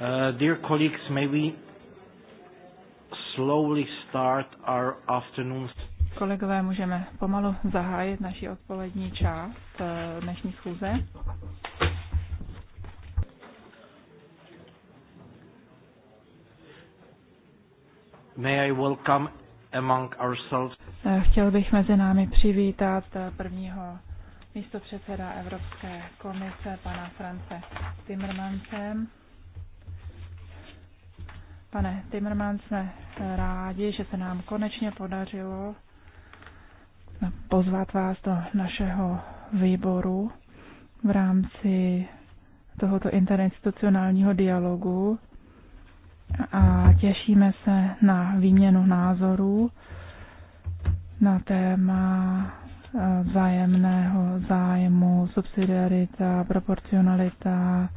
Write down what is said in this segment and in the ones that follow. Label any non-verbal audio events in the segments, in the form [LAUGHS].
Uh, dear colleagues, may we slowly start our afternoon. Kolegové, můžeme pomalu zahájit naši odpolední část uh, dnešní schůze. May I welcome among ourselves. Uh, chtěl bych mezi námi přivítat uh, prvního místo předseda Evropské komise pana France Timmermansem. Pane Timmermans, jsme rádi, že se nám konečně podařilo pozvat vás do našeho výboru v rámci tohoto interinstitucionálního dialogu a těšíme se na výměnu názorů na téma vzájemného zájmu, subsidiarita, proporcionalita,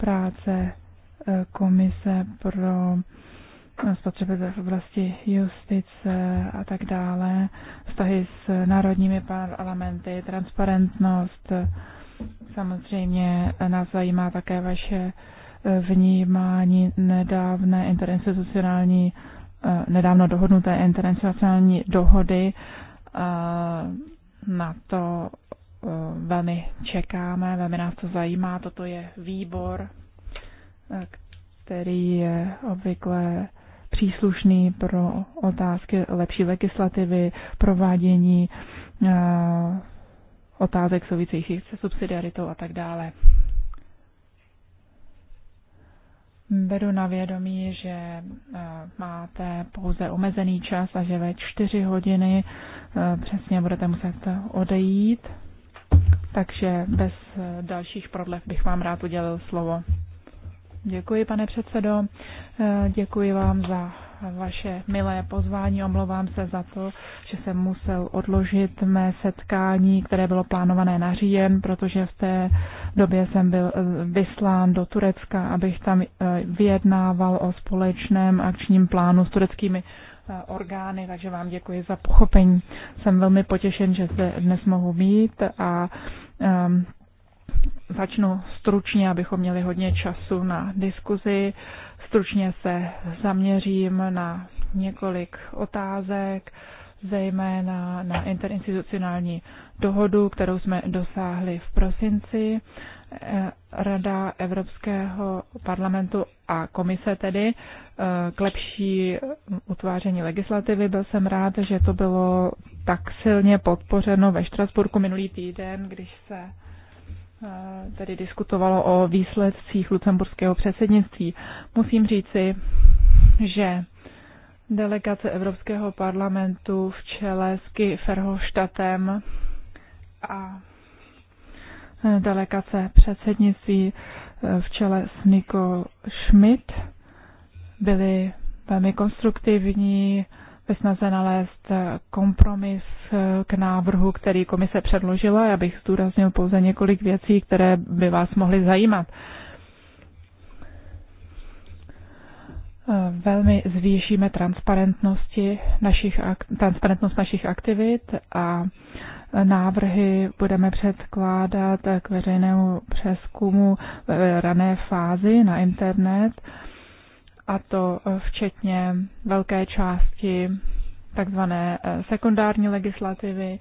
práce e, komise pro e, spotřeby v oblasti justice a tak dále, vztahy s národními parlamenty, transparentnost. E, samozřejmě nás zajímá také vaše vnímání nedávné interinstitucionální nedávno dohodnuté internacionální dohody na to e, velmi čekáme, velmi nás to zajímá. Toto je výbor, e, který je obvykle příslušný pro otázky lepší legislativy, provádění e, otázek souvisejících se subsidiaritou a tak dále. Beru na vědomí, že eh, máte pouze omezený čas a že ve čtyři hodiny eh, přesně budete muset odejít. Takže bez eh, dalších prodlev bych vám rád udělil slovo. Děkuji, pane předsedo. Eh, děkuji vám za vaše milé pozvání. Omlouvám se za to, že jsem musel odložit mé setkání, které bylo plánované na říjen, protože v té době jsem byl eh, vyslán do Turecka, abych tam eh, vyjednával o společném akčním plánu s tureckými orgány, takže vám děkuji za pochopení. Jsem velmi potěšen, že zde dnes mohu být a ehm, Začnu stručně, abychom měli hodně času na diskuzi. Stručně se zaměřím na několik otázek, zejména na interinstitucionální dohodu, kterou jsme dosáhli v prosinci. Rada Evropského parlamentu a komise tedy eh, k lepší utváření legislativy. Byl jsem rád, že to bylo tak silně podpořeno ve Štrasburku minulý týden, když se Eh, tedy diskutovalo o výsledcích lucemburského předsednictví. Musím říci, že delegace Evropského parlamentu v čele s Kyferhoštatem Verhofstadtem a eh, delegace předsednictví eh, v čele s Nico Schmidt byly velmi konstruktivní, ve snaze nalézt eh, kompromis eh, k návrhu, který komise předložila. Já bych zdůraznil pouze několik věcí, které by vás mohly zajímat. Eh, velmi zvýšíme transparentnosti našich, transparentnost našich aktivit a návrhy budeme předkládat k veřejnému přeskumu v rané fázi na internet a to eh, včetně velké části takzvané eh, sekundární legislativy.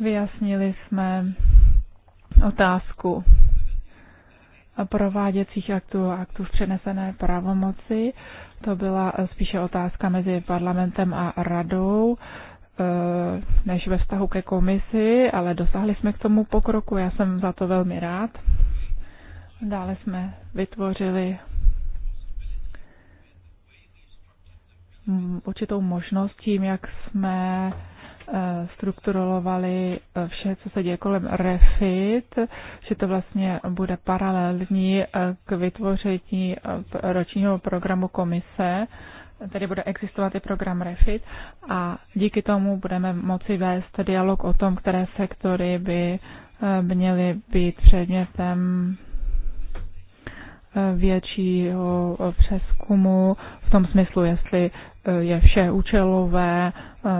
Vyjasnili jsme otázku prováděcích aktů a aktů v přenesené pravomoci. To byla eh, spíše otázka mezi parlamentem a radou než ve vztahu ke komisi, ale dosáhli jsme k tomu pokroku. Já jsem za to velmi rád. Dále jsme vytvořili Mm, určitou možnost tím, jak jsme eh, strukturovali eh, vše, co se děje kolem refit, že to vlastně bude paralelní eh, k vytvoření ročního programu komise, tedy bude existovat i program refit a díky tomu budeme moci vést dialog o tom, které sektory by měly být předmětem většího přeskumu v tom smyslu, jestli eh, je vše účelové, eh,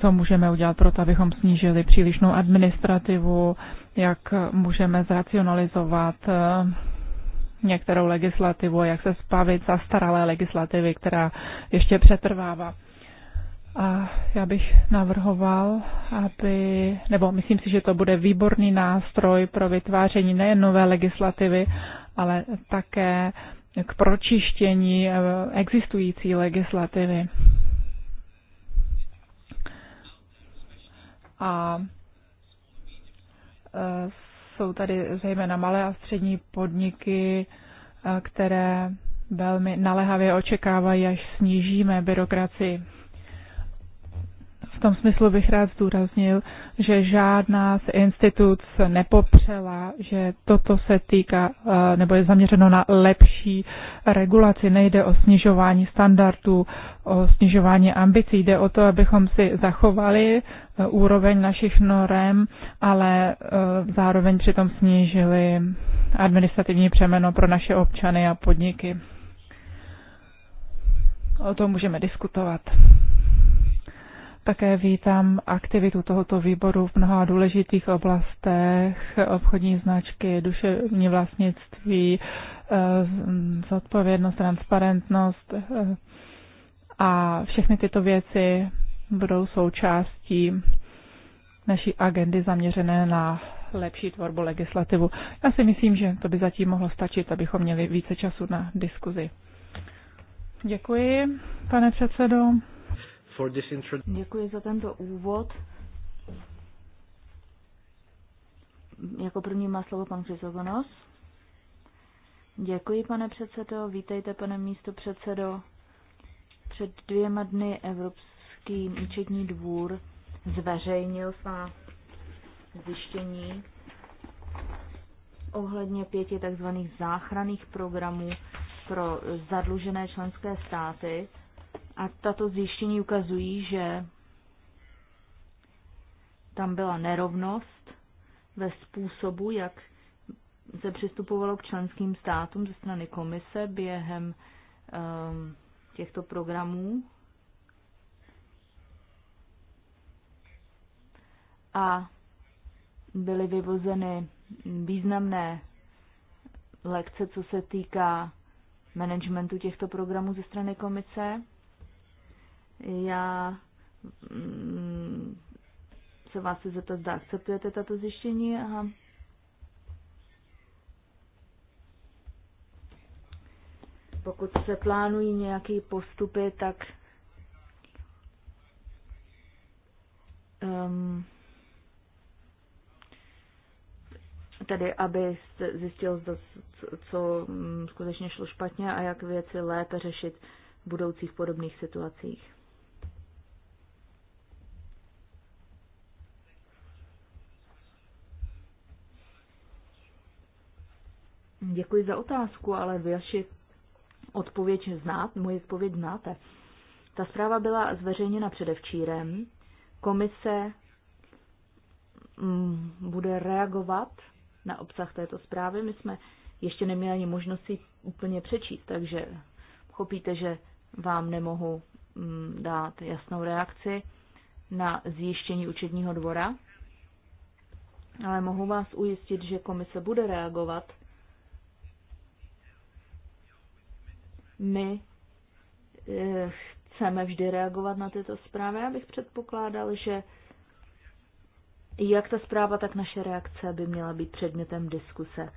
co můžeme udělat pro to, abychom snížili přílišnou administrativu, jak můžeme zracionalizovat eh, některou legislativu, jak se spavit za staralé legislativy, která ještě přetrvává. A já bych navrhoval, aby, nebo myslím si, že to bude výborný nástroj pro vytváření nejen nové legislativy, ale také k pročištění eh, existující legislativy. A eh, jsou tady zejména malé a střední podniky, eh, které velmi naléhavě očekávají, až snížíme byrokracii tom smyslu bych rád zdůraznil, že žádná z instituc nepopřela, že toto se týká eh, nebo je zaměřeno na lepší regulaci. Nejde o snižování standardů, o snižování ambicí. Jde o to, abychom si zachovali eh, úroveň našich norem, ale eh, zároveň přitom snížili administrativní přemeno pro naše občany a podniky. O tom můžeme diskutovat. Také vítám aktivitu tohoto výboru v mnoha důležitých oblastech, obchodní značky, duševní vlastnictví, eh, zodpovědnost, transparentnost eh, a všechny tyto věci budou součástí naší agendy zaměřené na lepší tvorbu legislativu. Já si myslím, že to by zatím mohlo stačit, abychom měli více času na diskuzi. Děkuji, pane předsedo for this Děkuji za tento úvod. Jako první má slovo pan Krizogonos. Děkuji, pane předsedo. Vítejte, pane místo předsedo. Před dvěma dny Evropský účetní dvůr zveřejnil svá zjištění ohledně pěti takzvaných záchranných programů pro zadlužené členské státy a tato zjištění ukazují, že tam byla nerovnost ve způsobu, jak se přistupovalo k členským státům ze strany komise během um, těchto programů. A byly vyvozeny významné lekce, co se týká managementu těchto programů ze strany komise. Já mm, se vás chci zeptat, zda akceptujete tato zjištění a pokud se plánují nějaké postupy, tak um, tedy aby zjistil, co mm, skutečně šlo špatně a jak věci lépe řešit v budoucích podobných situacích. Děkuji za otázku, ale vaši odpověď znát, Moje odpověď znáte. Ta zpráva byla zveřejněna předevčírem. Komise mm, bude reagovat na obsah této zprávy. My jsme ještě neměli ani možnost si úplně přečíst, takže chopíte, že vám nemohu mm, dát jasnou reakci na zjištění učedního dvora, ale mohu vás ujistit, že komise bude reagovat My eh, chceme vždy reagovat na tyto zprávy. Já bych předpokládal, že jak ta zpráva, tak naše reakce by měla být předmětem diskuse.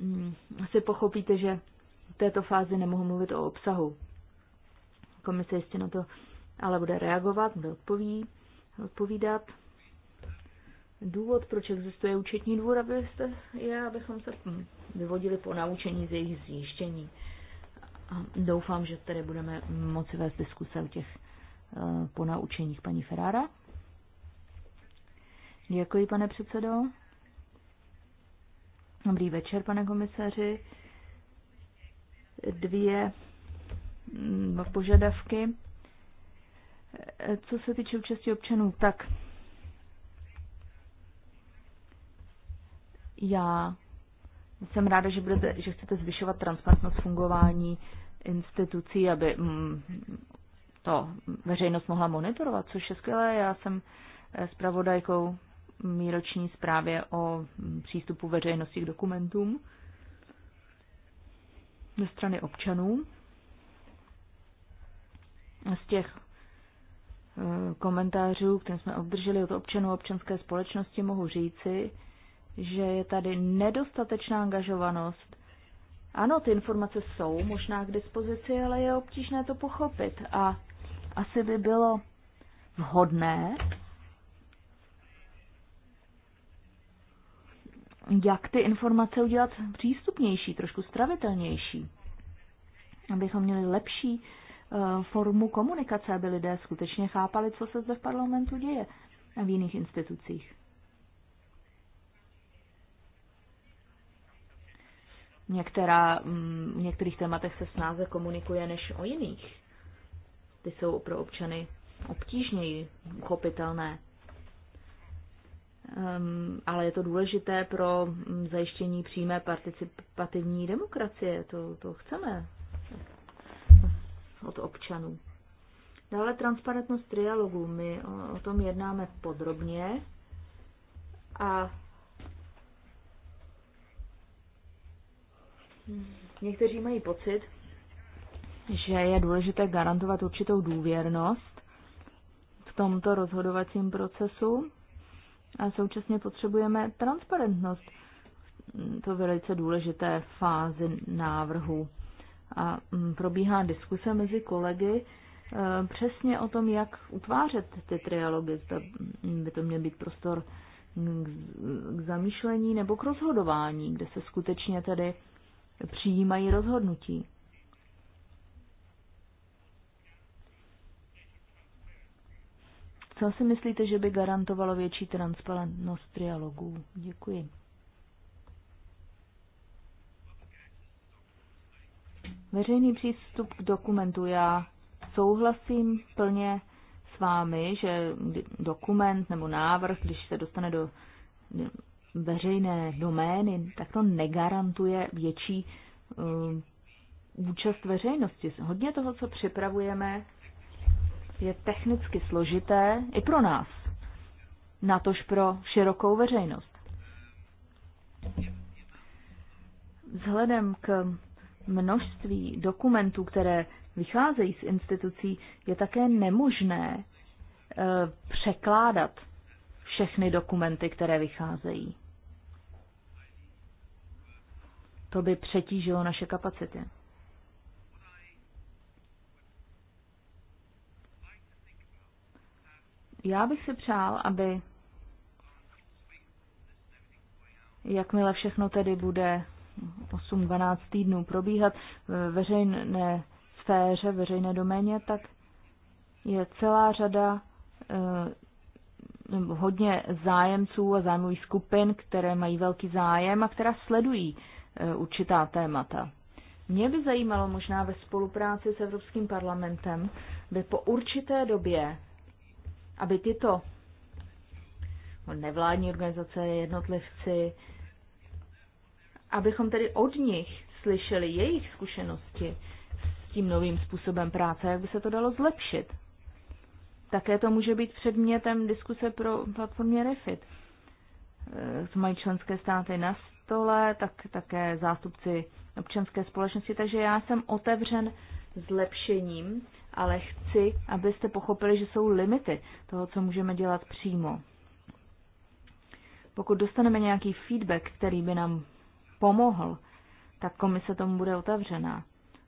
Hmm, asi pochopíte, že v této fázi nemohu mluvit o obsahu. Komise jistě na to ale bude reagovat, bude odpoví, odpovídat důvod, proč existuje účetní dvůr, abyste, je, abychom se vyvodili po naučení z jejich zjištění. A doufám, že tady budeme moci vést diskuse o těch eh, po naučeních paní Ferrara. Děkuji, pane předsedo. Dobrý večer, pane komisaři. Dvě mm, požadavky. Eh, co se týče účasti občanů, tak Já jsem ráda, že, budete, že chcete zvyšovat transparentnost fungování institucí, aby mm, to veřejnost mohla monitorovat, což je skvělé. Já jsem eh, zpravodajkou míroční zprávě o mm, přístupu veřejnosti k dokumentům ze strany občanů. Z těch eh, komentářů, které jsme obdrželi od občanů občanské společnosti, mohu říci, že je tady nedostatečná angažovanost. Ano, ty informace jsou možná k dispozici, ale je obtížné to pochopit. A asi by bylo vhodné, jak ty informace udělat přístupnější, trošku stravitelnější, abychom měli lepší uh, formu komunikace, aby lidé skutečně chápali, co se zde v parlamentu děje a v jiných institucích. Některá, mm, v některých tématech se snáze komunikuje než o jiných. Ty jsou pro občany obtížněji uchopitelné. Um, ale je to důležité pro mm, zajištění přímé participativní demokracie. To, to chceme od občanů. Dále transparentnost trialogu. My o, o tom jednáme podrobně a Někteří mají pocit, že je důležité garantovat určitou důvěrnost v tomto rozhodovacím procesu a současně potřebujeme transparentnost. To velice důležité fázi návrhu. A mm, probíhá diskuse mezi kolegy e, přesně o tom, jak utvářet ty trialogy. Zda mm, by to měl být prostor k zamýšlení nebo k rozhodování, kde se skutečně tedy přijímají rozhodnutí. Co si myslíte, že by garantovalo větší transparentnost trialogů? Děkuji. Veřejný přístup k dokumentu. Já souhlasím plně s vámi, že dokument nebo návrh, když se dostane do veřejné domény, tak to negarantuje větší um, účast veřejnosti. Hodně toho, co připravujeme, je technicky složité i pro nás, natož pro širokou veřejnost. Vzhledem k množství dokumentů, které vycházejí z institucí, je také nemožné e, překládat všechny dokumenty, které vycházejí. To by přetížilo naše kapacity. Já bych si přál, aby jakmile všechno tedy bude 8-12 týdnů probíhat v veřejné sféře, veřejné doméně, tak je celá řada eh, hodně zájemců a zájmových skupin, které mají velký zájem a která sledují Eh, určitá témata. Mě by zajímalo možná ve spolupráci s Evropským parlamentem, by po určité době, aby tyto nevládní organizace, jednotlivci, abychom tedy od nich slyšeli jejich zkušenosti s tím novým způsobem práce, jak by se to dalo zlepšit. Také to může být předmětem diskuse pro platformě Refit. Eh, co mají členské státy na stole, tak také zástupci občanské společnosti. Takže já jsem otevřen zlepšením, ale chci, abyste pochopili, že jsou limity toho, co můžeme dělat přímo. Pokud dostaneme nějaký feedback, který by nám pomohl, tak komise tomu bude otevřená.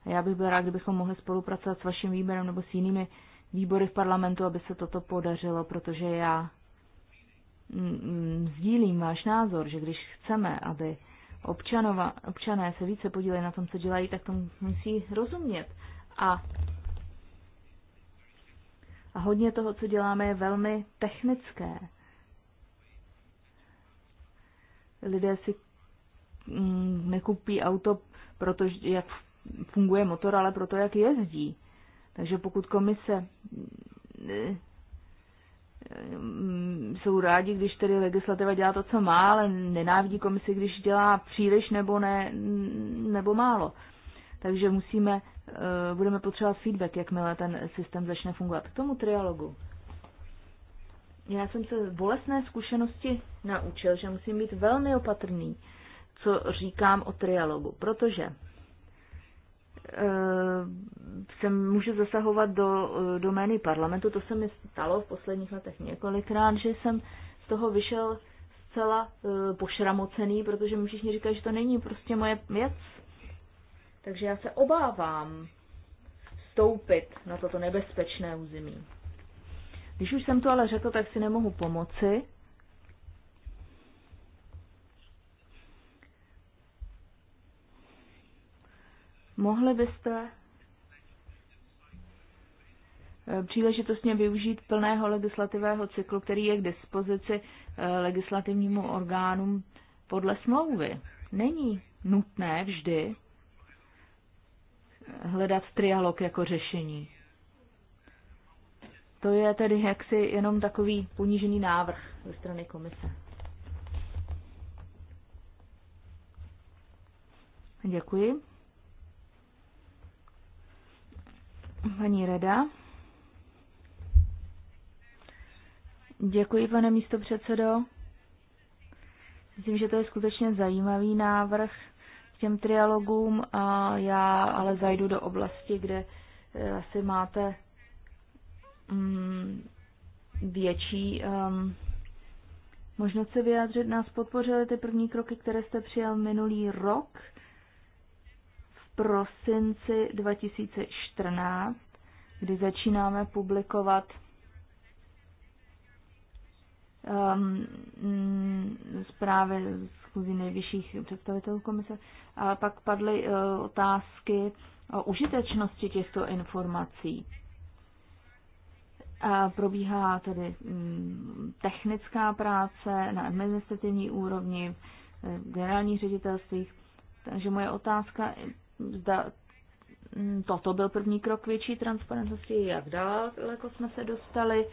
A já bych byl rád, kdybychom mohli spolupracovat s vaším výborem nebo s jinými výbory v parlamentu, aby se toto podařilo, protože já Mm, mm, sdílím váš názor, že když chceme, aby občanova, občané se více podíleli na tom, co dělají, tak tomu musí rozumět. A, a hodně toho, co děláme, je velmi technické. Lidé si mm, nekupí auto, protože jak funguje motor, ale proto, jak jezdí. Takže pokud komise mm, Mm, jsou rádi, když tedy legislativa dělá to, co má, ale nenávidí komisi, když dělá příliš nebo, ne, nebo málo. Takže musíme, eh, budeme potřebovat feedback, jakmile ten systém začne fungovat. K tomu trialogu. Já jsem se bolestné zkušenosti naučil, že musím být velmi opatrný, co říkám o trialogu, protože Eh, se může zasahovat do eh, domény parlamentu. To se mi stalo v posledních letech několikrát, že jsem z toho vyšel zcela eh, pošramocený, protože mi všichni říkají, že to není prostě moje věc. Takže já se obávám vstoupit na toto nebezpečné území. Když už jsem to ale řekl, tak si nemohu pomoci. Mohli byste eh, příležitostně využít plného legislativého cyklu, který je k dispozici eh, legislativnímu orgánům podle smlouvy. Není nutné vždy hledat trialog jako řešení. To je tedy jaksi jenom takový ponížený návrh ze strany komise. Děkuji. Paní Reda. Děkuji, pane předsedo. Myslím, že to je skutečně zajímavý návrh k těm trialogům a já ale zajdu do oblasti, kde eh, asi máte mm, větší um, možnost se vyjádřit. Nás podpořili ty první kroky, které jste přijal minulý rok prosinci 2014, kdy začínáme publikovat um, mm, zprávy z nejvyšších představitelů komise, ale pak padly uh, otázky o užitečnosti těchto informací. A probíhá tedy um, technická práce na administrativní úrovni, v eh, generálních ředitelstvích. Takže moje otázka zda mm, toto byl první krok k větší transparentnosti, jak daleko jsme se dostali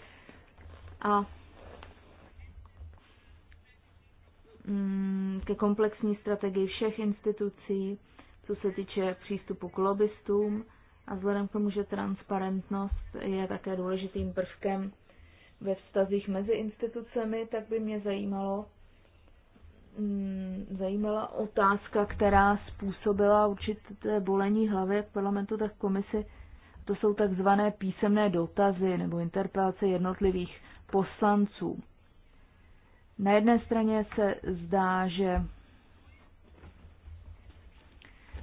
a mm, ke komplexní strategii všech institucí, co se týče přístupu k lobbystům a vzhledem k tomu, že transparentnost je také důležitým prvkem ve vztazích mezi institucemi, tak by mě zajímalo, Mm, zajímala otázka, která způsobila určité bolení hlavy jak parlamentu, tak komisi. To jsou takzvané písemné dotazy nebo interpelace jednotlivých poslanců. Na jedné straně se zdá, že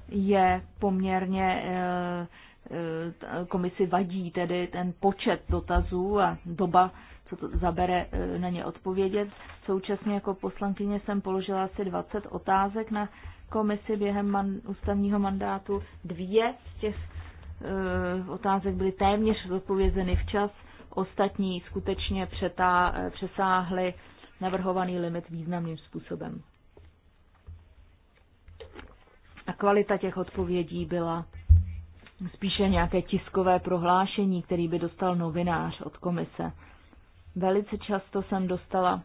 je poměrně e, e, komisi vadí tedy ten počet dotazů a doba co to zabere e, na ně odpovědět. Současně jako poslankyně jsem položila asi 20 otázek na komisi během man, ústavního mandátu. Dvě z těch uh, otázek byly téměř zodpovězeny včas, ostatní skutečně přetá, e, přesáhly navrhovaný limit významným způsobem. A kvalita těch odpovědí byla spíše nějaké tiskové prohlášení, který by dostal novinář od komise. Velice často jsem dostala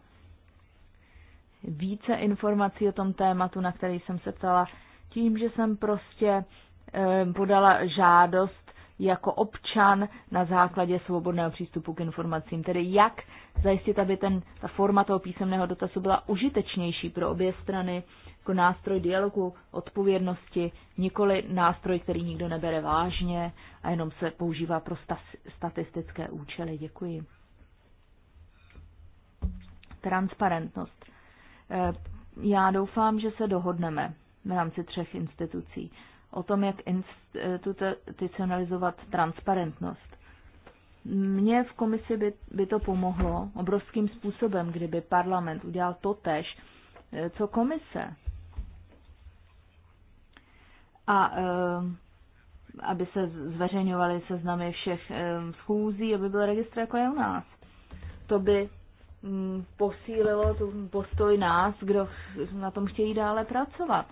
více informací o tom tématu, na který jsem se ptala, tím, že jsem prostě eh, podala žádost jako občan na základě svobodného přístupu k informacím. Tedy jak zajistit, aby ten, ta forma toho písemného dotazu byla užitečnější pro obě strany jako nástroj dialogu, odpovědnosti, nikoli nástroj, který nikdo nebere vážně a jenom se používá pro statistické účely. Děkuji transparentnost. Eh, já doufám, že se dohodneme v rámci třech institucí o tom, jak institucionalizovat transparentnost. Mně v komisi by, by to pomohlo obrovským způsobem, kdyby parlament udělal to tež, eh, co komise. A eh, aby se zveřejňovaly seznamy všech schůzí, aby byl registr jako je u nás. To by Mm, posílilo tu postoj nás, kdo na tom chtějí dále pracovat.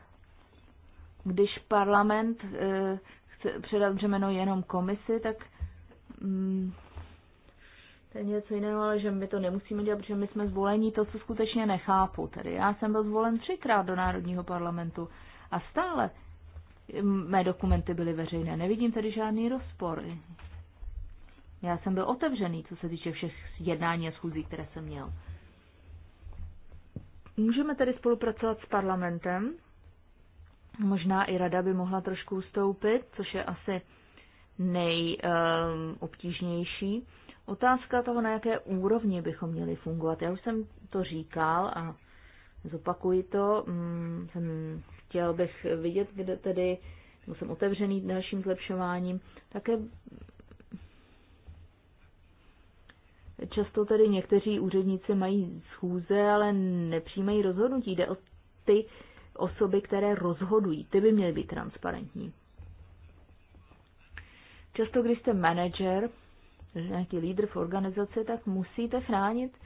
Když parlament eh, chce předat břemeno jenom komisi, tak mm, to je něco jiného, ale že my to nemusíme dělat, protože my jsme zvolení, to, co skutečně nechápu. Tedy já jsem byl zvolen třikrát do Národního parlamentu a stále mm, mé dokumenty byly veřejné. Nevidím tedy žádný rozpor. Já jsem byl otevřený, co se týče všech jednání a schůzí, které jsem měl. Můžeme tedy spolupracovat s parlamentem. Možná i rada by mohla trošku ustoupit, což je asi nejobtížnější. Um, Otázka toho, na jaké úrovni bychom měli fungovat. Já už jsem to říkal a zopakuji to. Hmm, chtěl bych vidět, kde tedy, jsem otevřený dalším zlepšováním. Také Často tedy někteří úředníci mají schůze, ale nepřijímají rozhodnutí. Jde o ty osoby, které rozhodují. Ty by měly být transparentní. Často, když jste manager, nějaký lídr v organizaci, tak musíte chránit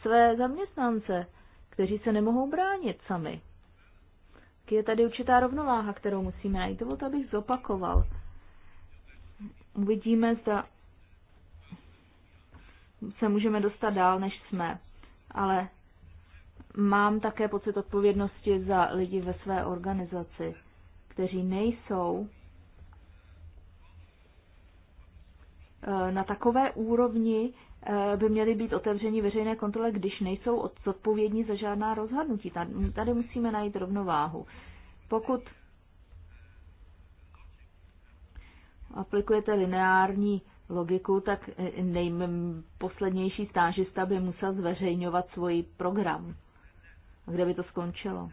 své zaměstnance, kteří se nemohou bránit sami. je tady určitá rovnováha, kterou musíme najít. Dovolte, abych zopakoval. Uvidíme, zda se můžeme dostat dál, než jsme. Ale mám také pocit odpovědnosti za lidi ve své organizaci, kteří nejsou eh, na takové úrovni, eh, by měly být otevřeni veřejné kontrole, když nejsou odpovědní za žádná rozhodnutí. Tady musíme najít rovnováhu. Pokud aplikujete lineární logiku, tak nejposlednější stážista by musel zveřejňovat svůj program. kde by to skončilo?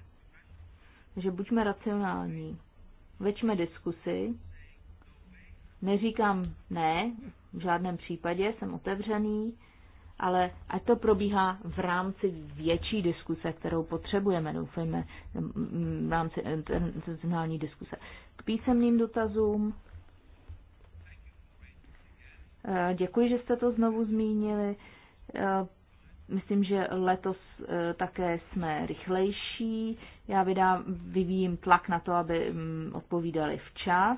Takže buďme racionální. večme diskusy. Neříkám ne, v žádném případě, jsem otevřený, ale ať to probíhá v rámci větší diskuse, kterou potřebujeme, doufejme, v rámci internacionální diskuse. K písemným dotazům Eh, děkuji, že jste to znovu zmínili. Eh, myslím, že letos eh, také jsme rychlejší. Já vydám, vyvíjím tlak na to, aby mm, odpovídali včas.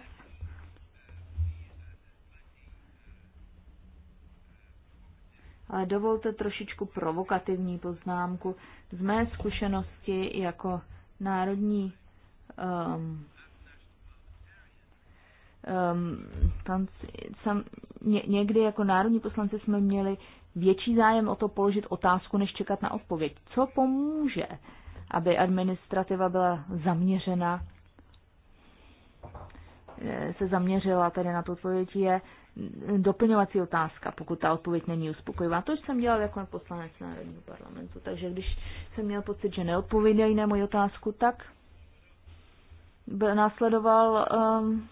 Ale dovolte trošičku provokativní poznámku. Z mé zkušenosti jako národní um, um, tam, sam, ně, někdy jako národní poslanci jsme měli větší zájem o to položit otázku, než čekat na odpověď. Co pomůže, aby administrativa byla zaměřena, eh, se zaměřila tady na tu odpověď, je doplňovací otázka, pokud ta odpověď není uspokojivá. To jsem dělal jako poslanec Národního parlamentu, takže když jsem měl pocit, že neodpovídají na moji otázku, tak následoval um,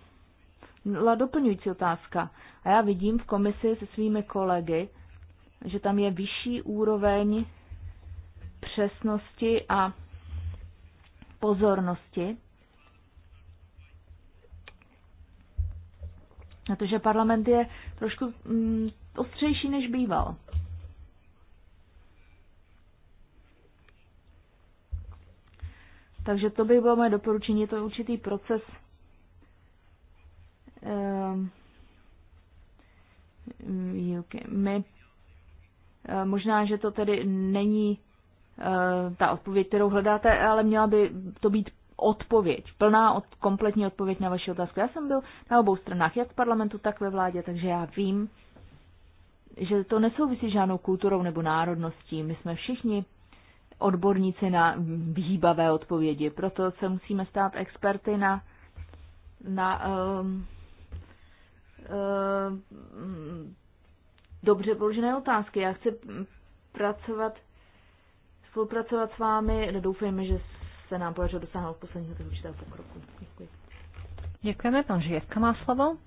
byla doplňující otázka. A já vidím v komisi se svými kolegy, že tam je vyšší úroveň přesnosti a pozornosti. Protože parlament je trošku mm, ostřejší, než býval. Takže to by bylo moje doporučení, je to určitý proces Ehm, my, ehm, možná, že to tedy není ehm, ta odpověď, kterou hledáte, ale měla by to být odpověď, plná od, kompletní odpověď na vaši otázku. Já jsem byl na obou stranách, jak v parlamentu, tak ve vládě, takže já vím, že to nesouvisí žádnou kulturou nebo národností. My jsme všichni odborníci na výbavé odpovědi, proto se musíme stát experty na, na um, Eh, dobře položené otázky. Já chci pracovat, spolupracovat s vámi. Doufejme, že se nám podařilo dosáhnout posledního určitého pokroku. Děkuji. Děkujeme, pan Žijevka má slovo.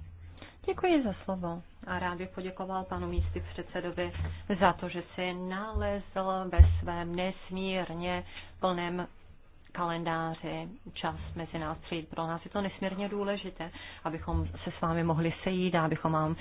Děkuji za slovo a rád bych poděkoval panu místy předsedovi za to, že si nalezl ve svém nesmírně plném kalendáři, čas mezi nás přijít. Pro nás je to nesmírně důležité, abychom se s vámi mohli sejít a abychom vám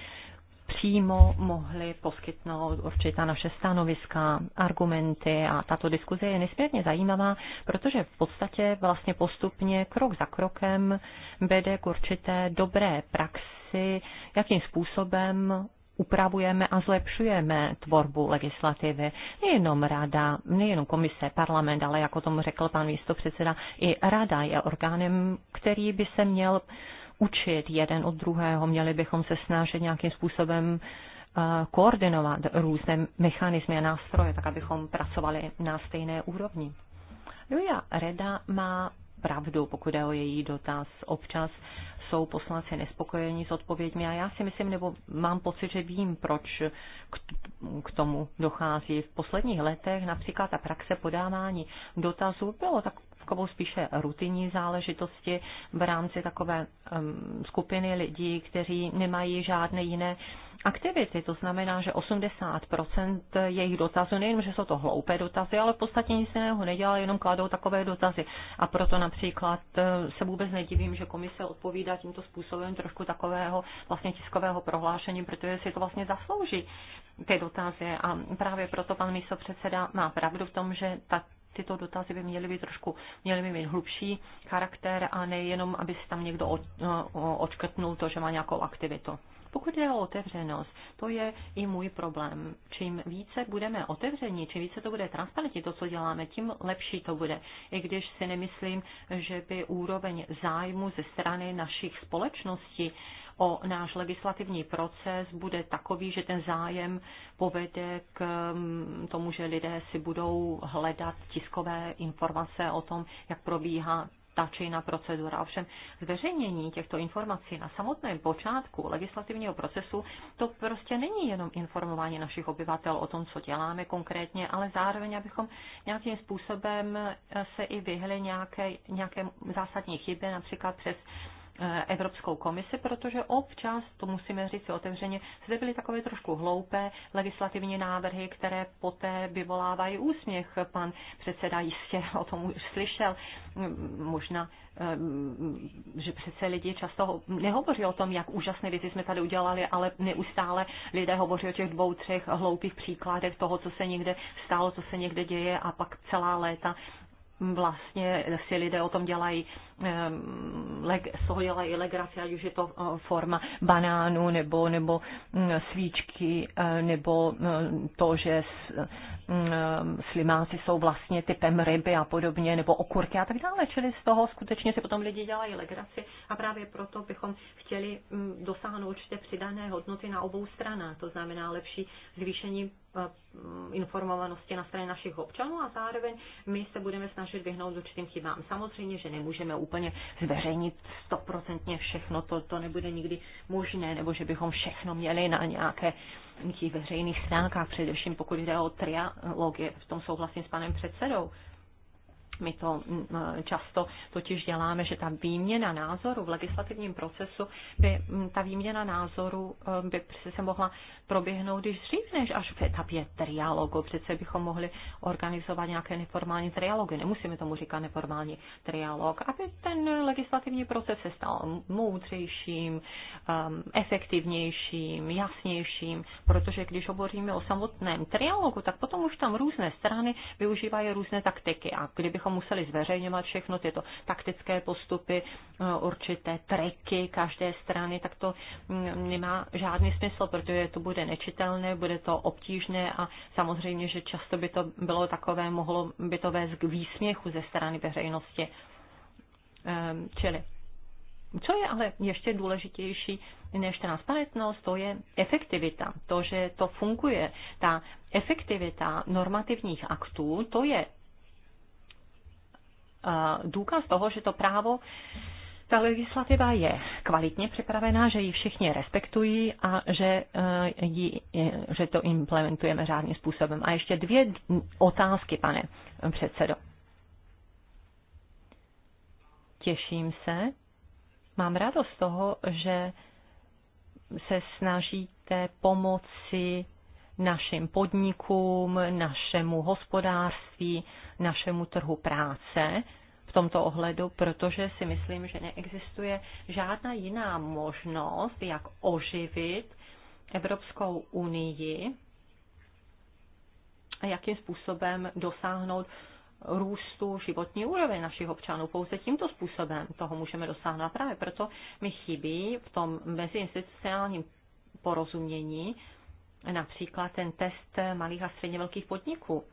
přímo mohli poskytnout určitá naše stanoviska, argumenty a tato diskuze je nesmírně zajímavá, protože v podstatě vlastně postupně krok za krokem vede k určité dobré praxi, jakým způsobem upravujeme a zlepšujeme tvorbu legislativy. Nejenom rada, nejenom komise, parlament, ale jako tomu řekl pan předseda, i rada je orgánem, který by se měl učit jeden od druhého. Měli bychom se snažit nějakým způsobem eh, koordinovat různé mechanismy a nástroje, tak abychom pracovali na stejné úrovni. Julia no Reda má pravdu, pokud je o její dotaz. Občas jsou poslanci nespokojeni s odpověďmi a já si myslím, nebo mám pocit, že vím, proč k tomu dochází. V posledních letech například ta praxe podávání dotazů bylo tak takovou spíše rutinní záležitosti v rámci takové um, skupiny lidí, kteří nemají žádné jiné um, aktivity. To znamená, že 80% jejich dotazů, nejenom, že jsou to hloupé dotazy, ale v podstatě nic jiného nedělá, jenom kladou takové dotazy. A proto například eh, se vůbec nedivím, že komise odpovídá tímto způsobem trošku takového vlastně tiskového prohlášení, protože si to vlastně zaslouží ty dotazy. A právě proto pan místo předseda má pravdu v tom, že ta tyto dotazy by měly být trošku, měly by mít hlubší charakter a nejenom, aby si tam někdo od, eh, odškrtnul to, že má nějakou aktivitu. Pokud je o otevřenost, to je i můj problém. Čím více budeme otevření, čím více to bude transparentní, to, co děláme, tím lepší to bude. I když si nemyslím, že by úroveň zájmu ze strany našich společností o náš legislativní proces bude takový, že ten zájem povede k mm, tomu, že lidé si budou hledat tiskové informace o tom, jak probíhá ta či jiná procedura. Ovšem zveřejnění těchto informací na samotném počátku legislativního procesu, to prostě není jenom informování našich obyvatel o tom, co děláme konkrétně, ale zároveň, abychom nějakým způsobem eh, se i vyhli nějaké, nějaké zásadní chybě, například přes Eh, Evropskou komisi, protože občas, to musíme říct otevřeně, zde byly takové trošku hloupé legislativní návrhy, které poté vyvolávají úsměch. Pan předseda jistě o tom už slyšel. Mm, možná, eh, že přece lidi často nehovoří o tom, jak úžasné věci jsme tady udělali, ale neustále lidé hovoří o těch dvou, třech hloupých příkladech toho, co se někde stalo, co se někde děje a pak celá léta vlastně si lidé o tom dělají Ehm, soja i legrace, ať už je to eh, forma banánu nebo, nebo hm, svíčky, eh, nebo hm, to, že hm, slimáci jsou vlastně typem ryby a podobně, nebo okurky a tak dále. Čili z toho skutečně si potom lidi dělají legraci a právě proto bychom chtěli dosáhnout určitě přidané hodnoty na obou stranách, to znamená lepší zvýšení eh, informovanosti na straně našich občanů a zároveň my se budeme snažit vyhnout určitým chybám. Samozřejmě, že nemůžeme úplně zveřejnit stoprocentně všechno, to, to nebude nikdy možné, nebo že bychom všechno měli na nějaké těch veřejných stránkách, především pokud jde o trialogie, v tom souhlasím s panem předsedou, my to mm, eh, často totiž děláme, že ta výměna názoru v legislativním procesu by, mm, ta výměna názoru eh, by se mohla proběhnout již dřív, než až v etapě trialogu. Přece bychom mohli organizovat nějaké neformální trialogy, nemusíme tomu říkat neformální trialog, aby ten legislativní proces se stal moudřejším, eh, efektivnějším, jasnějším, protože když hovoříme o samotném trialogu, tak potom už tam různé strany využívají různé taktiky a kdybychom bychom museli zveřejňovat všechno tyto taktické postupy, eh, určité triky každé strany, tak to mm, nemá žádný smysl, protože to bude nečitelné, bude to obtížné a samozřejmě, že často by to bylo takové, mohlo by to vést k výsměchu ze strany veřejnosti. Ehm, čili co je ale ještě důležitější než transparentnost, to je efektivita. To, že to funguje, ta efektivita normativních aktů, to je důkaz toho, že to právo, ta legislativa je kvalitně připravená, že ji všichni respektují a že, eh, ji, eh, že to implementujeme řádným způsobem. A ještě dvě otázky, pane předsedo. Těším se. Mám radost z toho, že se snažíte pomoci našim podnikům, našemu hospodářství, našemu trhu práce v tomto ohledu, protože si myslím, že neexistuje žádná jiná možnost, jak oživit Evropskou unii a jakým způsobem dosáhnout růstu životní úroveň našich občanů. Pouze tímto způsobem toho můžeme dosáhnout. A právě proto mi chybí v tom meziinstitucionálním porozumění například ten test malých a středně velkých podniků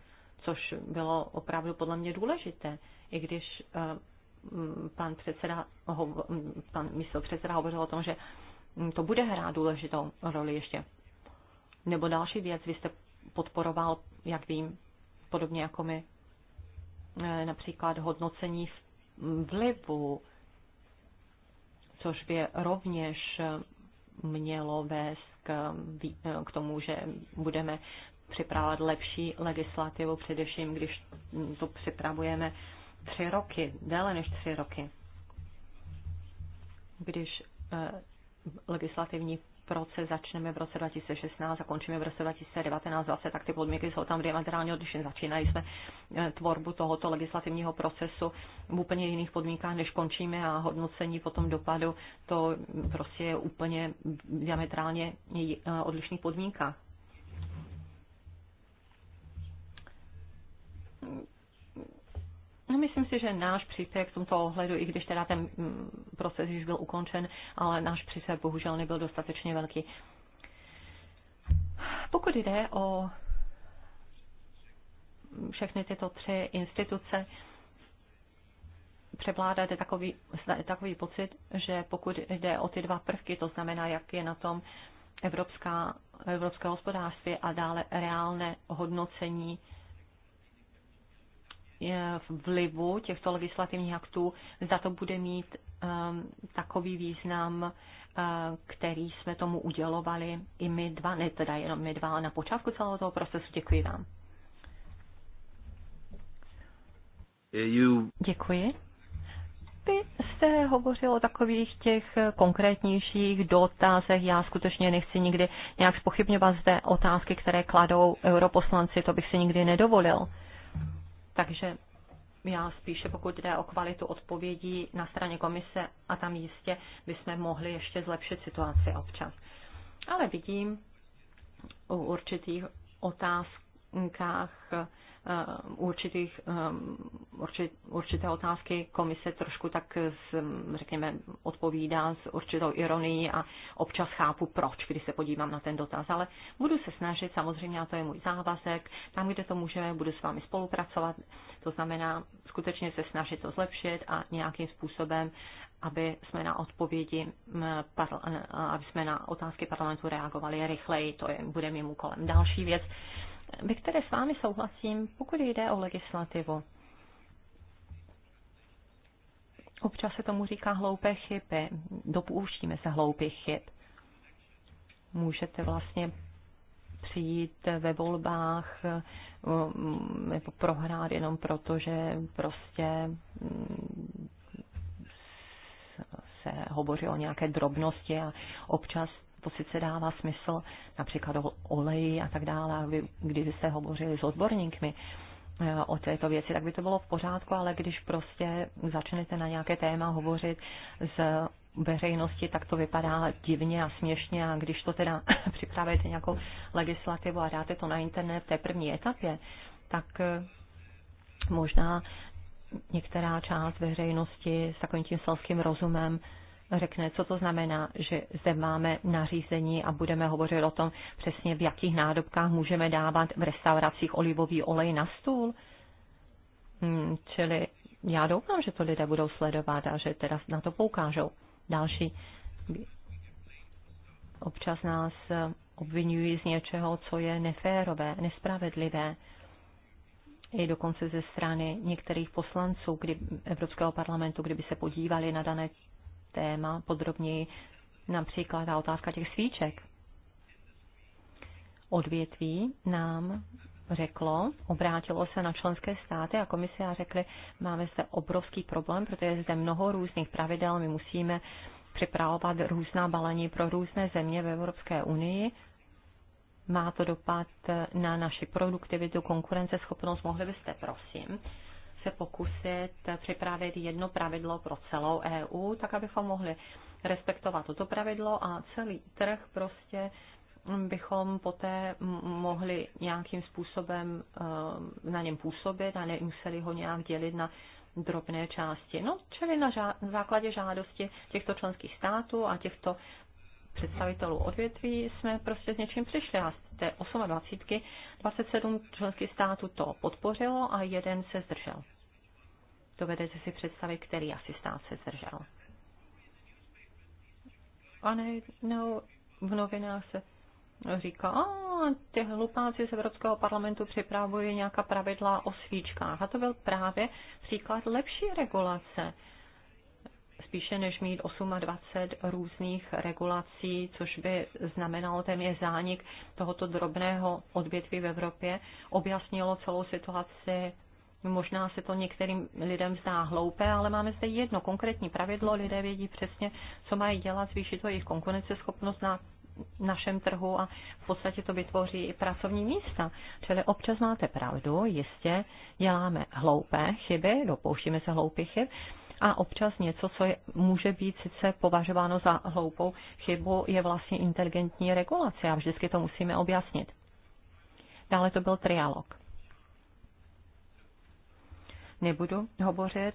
což bylo opravdu podle mě důležité, i když eh, pan předseda, pan místo předseda hovořil o tom, že to bude hrát důležitou roli ještě. Nebo další věc, vy jste podporoval, jak vím, podobně jako my, eh, například hodnocení vlivu, což by rovněž eh, mělo vést k, k tomu, že budeme připravovat lepší legislativu, především když to připravujeme tři roky, déle než tři roky. Když eh, legislativní proces začneme v roce 2016 a končíme v roce 2019-2020, tak ty podmínky jsou tam diametrálně odlišné. Začínají jsme eh, tvorbu tohoto legislativního procesu v úplně jiných podmínkách, než končíme a hodnocení potom dopadu, to prostě je úplně diametrálně eh, odlišných podmínkách. No, myslím si, že náš příspěvek v tomto ohledu, i když teda ten mm, proces již byl ukončen, ale náš příspěvek bohužel nebyl dostatečně velký. Pokud jde o všechny tyto tři instituce, převládá takový, takový pocit, že pokud jde o ty dva prvky, to znamená, jak je na tom evropská, evropské hospodářství a dále reálné hodnocení Eh, vlivu těchto legislativních aktů, zda to bude mít ehm, takový význam, eh, který jsme tomu udělovali i my dva, ne teda jenom my dva, ale na počátku celého toho procesu. Děkuji vám. Eh, you... Děkuji. Vy jste hovořil o takových těch konkrétnějších dotazech. Já skutečně nechci nikdy nějak spochybňovat zde otázky, které kladou europoslanci, to bych si nikdy nedovolil. Takže já spíše, pokud jde o kvalitu odpovědí na straně komise a tam jistě bychom mohli ještě zlepšit situaci občas. Ale vidím u určitých otázkách Eh, určitých, eh, určit, určité otázky komise trošku tak, z, řekněme, odpovídá s určitou ironií a občas chápu proč, když se podívám na ten dotaz, ale budu se snažit, samozřejmě a to je můj závazek, tam, kde to můžeme, budu s vámi spolupracovat, to znamená skutečně se snažit to zlepšit a nějakým způsobem aby jsme na odpovědi, eh, aby jsme na otázky parlamentu reagovali rychleji, to je, bude mým úkolem. Další věc, ve které s vámi souhlasím, pokud jde o legislativu. Občas se tomu říká hloupé chyby. Dopouštíme se hloupých chyb. Můžete vlastně přijít ve volbách um, nebo prohrát jenom proto, že prostě mm, se hovoří o nějaké drobnosti a občas to sice dává smysl, například o oleji a tak dále, když se hovořili s odborníkmi, eh, o této věci, tak by to bylo v pořádku, ale když prostě začnete na nějaké téma hovořit z veřejnosti, tak to vypadá divně a směšně a když to teda [COUGHS] připravíte nějakou legislativu a dáte to na internet v té první etapě, tak eh, možná některá část veřejnosti s takovým tím selským rozumem řekne, co to znamená, že zde máme nařízení a budeme hovořit o tom přesně, v jakých nádobkách můžeme dávat v restauracích olivový olej na stůl. Hmm, čili já doufám, že to lidé budou sledovat a že teda na to poukážou. Další. Občas nás obvinují z něčeho, co je neférové, nespravedlivé. I dokonce ze strany některých poslanců kdy, Evropského parlamentu, kdyby se podívali na dané téma podrobněji, například ta otázka těch svíček. Odvětví nám řeklo, obrátilo se na členské státy a komise a řekli, máme zde obrovský problém, protože je zde mnoho různých pravidel, my musíme připravovat různá balení pro různé země v Evropské unii. Má to dopad na naši produktivitu, konkurenceschopnost. Mohli byste, prosím, se pokusit připravit jedno pravidlo pro celou EU, tak abychom mohli respektovat toto pravidlo a celý trh prostě bychom poté mohli nějakým způsobem eh, na něm působit a nemuseli ho nějak dělit na drobné části. No, čili na žá- základě žádosti těchto členských států a těchto představitelů odvětví jsme prostě s něčím přišli a z té 28, 27 členských států to podpořilo a jeden se zdržel. Dovedete si představit, který asi stát se zdržel. A ne, no, v novinách se říká, a těch hlupáci z Evropského parlamentu připravují nějaká pravidla o svíčkách. A to byl právě příklad lepší regulace spíše než mít 28 různých regulací, což by znamenalo téměř zánik tohoto drobného odvětví v Evropě, objasnilo celou situaci. Možná se to některým lidem zdá hloupé, ale máme zde jedno konkrétní pravidlo, lidé vědí přesně, co mají dělat, zvýšit to jejich konkurenceschopnost na našem trhu a v podstatě to vytvoří i pracovní místa. Čili občas máte pravdu, jistě děláme hloupé chyby, dopouštíme se hloupých chyb, a občas něco, co je, může být sice považováno za hloupou chybu, je vlastně inteligentní regulace a vždycky to musíme objasnit. Dále to byl trialog. Nebudu hovořit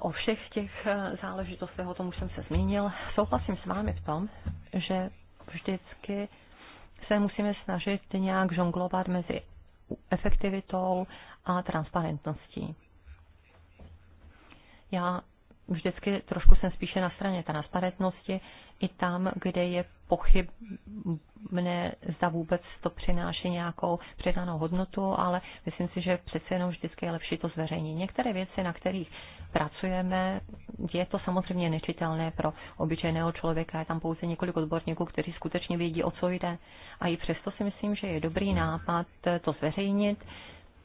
o všech těch eh, záležitostech, o tom už jsem se zmínil. Souhlasím s vámi v tom, že vždycky se musíme snažit nějak žonglovat mezi efektivitou a transparentností. Já vždycky trošku jsem spíše na straně transparentnosti, i tam, kde je mne, zda vůbec to přináší nějakou předanou hodnotu, ale myslím si, že přece jenom vždycky je lepší to zveřejnit. Některé věci, na kterých pracujeme, je to samozřejmě nečitelné pro obyčejného člověka, je tam pouze několik odborníků, kteří skutečně vědí, o co jde. A i přesto si myslím, že je dobrý nápad to zveřejnit,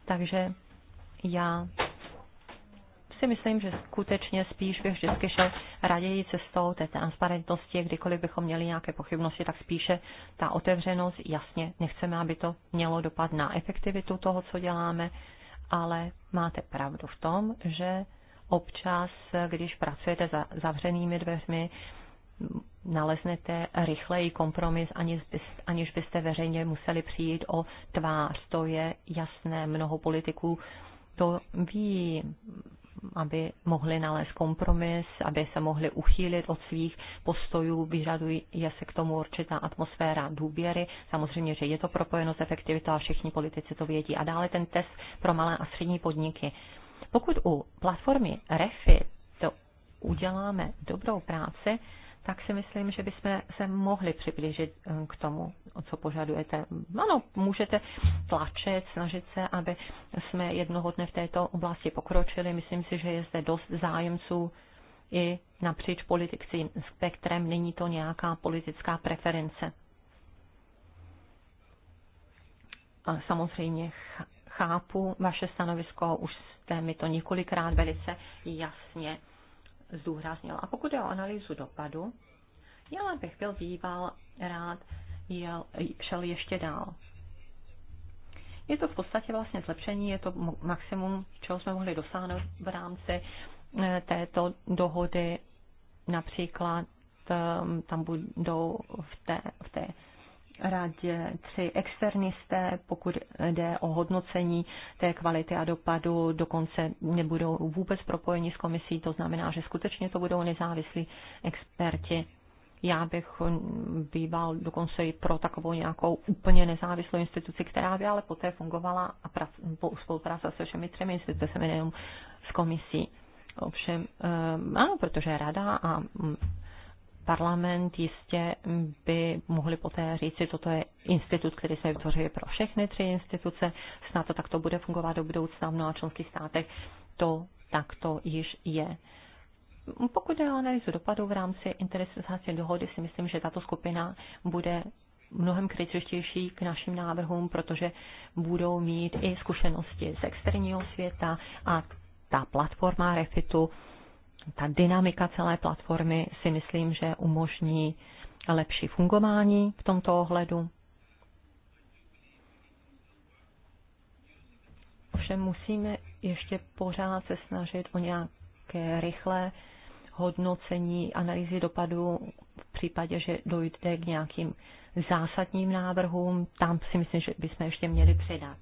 takže já si myslím, že skutečně spíš bych vždycky šel raději cestou té transparentnosti, kdykoliv bychom měli nějaké pochybnosti, tak spíše ta otevřenost, jasně, nechceme, aby to mělo dopad na efektivitu toho, co děláme, ale máte pravdu v tom, že občas, když pracujete za zavřenými dveřmi, naleznete rychleji kompromis, aniž, byste veřejně museli přijít o tvář. To je jasné, mnoho politiků to ví, aby mohli nalézt kompromis, aby se mohli uchýlit od svých postojů, vyžaduje se k tomu určitá atmosféra důvěry. Samozřejmě, že je to propojeno s efektivitou a všichni politici to vědí. A dále ten test pro malé a střední podniky. Pokud u platformy REFI to uděláme dobrou práci, tak si myslím, že bychom se mohli přiblížit eh, k tomu, o co požadujete. Ano, můžete tlačit, snažit se, aby jsme jednoho dne v této oblasti pokročili. Myslím si, že je zde dost zájemců i napříč politickým spektrem. Není to nějaká politická preference. A samozřejmě chápu vaše stanovisko, už jste mi to několikrát velice jasně zdůraznil. A pokud je o analýzu dopadu, já bych byl býval rád jel, šel ještě dál. Je to v podstatě vlastně zlepšení, je to maximum, čeho jsme mohli dosáhnout v rámci eh, této dohody. Například ehm, tam budou v té, v té radě tři externisté, pokud jde o hodnocení té kvality a dopadu, dokonce nebudou vůbec propojeni s komisí, to znamená, že skutečně to budou nezávislí experti. Já bych býval dokonce i pro takovou nějakou úplně nezávislou instituci, která by ale poté fungovala a prac, po spolupráce se všemi třemi institucemi, nejenom s komisí. Ovšem, eh, ano, protože rada a mm, parlament jistě by mohli poté říci, toto je institut, který se vytvoří pro všechny tři instituce, snad to takto bude fungovat do budoucna v mnoha členských státech, to takto již je. Pokud jde o analýzu dopadů v rámci interesace dohody, si myslím, že tato skupina bude mnohem kritičtější k našim návrhům, protože budou mít i zkušenosti z externího světa a ta platforma Refitu ta dynamika celé platformy si myslím, že umožní lepší fungování v tomto ohledu. Ovšem musíme ještě pořád se snažit o nějaké rychlé hodnocení analýzy dopadu v případě, že dojde k nějakým zásadním návrhům. Tam si myslím, že bychom ještě měli přidat.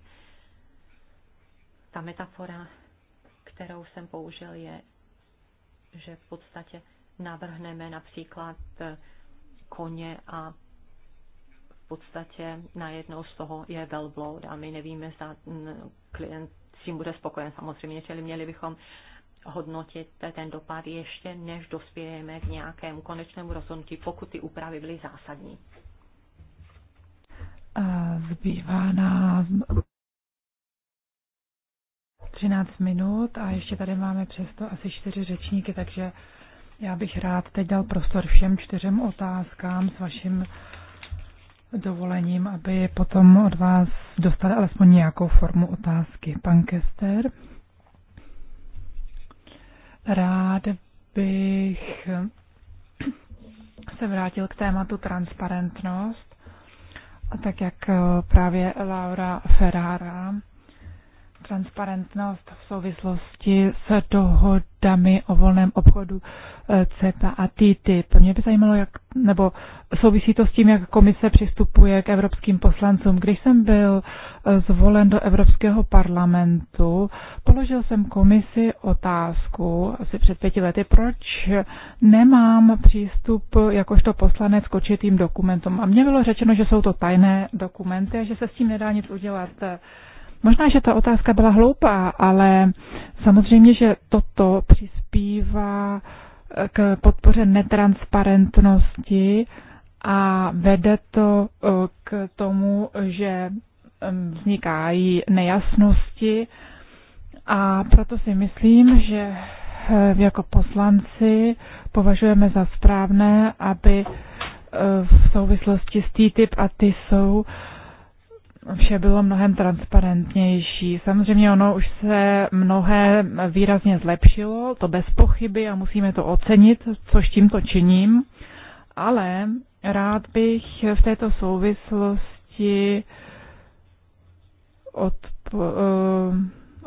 Ta metafora, kterou jsem použil, je že v podstatě navrhneme například eh, koně a v podstatě najednou z toho je velbloud a my nevíme, zda mm, klient s tím bude spokojen samozřejmě, čili měli bychom hodnotit ten dopad ještě, než dospějeme k nějakému konečnému rozhodnutí, pokud ty úpravy byly zásadní. Eh, zbývá nám 13 minut a ještě tady máme přesto asi čtyři řečníky, takže já bych rád teď dal prostor všem čtyřem otázkám s vaším dovolením, aby potom od vás dostali alespoň nějakou formu otázky. Pan Kester, rád bych se vrátil k tématu transparentnost a tak jak eh, právě Laura Ferrara transparentnost v souvislosti s dohodami o volném obchodu eh, CETA a TTIP. Mě by zajímalo, jak, nebo souvisí to s tím, jak komise přistupuje k evropským poslancům. Když jsem byl eh, zvolen do Evropského parlamentu, položil jsem komisi otázku asi před pěti lety, proč nemám přístup jakožto poslanec k určitým dokumentům. A mně bylo řečeno, že jsou to tajné dokumenty a že se s tím nedá nic udělat. Možná, že ta otázka byla hloupá, ale samozřejmě, že toto přispívá eh, k podpoře netransparentnosti a vede to eh, k tomu, že vznikají nejasnosti a proto si myslím, že eh, jako poslanci považujeme za správné, aby v souvislosti s TTIP a TISou vše bylo mnohem transparentnější. Samozřejmě ono už se mnohé výrazně zlepšilo, to bez pochyby a musíme to ocenit, což tímto činím, ale rád bych v této souvislosti od, eh,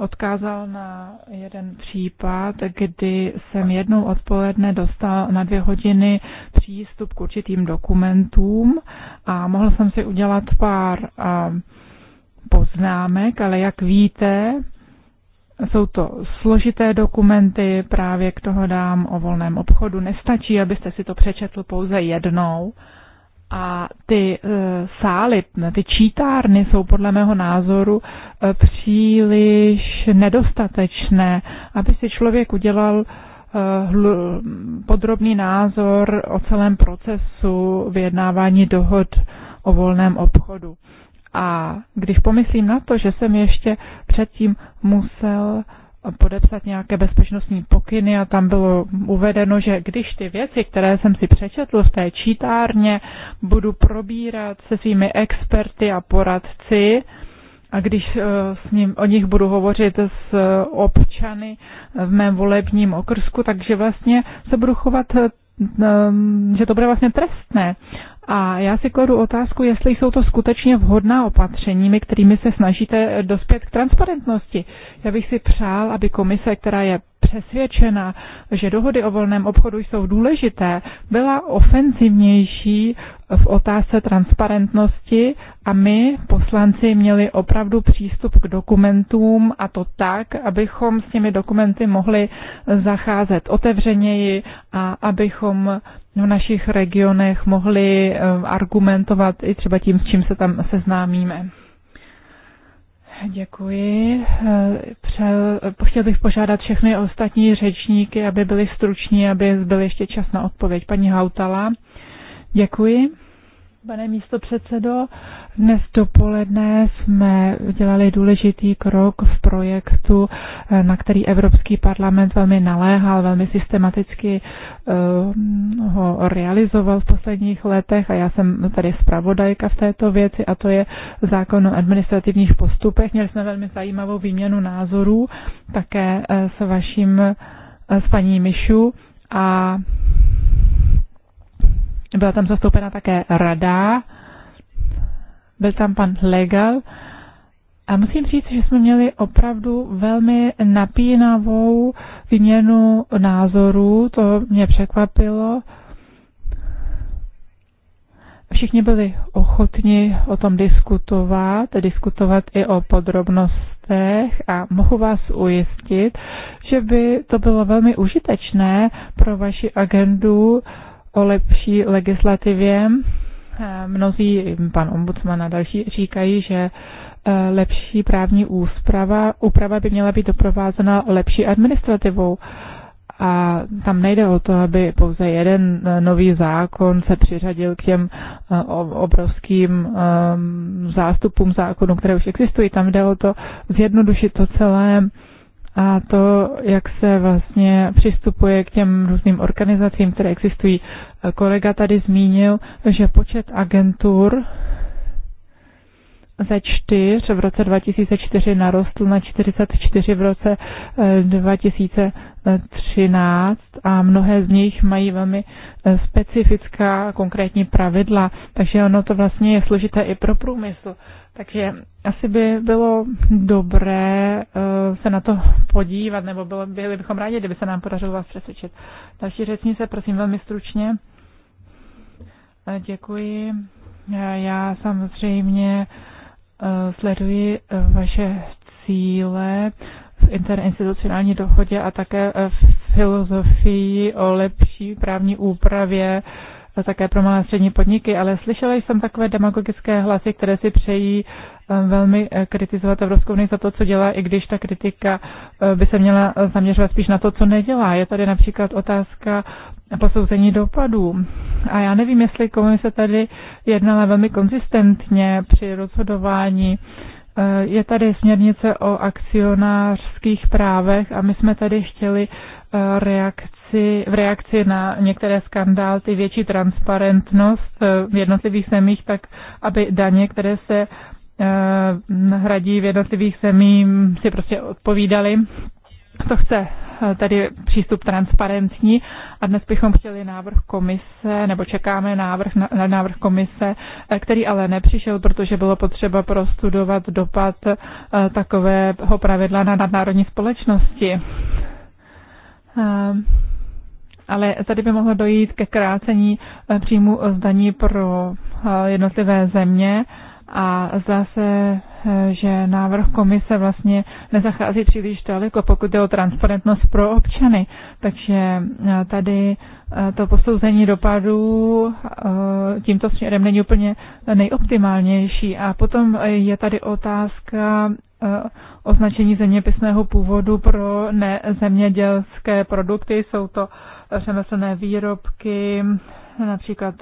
odkázal na jeden případ, kdy jsem jednou odpoledne dostal na dvě hodiny přístup k určitým dokumentům a mohl jsem si udělat pár poznámek, ale jak víte, jsou to složité dokumenty právě k dám o volném obchodu. Nestačí, abyste si to přečetl pouze jednou a ty e, sály, ty čítárny jsou podle mého názoru e, příliš nedostatečné, aby si člověk udělal eh, hl, podrobný názor o celém procesu vyjednávání dohod o volném obchodu. A když pomyslím na to, že jsem ještě předtím musel uh, podepsat nějaké bezpečnostní pokyny a tam bylo uvedeno, že když ty věci, které jsem si přečetl v té čítárně, budu probírat se svými experty a poradci, a když eh, s ním, o nich budu hovořit s eh, občany v mém volebním okrsku, takže vlastně se budu chovat, eh, že to bude vlastně trestné. A já si kladu otázku, jestli jsou to skutečně vhodná opatření, kterými se snažíte dospět k transparentnosti. Já bych si přál, aby komise, která je přesvědčena, že dohody o volném obchodu jsou důležité, byla ofenzivnější v otázce transparentnosti a my, poslanci, měli opravdu přístup k dokumentům a to tak, abychom s těmi dokumenty mohli zacházet otevřeněji a abychom v našich regionech mohli eh, argumentovat i třeba tím, s čím se tam seznámíme. Děkuji. Přel, chtěl bych požádat všechny ostatní řečníky, aby byli struční, aby byl ještě čas na odpověď. Paní Hautala, děkuji. Pane místo předsedo, dnes dopoledne jsme dělali důležitý krok v projektu, eh, na který Evropský parlament velmi naléhal, velmi systematicky eh, ho realizoval v posledních letech a já jsem tady zpravodajka v této věci a to je zákon o administrativních postupech. Měli jsme velmi zajímavou výměnu názorů také eh, s vaším, s paní Mišu a byla tam zastoupena také rada, byl tam pan Legal a musím říct, že jsme měli opravdu velmi napínavou výměnu názorů, to mě překvapilo. Všichni byli ochotni o tom diskutovat, diskutovat i o podrobnostech a mohu vás ujistit, že by to bylo velmi užitečné pro vaši agendu o lepší legislativě. Eh, mnozí, pan ombudsman a další, říkají, že eh, lepší právní úprava, úprava by měla být doprovázena lepší administrativou. A tam nejde o to, aby pouze jeden eh, nový zákon se přiřadil k těm obrovským zástupům zákonů, které už existují. Tam jde o to zjednodušit to celé, a to, jak se vlastně přistupuje k těm různým organizacím, které existují. Kolega tady zmínil, že počet agentur ze 4 v roce 2004 narostl na 44 v roce 2013 eh, a mnohé z nich mají velmi eh, specifická konkrétní pravidla, takže ono to vlastně je složité i pro průmysl. Takže asi by bylo dobré eh, se na to podívat, nebo bylo, byli bychom rádi, kdyby se nám podařilo vás přesvědčit. Další řečnice, prosím velmi stručně. Děkuji. Já samozřejmě Eh, sleduji eh, vaše cíle v interinstitucionální dohodě a také eh, v filozofii o lepší právní úpravě uh, také pro malé střední podniky, ale slyšela jsem takové demagogické hlasy, které si přejí eh, velmi eh, kritizovat Evropskou unii za to, co dělá, i když ta kritika eh, by se měla zaměřovat spíš na to, co nedělá. Je tady například otázka posouzení dopadů. A já nevím, jestli komise tady jednala velmi konzistentně při rozhodování je tady směrnice o akcionářských právech a my jsme tady chtěli reakci reakci, v reakci na některé skandály větší transparentnost eh, v jednotlivých zemích, tak aby daně, které se eh, hradí v jednotlivých zemích, si prostě odpovídali. To chce eh, tady přístup transparentní a dnes bychom chtěli návrh komise, nebo čekáme návrh, na návrh komise, který ale nepřišel, protože bylo potřeba prostudovat dopad takového pravidla na nadnárodní společnosti ale tady by mohlo dojít ke krácení eh, příjmu zdaní pro eh, jednotlivé země a zdá se, eh, že návrh komise vlastně nezachází příliš daleko, pokud je o transparentnost pro občany. Takže tady to posouzení dopadů tímto směrem není úplně nejoptimálnější. A potom je tady otázka označení zeměpisného původu pro nezemědělské produkty. Jsou to řemeslné výrobky, například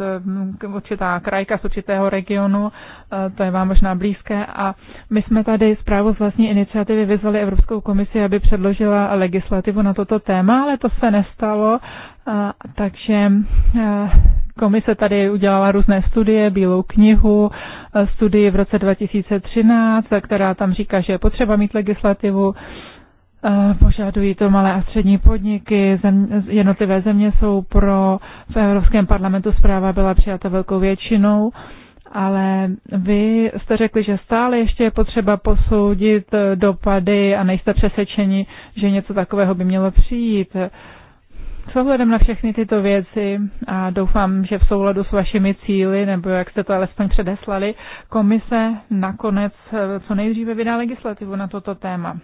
eh, určitá krajka z určitého regionu, eh, to je vám možná blízké. A my jsme tady zprávu z vlastní iniciativy vyzvali Evropskou komisi, aby předložila legislativu na toto téma, ale to se nestalo, eh, takže komise tady udělala různé studie, bílou knihu, studii v roce 2013, která tam říká, že je potřeba mít legislativu. Eh, požadují to malé a střední podniky, zem, jednotlivé země jsou pro, v Evropském parlamentu zpráva byla přijata velkou většinou, ale vy jste řekli, že stále ještě je potřeba posoudit eh, dopady a nejste přesvědčeni, že něco takového by mělo přijít. S ohledem na všechny tyto věci a doufám, že v souladu s vašimi cíly, nebo jak jste to alespoň předeslali, komise nakonec eh, co nejdříve vydá legislativu na toto téma.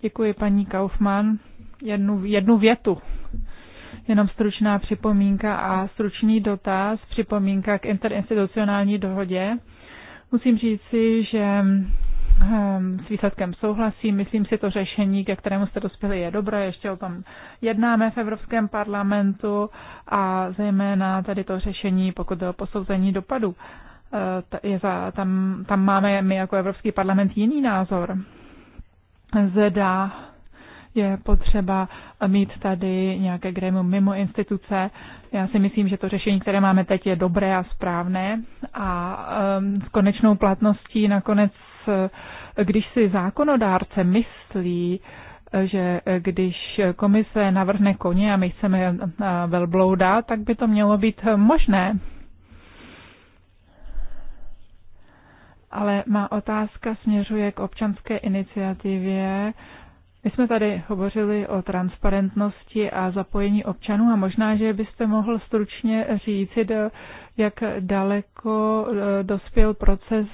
Děkuji paní Kaufmann. Jednu, jednu větu. Jenom stručná připomínka a stručný dotaz, připomínka k interinstitucionální dohodě. Musím říci, že ehm, s výsledkem souhlasím. Myslím si, to řešení, ke kterému jste dospěli, je dobré. Ještě o tom jednáme v Evropském parlamentu a zejména tady to řešení, pokud jde o posouzení dopadu. Ehm, je za, tam, tam máme my jako Evropský parlament jiný názor zda je potřeba mít tady nějaké grémium mimo instituce. Já si myslím, že to řešení, které máme teď, je dobré a správné a um, s konečnou platností nakonec, když si zákonodárce myslí, že když komise navrhne koně a my chceme uh, velblouda, tak by to mělo být možné. ale má otázka směřuje k občanské iniciativě. My jsme tady hovořili o transparentnosti a zapojení občanů a možná, že byste mohl stručně říci, jak daleko eh, dospěl proces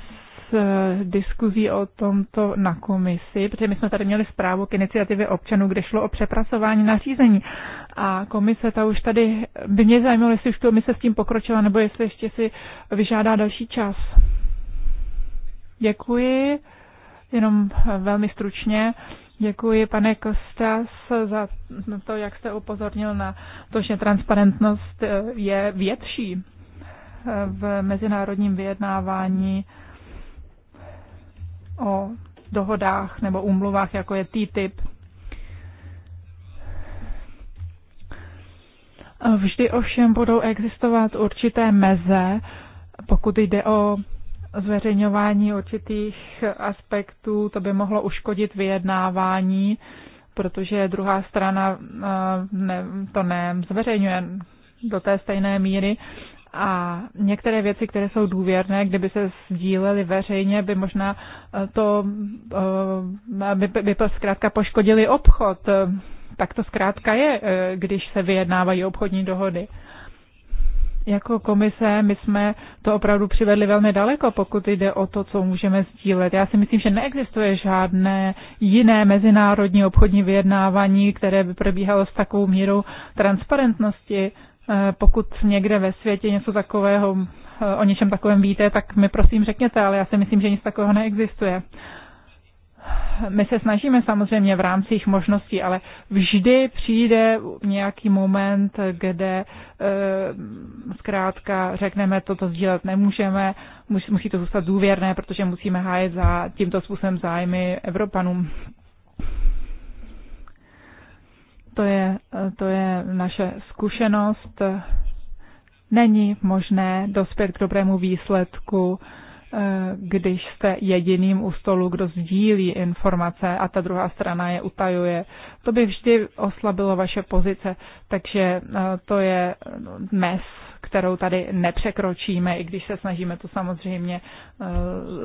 eh, diskuzí o tomto na komisi, protože my jsme tady měli zprávu k iniciativě občanů, kde šlo o přepracování nařízení. A komise ta už tady, by mě zajímalo, jestli už komise s tím pokročila, nebo jestli ještě si vyžádá další čas. Děkuji, jenom eh, velmi stručně. Děkuji, pane Kostas, za to, jak jste upozornil na to, že transparentnost eh, je větší eh, v mezinárodním vyjednávání o dohodách nebo umluvách, jako je TTIP. Vždy ovšem budou existovat určité meze, pokud jde o zveřejňování určitých aspektů, to by mohlo uškodit vyjednávání, protože druhá strana eh, ne, to nezveřejňuje do té stejné míry. A některé věci, které jsou důvěrné, kdyby se sdílely veřejně, by možná eh, to, eh, by, by to zkrátka poškodili obchod. Tak to zkrátka je, když se vyjednávají obchodní dohody. Jako komise my jsme to opravdu přivedli velmi daleko, pokud jde o to, co můžeme sdílet. Já si myslím, že neexistuje žádné jiné mezinárodní obchodní vyjednávání, které by probíhalo s takovou mírou transparentnosti. Eh, pokud někde ve světě něco takového, eh, o něčem takovém víte, tak mi prosím řekněte, ale já si myslím, že nic takového neexistuje my se snažíme samozřejmě v rámci jejich možností, ale vždy přijde nějaký moment, kde eh, zkrátka řekneme, toto sdílet nemůžeme, musí to zůstat důvěrné, protože musíme hájet za tímto způsobem zájmy Evropanům. To je, to je naše zkušenost. Není možné dospět k dobrému výsledku když jste jediným u stolu, kdo sdílí informace a ta druhá strana je utajuje. To by vždy oslabilo vaše pozice, takže e, to je mes, kterou tady nepřekročíme, i když se snažíme to samozřejmě e,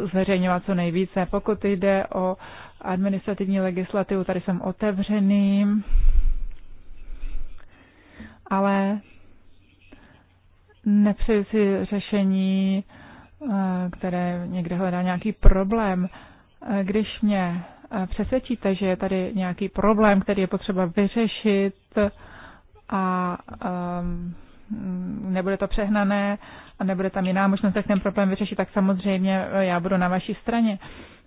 zveřejňovat co nejvíce. Pokud jde o administrativní legislativu, tady jsem otevřený, ale nepřeji si řešení, Eh, které někde hledá nějaký problém, eh, když mě eh, přesvědčíte, že je tady nějaký problém, který je potřeba vyřešit a um, nebude to přehnané a nebude tam jiná možnost, jak ten problém vyřešit, tak samozřejmě já budu na vaší straně.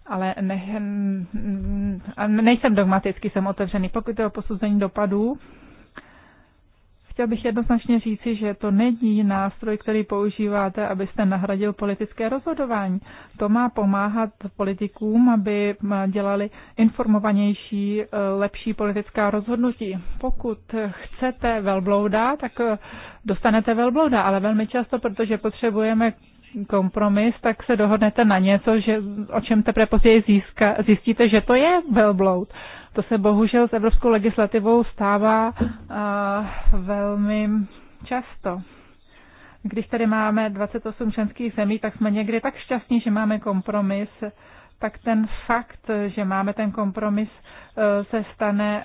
Ale ne, nejsem dogmatický, jsem otevřený. Pokud je o posuzení dopadů, Chtěl bych jednoznačně říci, že to není nástroj, který používáte, abyste nahradil politické rozhodování. To má pomáhat politikům, aby dělali informovanější, eh, lepší politická rozhodnutí. Pokud chcete velblouda, tak eh, dostanete velblouda, ale velmi často, protože potřebujeme kompromis, tak se dohodnete na něco, že, o čem teprve později získa, zjistíte, že to je velbloud. To se bohužel s evropskou legislativou stává uh, velmi často. Když tady máme 28 členských zemí, tak jsme někdy tak šťastní, že máme kompromis, tak ten fakt, že máme ten kompromis, e, se stane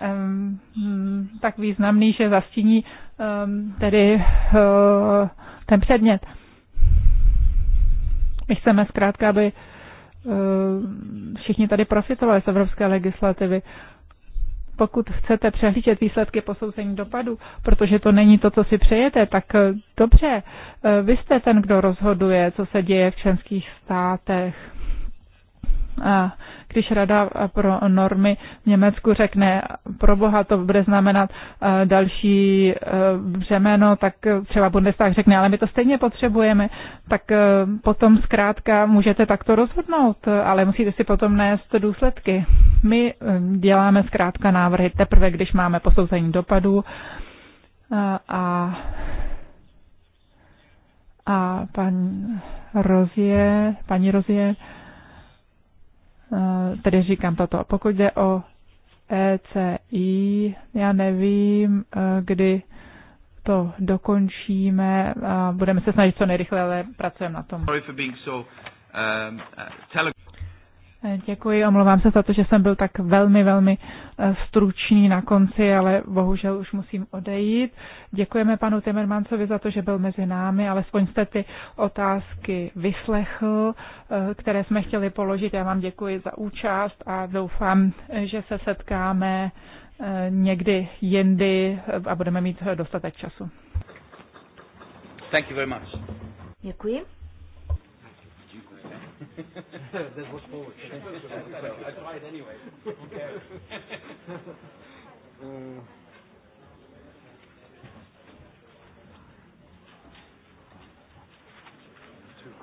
tak významný, že zastíní tedy e, ten předmět. My chceme zkrátka, aby eh, všichni tady profitovali z evropské legislativy. Pokud chcete přehlížet výsledky posouzení dopadu, protože to není to, co si přejete, tak eh, dobře, eh, vy jste ten, kdo rozhoduje, co se děje v členských státech když Rada pro normy v Německu řekne, pro boha to bude znamenat další e, břemeno, tak třeba Bundestag řekne, ale my to stejně potřebujeme, tak e, potom zkrátka můžete takto rozhodnout, ale musíte si potom nést důsledky. My e, děláme zkrátka návrhy teprve, když máme posouzení dopadů a a pan Rozie, paní Rozie, Eh, tedy říkám toto. Pokud jde o ECI, já nevím, eh, kdy to dokončíme a budeme se snažit co nejrychleji, ale pracujeme na tom. Um, uh, Děkuji, omlouvám se za to, že jsem byl tak velmi, velmi eh, stručný na konci, ale bohužel už musím odejít. Děkujeme panu Timmermancovi za to, že byl mezi námi, alespoň jste ty otázky vyslechl, eh, které jsme chtěli položit. Já vám děkuji za účast a doufám, že se setkáme eh, někdy jindy a budeme mít dostatek času. Thank you very much. Děkuji. [LAUGHS] that was forward. [LAUGHS] I tried anyway. Who cares? Uh, two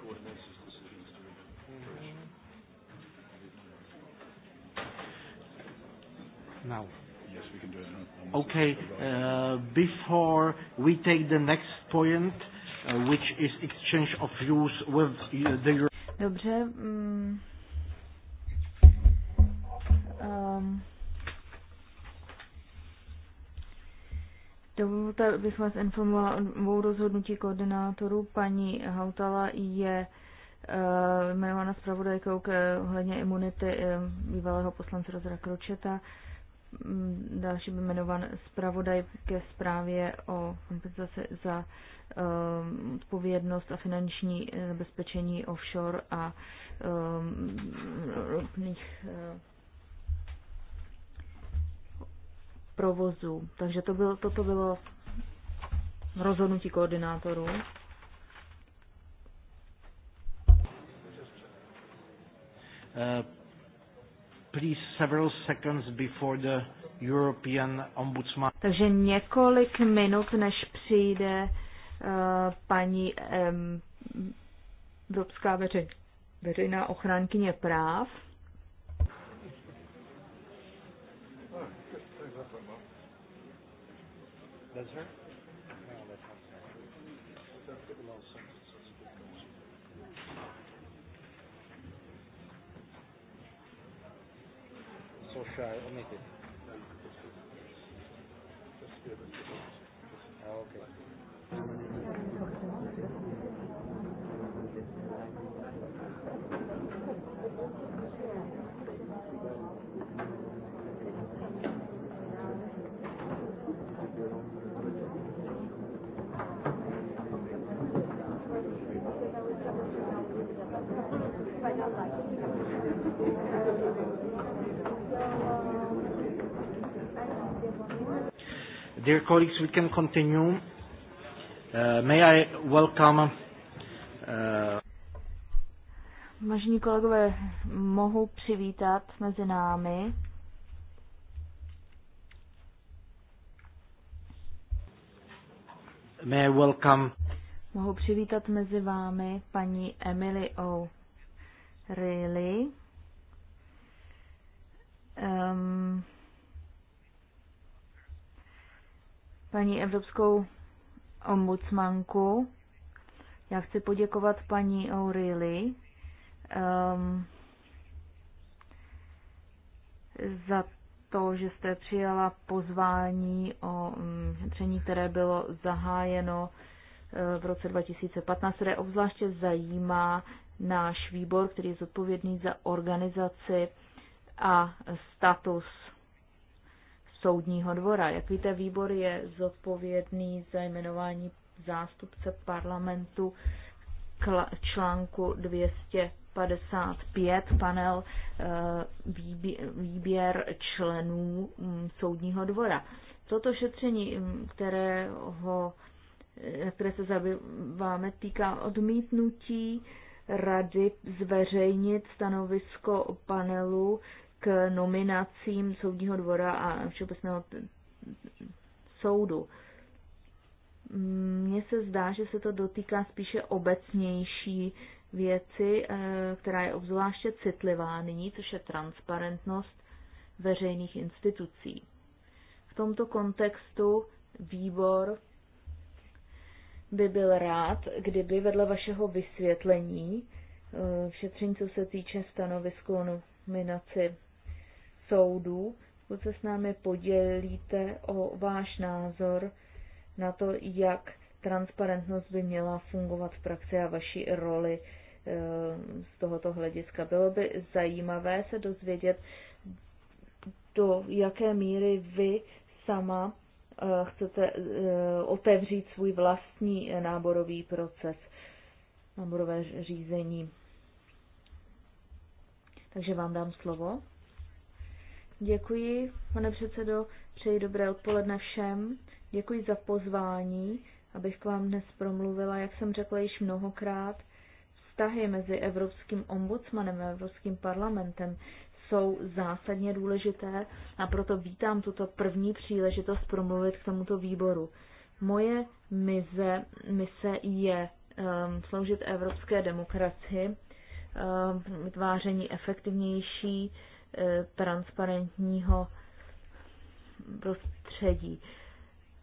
coordinates to mm-hmm. Now. Yes, we can do it. Okay, uh, before we take the next point, uh, which is exchange of views with uh, the Dobře. Um, um, Dovolte, bych vás informovala o dvou rozhodnutí koordinátorů. Paní Hautala je eh, jmenována zpravodajkou k eh, ohledně imunity eh, bývalého poslance Rozra Kročeta. Mm, další by jmenovan zpravodaj ke zprávě o kompenzaci za um, odpovědnost a finanční eh, zabezpečení offshore a um, ropných eh, provozů. Takže to bylo, toto bylo rozhodnutí koordinátorů. Uh, please several seconds before the European Ombudsman. Takže několik minut, než přijde uh, paní um, Evropská veře, veřejná ochránkyně práv. That's right. try omit it. Ah, okay. Thank you. Dear colleagues, we can continue. Uh, may I welcome... Uh... Vážení kolegové, mohu přivítat mezi námi May I welcome... Mohu přivítat mezi vámi paní Emily O'Reilly, um, paní evropskou ombudsmanku. Já chci poděkovat paní O'Reilly um, za to, že jste přijala pozvání o mm, šetření, které bylo zahájeno e, v roce 2015, které obzvláště zajímá náš výbor, který je zodpovědný za organizaci a status soudního dvora. Jak víte, výbor je zodpovědný za jmenování zástupce parlamentu článku 255 panel eh, výběr členů mm, soudního dvora. Toto šetření, mm, kterého, eh, které se zabýváme, týká odmítnutí rady zveřejnit stanovisko panelu k nominacím Soudního dvora a Všeobecného soudu. Mně se zdá, že se to dotýká spíše obecnější věci, eh, která je obzvláště citlivá nyní, což je transparentnost veřejných institucí. V tomto kontextu výbor by byl rád, kdyby vedle vašeho vysvětlení eh, šetření, co se týče stanovisku nominaci soudu, pokud se s námi podělíte o váš názor na to, jak transparentnost by měla fungovat v praxi a vaší roli eh, z tohoto hlediska. Bylo by zajímavé se dozvědět, do jaké míry vy sama eh, chcete eh, otevřít svůj vlastní náborový proces, náborové řízení. Takže vám dám slovo. Děkuji, pane předsedo, přeji dobré odpoledne všem. Děkuji za pozvání, abych k vám dnes promluvila. Jak jsem řekla již mnohokrát, vztahy mezi Evropským ombudsmanem a Evropským parlamentem jsou zásadně důležité a proto vítám tuto první příležitost promluvit k tomuto výboru. Moje mize, mise je um, sloužit evropské demokracii, um, vytváření efektivnější transparentního prostředí.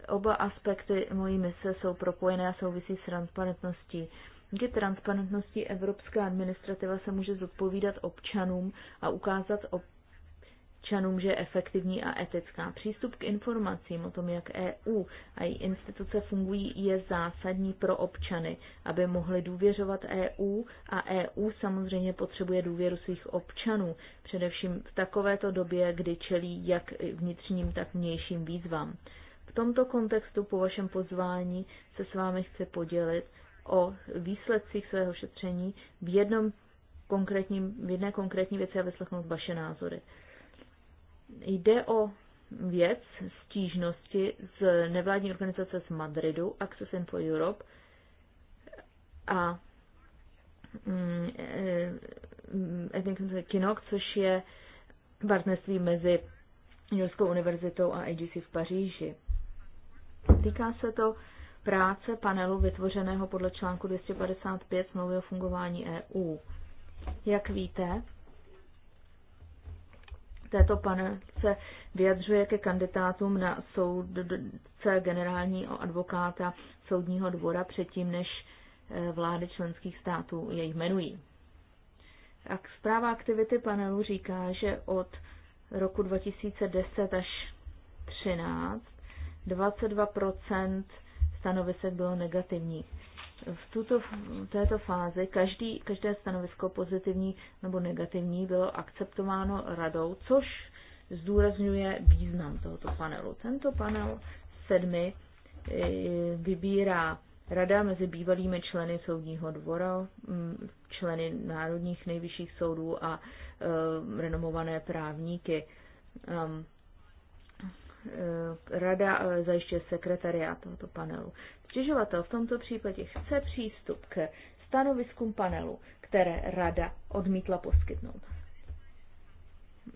Oba aspekty mojí mise jsou propojené a souvisí s transparentností. Díky transparentnosti evropská administrativa se může zodpovídat občanům a ukázat občanům, že je efektivní a etická. Přístup k informacím o tom, jak EU a její instituce fungují, je zásadní pro občany, aby mohli důvěřovat EU a EU samozřejmě potřebuje důvěru svých občanů, především v takovéto době, kdy čelí jak vnitřním, tak vnějším výzvám. V tomto kontextu po vašem pozvání se s vámi chci podělit o výsledcích svého šetření v jednom konkrétním, v jedné konkrétní věci a vyslechnout vaše názory. Jde o věc stížnosti z nevládní organizace z Madridu, Access Info Europe, a mm, Edinson e, Kinok, což je partnerství mezi Jelskou univerzitou a AGC v Paříži. Týká se to práce panelu vytvořeného podle článku 255 smlouvy o fungování EU. Jak víte, této panelce vyjadřuje ke kandidátům na soudce generálního advokáta soudního dvora předtím, než eh, vlády členských států jej jmenují. A zpráva aktivity panelu říká, že od roku 2010 až 13 22 stanovisek bylo negativních v, tuto, v této fázi každý, každé stanovisko pozitivní nebo negativní bylo akceptováno radou, což zdůrazňuje význam tohoto panelu. Tento panel sedmi eh, vybírá rada mezi bývalými členy soudního dvora, mm, členy národních nejvyšších soudů a eh, renomované právníky. Ehm, eh, rada zajišťuje sekretariát tohoto panelu. Stěžovatel v tomto případě chce přístup k stanoviskům panelu, které rada odmítla poskytnout,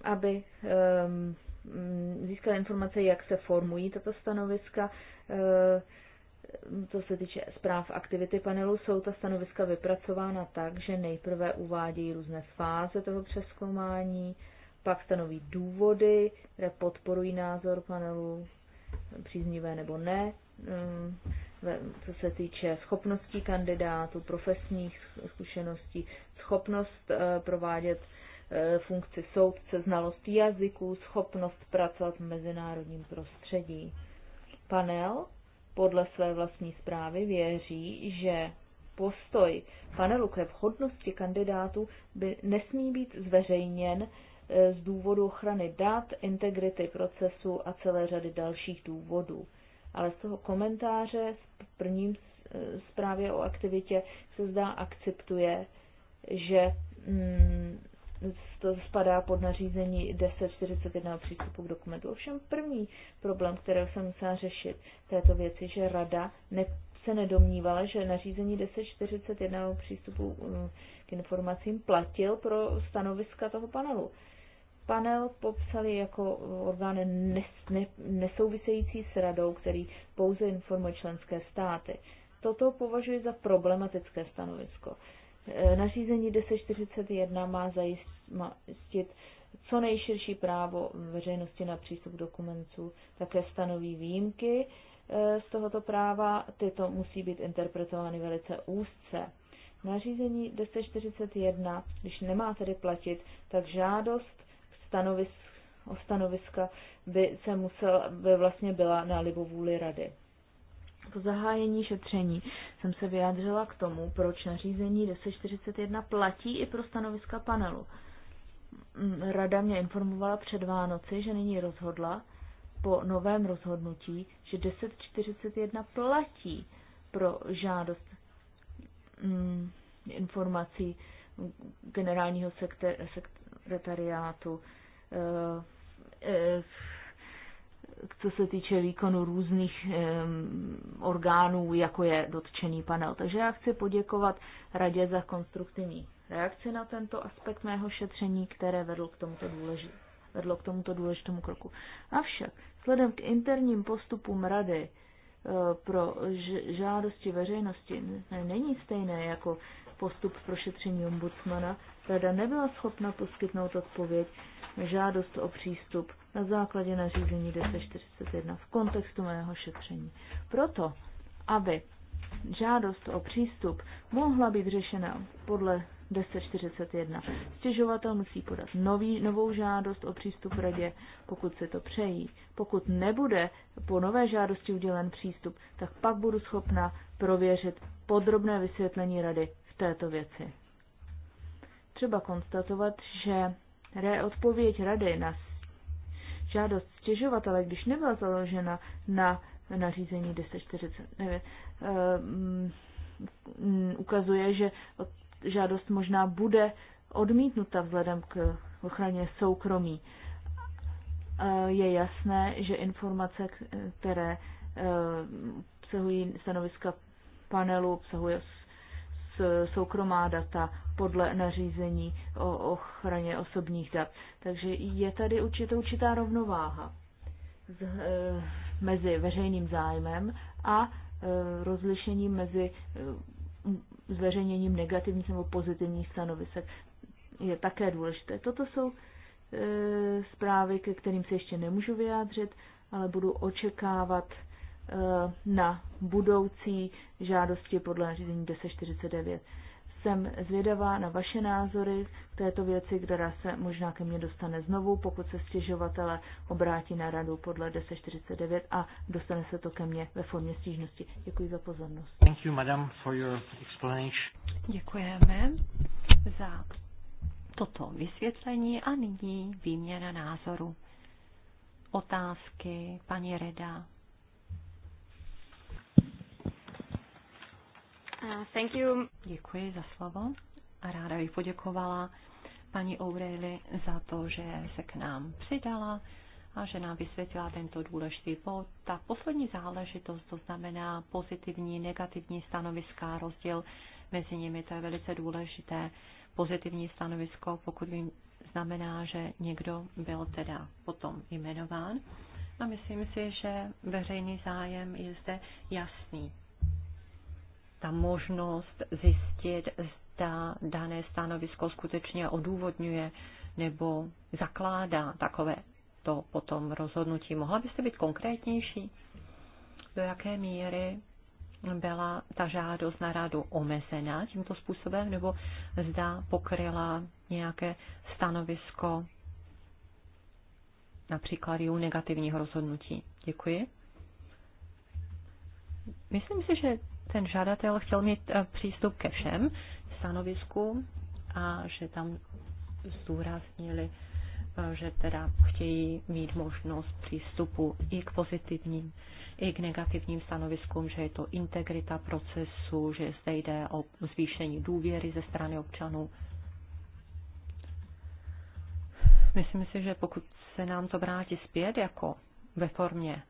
aby um, ehm, získal informace, jak se formují tato stanoviska. Ehm, co se týče zpráv aktivity panelu, jsou ta stanoviska vypracována tak, že nejprve uvádějí různé fáze toho přeskoumání, pak stanoví důvody, které podporují názor panelu, příznivé nebo ne, ehm, co se týče schopností kandidátů, profesních zkušeností, schopnost eh, provádět eh, funkci soudce, znalost jazyků, schopnost pracovat v mezinárodním prostředí. Panel podle své vlastní zprávy věří, že postoj panelu k vhodnosti kandidátů by nesmí být zveřejněn eh, z důvodu ochrany dat, integrity procesu a celé řady dalších důvodů ale z toho komentáře v prvním eh, zprávě o aktivitě se zdá akceptuje, že mm, to spadá pod nařízení 1041 přístupu k dokumentu. Ovšem první problém, který jsem musela řešit této věci, že rada ne, se nedomnívala, že nařízení 1041 přístupu mm, k informacím platil pro stanoviska toho panelu panel popsali jako orgány nes, ne, nesouvisející s radou, který pouze informuje členské státy. Toto považuji za problematické stanovisko. E, nařízení 1041 má zajistit co nejširší právo veřejnosti na přístup k dokumentů, také stanoví výjimky e, z tohoto práva, tyto musí být interpretovány velice úzce. Nařízení 1041, když nemá tedy platit, tak žádost stanovis, o stanoviska by se musela, by vlastně byla na libovůli rady. Po zahájení šetření jsem se vyjádřila k tomu, proč nařízení 1041 platí i pro stanoviska panelu. Rada mě informovala před Vánoci, že nyní rozhodla po novém rozhodnutí, že 1041 platí pro žádost mm, informací generálního sekte, sek, proletariátu, eh, eh, co se týče výkonu různých eh, orgánů, jako je dotčený panel. Takže já chci poděkovat radě za konstruktivní reakci na tento aspekt mého šetření, které vedlo k tomuto důležitému vedlo k tomuto důležitému kroku. Avšak, vzhledem k interním postupům rady pro žádosti veřejnosti, není stejné jako postup prošetření ombudsmana, rada nebyla schopna poskytnout odpověď na žádost o přístup na základě nařízení 1041 v kontextu mého šetření. Proto, aby žádost o přístup mohla být řešena podle 1041. Stěžovatel musí podat nový, novou žádost o přístup radě, pokud se to přejí. Pokud nebude po nové žádosti udělen přístup, tak pak budu schopna prověřit podrobné vysvětlení rady této věci. Třeba konstatovat, že odpověď rady na žádost stěžovatele, když nebyla založena na nařízení 1049, eh, mm, mm, ukazuje, že žádost možná bude odmítnuta vzhledem k ochraně soukromí. Eh, je jasné, že informace, které eh, obsahují stanoviska panelu, obsahuje soukromá data podle nařízení o ochraně osobních dat. Takže je tady určitá, určitá rovnováha z, e, mezi veřejným zájmem a e, rozlišením mezi e, zveřejněním negativních nebo pozitivních stanovisek. Je také důležité. Toto jsou e, zprávy, ke kterým se ještě nemůžu vyjádřit, ale budu očekávat e, Eh, na budoucí žádosti podle nařízení 1049. Jsem zvědavá na vaše názory k této věci, která se možná ke mně dostane znovu, pokud se stěžovatele obrátí na radu podle 1049 a dostane se to ke mně ve formě stížnosti. Děkuji za pozornost. Thank you, madam, for your explanation. Děkujeme za toto vysvětlení a nyní výměna názoru. Otázky, paní Reda. Uh, thank you. Děkuji za slovo a ráda bych poděkovala paní O'Reilly za to, že se k nám přidala a že nám vysvětlila tento důležitý bod. Ta poslední záležitost, to znamená pozitivní, negativní stanoviska, rozdíl mezi nimi, to je velice důležité. Pozitivní stanovisko, pokud vím, znamená, že někdo byl teda potom jmenován. A myslím si, že veřejný zájem je zde jasný ta možnost zjistit, zda dané stanovisko skutečně odůvodňuje nebo zakládá takové to potom rozhodnutí. Mohla byste být konkrétnější? Do jaké míry byla ta žádost na radu omezená tímto způsobem, nebo zda pokryla nějaké stanovisko například i u negativního rozhodnutí. Děkuji. Myslím si, že ten žadatel chtěl mít eh, přístup ke všem stanoviskům a že tam zdůraznili, eh, že teda chtějí mít možnost přístupu i k pozitivním, i k negativním stanoviskům, že je to integrita procesu, že zde jde o zvýšení důvěry ze strany občanů. Myslím si, že pokud se nám to vrátí zpět jako ve formě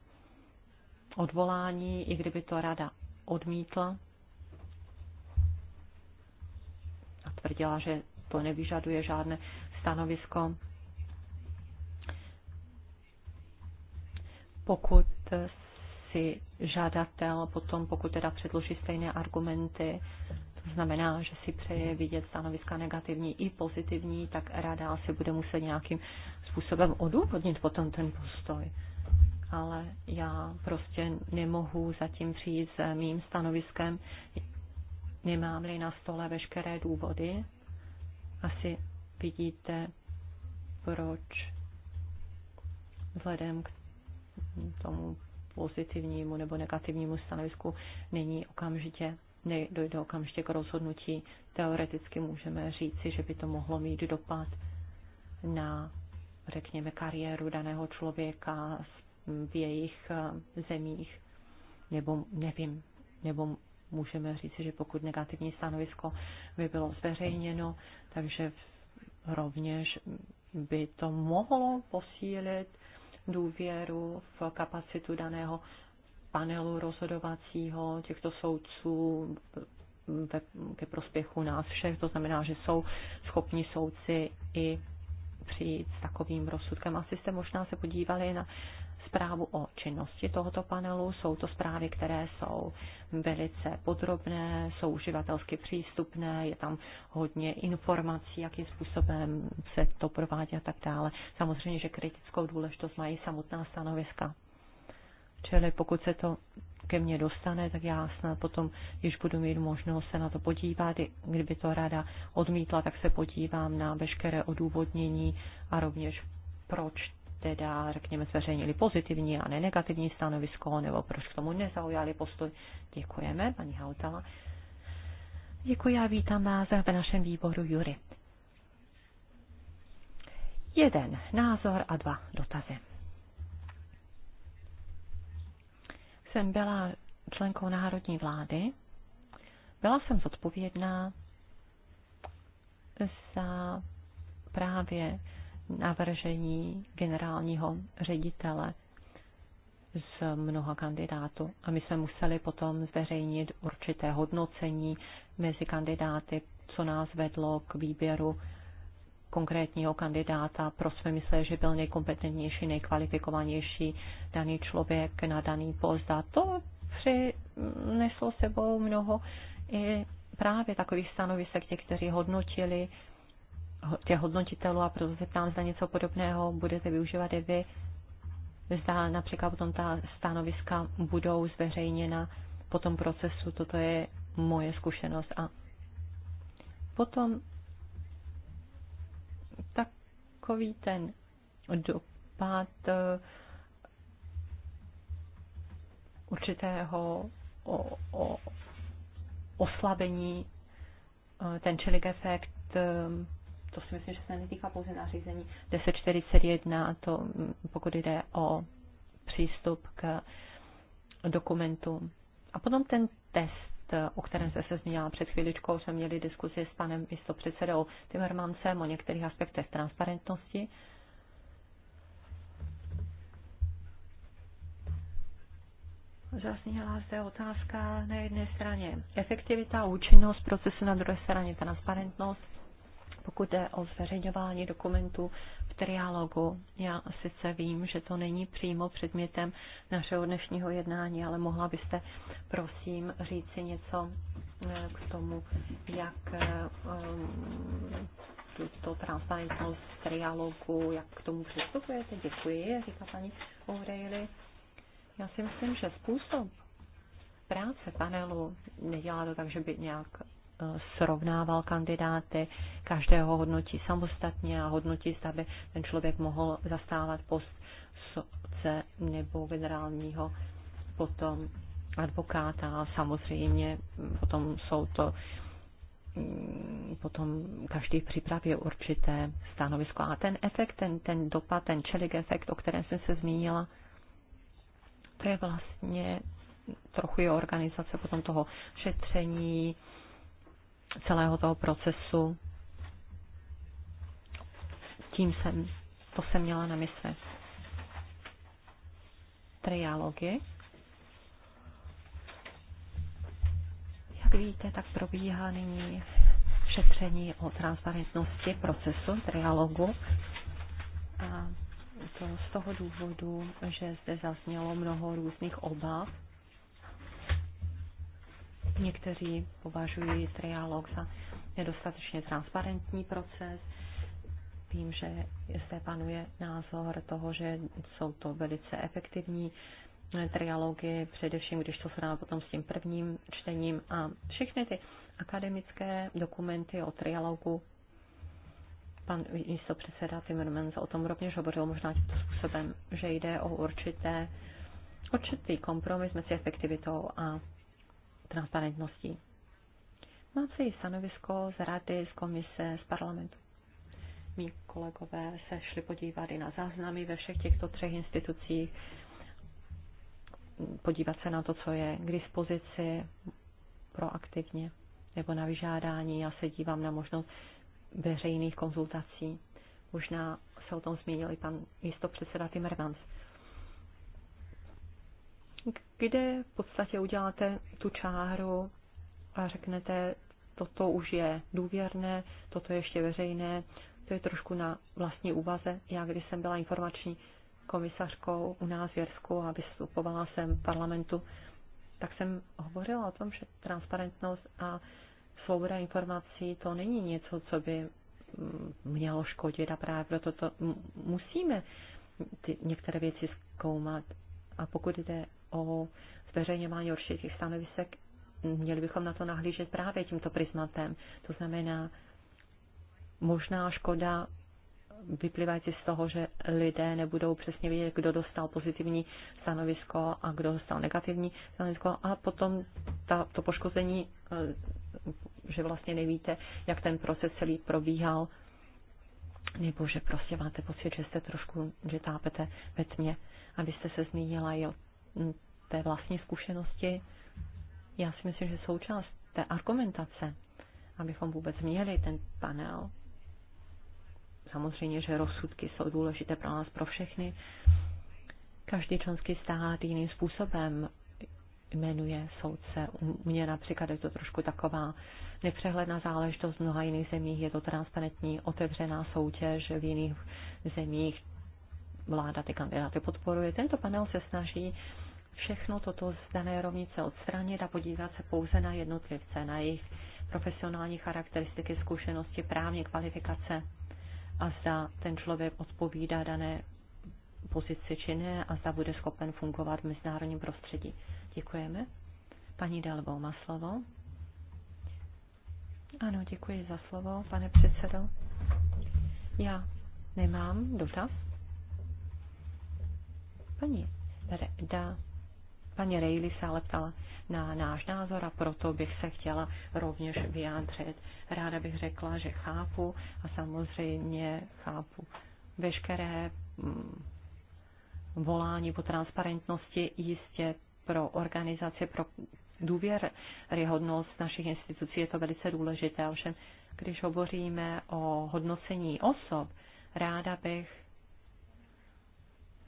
odvolání, i kdyby to rada odmítla a tvrdila, že to nevyžaduje žádné stanovisko. Pokud si žadatel potom, pokud teda předloží stejné argumenty, to znamená, že si přeje vidět stanoviska negativní i pozitivní, tak rada asi bude muset nějakým způsobem odůvodnit potom ten postoj ale já prostě nemohu zatím přijít s mým stanoviskem. Nemám-li na stole veškeré důvody, asi vidíte, proč vzhledem k tomu pozitivnímu nebo negativnímu stanovisku není okamžitě, nedojde okamžitě k rozhodnutí. Teoreticky můžeme říci, že by to mohlo mít dopad na, řekněme, kariéru daného člověka, v jejich eh, zemích, nebo nevím, nebo můžeme říct, že pokud negativní stanovisko by bylo zveřejněno, takže rovněž by to mohlo posílit důvěru v kapacitu daného panelu rozhodovacího těchto soudců ve, ke prospěchu nás všech. To znamená, že jsou schopni soudci i přijít s takovým rozsudkem. Asi jste možná se podívali na zprávu o činnosti tohoto panelu. Jsou to zprávy, které jsou velice podrobné, jsou uživatelsky přístupné, je tam hodně informací, jakým způsobem se to provádí a tak dále. Samozřejmě, že kritickou důležitost mají samotná stanoviska. Čili pokud se to ke mně dostane, tak já snad potom, když budu mít možnost se na to podívat, kdyby to rada odmítla, tak se podívám na veškeré odůvodnění a rovněž proč teda, řekněme, zveřejnili pozitivní a ne negativní stanovisko, nebo proč k tomu nezaujali postoj. Děkujeme, paní Hautala. Děkuji a vítám vás ve našem výboru Jury. Jeden názor a dva dotazy. Jsem byla členkou národní vlády. Byla jsem zodpovědná za právě navržení generálního ředitele z mnoha kandidátů. A my jsme museli potom zveřejnit určité hodnocení mezi kandidáty, co nás vedlo k výběru konkrétního kandidáta, Pro jsme mysleli, že byl nejkompetentnější, nejkvalifikovanější daný člověk na daný post. A to přineslo sebou mnoho i právě takových stanovisek, těch, kteří hodnotili těch hodnotitelů a proto se ptám, zda něco podobného budete využívat i vy. Zda například potom ta stanoviska budou zveřejněna po tom procesu, toto je moje zkušenost. A potom takový ten dopad eh, určitého o, o, oslabení, eh, ten chilling efekt, eh, to si myslím, že se netýká pouze nařízení 1041, to mm, pokud jde o přístup k dokumentům. A potom ten test, o kterém jste se zmínila před chvíličkou, jsme měli diskuzi s panem místopředsedou Timmermansem o některých aspektech transparentnosti. Zazněla zde otázka na jedné straně efektivita, účinnost procesu, na druhé straně transparentnost pokud jde o zveřejňování dokumentů v triálogu, já sice vím, že to není přímo předmětem našeho dnešního jednání, ale mohla byste prosím říci něco eh, k tomu, jak eh, um, tuto transparentnost triálogu, jak k tomu přistupujete. Děkuji, říká paní O'Reilly. Já si myslím, že způsob práce panelu nedělá to tak, že by nějak srovnával kandidáty, každého hodnotí samostatně a hodnotí, zda by ten člověk mohl zastávat post soce nebo generálního potom advokáta a samozřejmě potom jsou to mm, potom každý připraví určité stanovisko. A ten efekt, ten, ten dopad, ten čelik efekt, o kterém jsem se zmínila, to je vlastně trochu je organizace potom toho šetření, celého toho procesu. Tím jsem, to jsem měla na mysli. Triálogy. Jak víte, tak probíhá nyní šetření o transparentnosti procesu trialogu. A to z toho důvodu, že zde zaznělo mnoho různých obav Někteří považují trialog za nedostatečně transparentní proces. Vím, že zde panuje názor toho, že jsou to velice efektivní trialogy, především když to srovná potom s tím prvním čtením a všechny ty akademické dokumenty o trialogu pan předseda Timmermans o tom rovněž hovořil možná tímto způsobem, že jde o určité, určitý kompromis mezi efektivitou a transparentností. Máte i stanovisko z rady, z komise, z parlamentu. Mí kolegové se šli podívat i na záznamy ve všech těchto třech institucích, podívat se na to, co je k dispozici proaktivně nebo na vyžádání. Já se dívám na možnost veřejných konzultací. Možná se o tom zmínil i pan místopředseda Timmermans kde v podstatě uděláte tu čáru a řeknete, toto už je důvěrné, toto je ještě veřejné, to je trošku na vlastní úvaze. Já, když jsem byla informační komisařkou u nás v Jersku a vystupovala jsem v parlamentu, tak jsem hovořila o tom, že transparentnost a svoboda informací to není něco, co by mm, mělo škodit a právě proto to musíme ty některé věci zkoumat. A pokud jde o zveřejňování určitých stanovisek, měli bychom na to nahlížet právě tímto prismatem. To znamená, možná škoda vyplývající z toho, že lidé nebudou přesně vědět, kdo dostal pozitivní stanovisko a kdo dostal negativní stanovisko a potom ta, to poškození, eh, že vlastně nevíte, jak ten proces celý probíhal, nebo že prostě máte pocit, že jste trošku, že tápete ve tmě. abyste se zmínila i o té vlastní zkušenosti, já si myslím, že součást té argumentace, abychom vůbec měli ten panel, samozřejmě, že rozsudky jsou důležité pro nás, pro všechny, každý členský stát jiným způsobem jmenuje soudce. U mě například je to trošku taková nepřehledná záležitost. V mnoha jiných zemích je to transparentní, otevřená soutěž, v jiných zemích vláda ty kandidáty podporuje. Tento panel se snaží všechno toto z dané rovnice odstranit a podívat se pouze na jednotlivce, na jejich profesionální charakteristiky, zkušenosti, právní kvalifikace a zda ten člověk odpovídá dané pozici či ne a zda bude schopen fungovat v mezinárodním prostředí. Děkujeme. Paní Dalbo má slovo. Ano, děkuji za slovo, pane předsedo. Já nemám dotaz. Paní Reda Paní Rejli se ale ptala na náš názor a proto bych se chtěla rovněž vyjádřit. Ráda bych řekla, že chápu a samozřejmě chápu veškeré mm, volání po transparentnosti jistě pro organizaci, pro důvěryhodnost našich institucí je to velice důležité. Ovšem, když hovoříme o hodnocení osob, ráda bych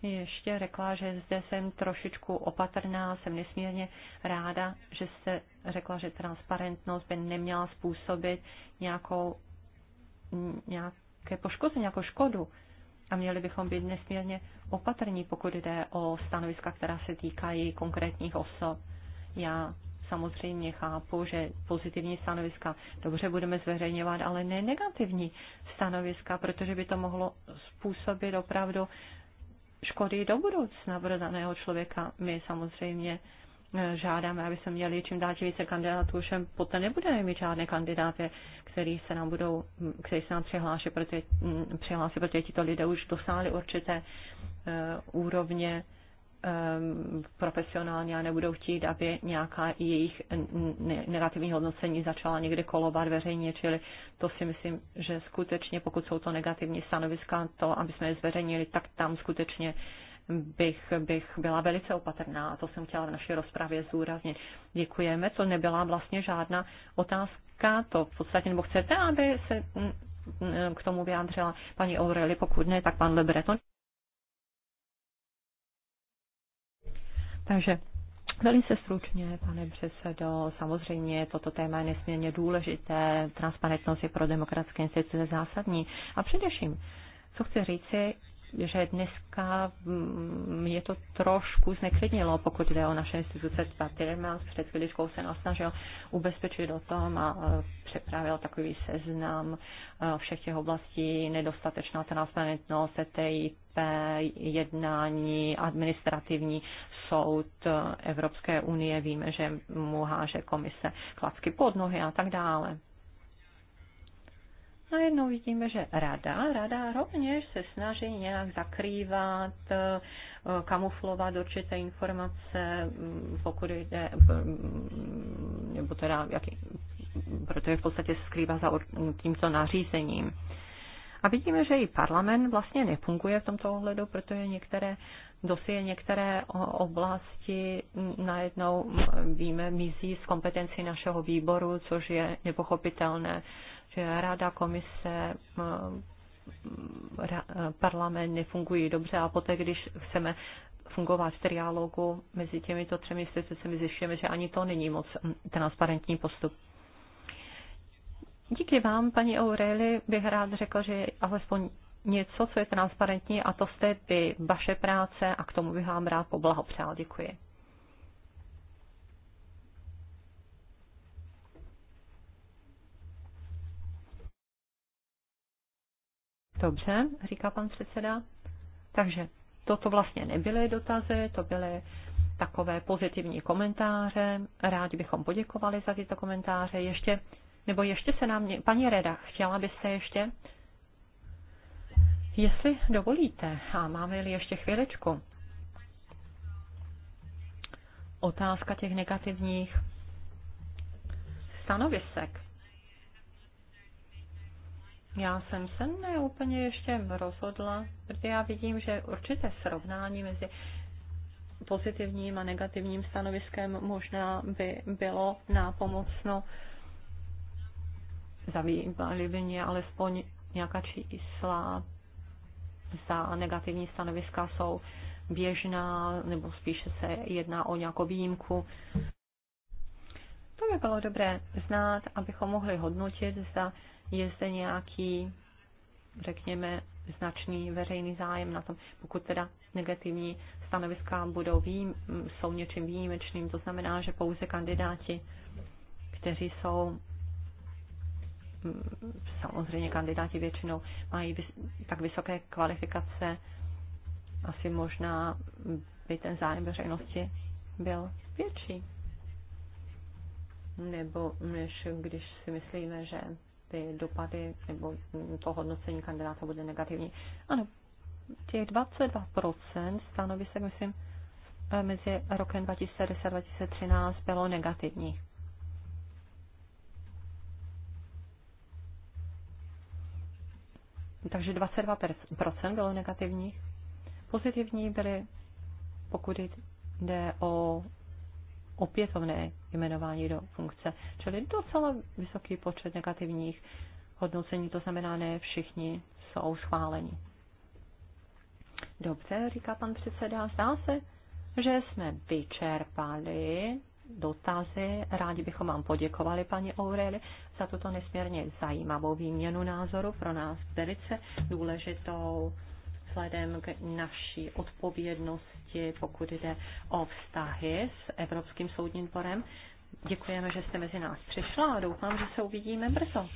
ještě řekla, že zde jsem trošičku opatrná, jsem nesmírně ráda, že jste řekla, že transparentnost by neměla způsobit nějakou, nějaké poškození, nějakou škodu. A měli bychom být nesmírně opatrní, pokud jde o stanoviska, která se týkají konkrétních osob. Já samozřejmě chápu, že pozitivní stanoviska dobře budeme zveřejňovat, ale ne negativní stanoviska, protože by to mohlo způsobit opravdu škody do budoucna pro daného člověka. My samozřejmě eh, žádáme, aby se měli čím dál více kandidátů, všem poté nebudeme mít žádné kandidáty, který se nám budou, hm, který se nám přihláší, protože, hm, přihlásí, protože tito lidé už dosáhli určité uh, úrovně Ehm, profesionálně a nebudou chtít, aby nějaká jejich negativní hodnocení začala někde kolovat veřejně, čili to si myslím, že skutečně, pokud jsou to negativní stanoviska, to, aby jsme je zveřejnili, tak tam skutečně bych, bych byla velice opatrná a to jsem chtěla v naší rozpravě zúraznit. Děkujeme, to nebyla vlastně žádná otázka, to v podstatě, nebo chcete, aby se k tomu vyjádřila paní Aureli, pokud ne, tak pan Lebreton. Takže Velice stručně, pane předsedo, samozřejmě toto téma je nesmírně důležité, transparentnost je pro demokratické instituce zásadní. A především, co chci říci, že dneska mě mm, to trošku zneklidnilo, pokud jde o naše instituce. Timmermans před chvíličkou se nás snažil ubezpečit o tom a e, připravil takový seznam e, všech těch oblastí, nedostatečná transparentnost, TTIP, jednání, administrativní soud e, Evropské unie, víme, že mu háže komise klacky pod nohy a tak dále najednou vidíme, že rada, rada rovněž se snaží nějak zakrývat, eh, kamuflovat určité informace, mm, pokud jde, eh, mm, nebo teda, jaký, protože v podstatě se skrývá za mm, tímto nařízením. A vidíme, že i parlament vlastně nefunguje v tomto ohledu, protože některé dosie, některé oblasti najednou, víme, mizí z kompetenci našeho výboru, což je nepochopitelné rada, komise, parlament nefungují dobře a poté, když chceme fungovat v triálogu mezi těmito třemi institucemi, zjišťujeme, že ani to není moc transparentní postup. Díky vám, paní Aureli, bych rád řekl, že alespoň něco, co je transparentní, a to jste ty vaše práce, a k tomu bych vám rád poblahopřál. Děkuji. Dobře, říká pan předseda. Takže toto vlastně nebyly dotazy, to byly takové pozitivní komentáře. Rádi bychom poděkovali za tyto komentáře. Ještě, nebo ještě se nám, paní Reda, chtěla byste ještě? Jestli dovolíte, a máme-li ještě chvílečku, otázka těch negativních stanovisek. Já jsem se neúplně ještě rozhodla, protože já vidím, že určité srovnání mezi pozitivním a negativním stanoviskem možná by bylo nápomocno. Zavímali by mě alespoň nějaká čísla za negativní stanoviska jsou běžná, nebo spíše se jedná o nějakou výjimku. To by bylo dobré znát, abychom mohli hodnotit, zda je zde nějaký, řekněme, značný veřejný zájem na tom, pokud teda negativní stanoviska budou výjim, jsou něčím výjimečným, to znamená, že pouze kandidáti, kteří jsou mm, samozřejmě kandidáti většinou mají tak vysoké kvalifikace, asi možná by ten zájem veřejnosti byl větší. Nebo než když si myslíme, že ty dopady nebo to hodnocení kandidáta bude negativní. Ano, těch 22% stanovisek, myslím, eh, mezi rokem 2010 a 2013 bylo negativní. Takže 22% bylo negativních. Pozitivní byly, pokud jde o opětovné jmenování do funkce. Čili docela vysoký počet negativních hodnocení, to znamená, ne všichni jsou schváleni. Dobře, říká pan předseda, zdá se, že jsme vyčerpali dotazy. Rádi bychom vám poděkovali, paní Aureli, za tuto nesmírně zajímavou výměnu názoru pro nás velice důležitou vzhledem k naší odpovědnosti, pokud jde o vztahy s Evropským soudním dvorem. Děkujeme, že jste mezi nás přišla a doufám, že se uvidíme brzo.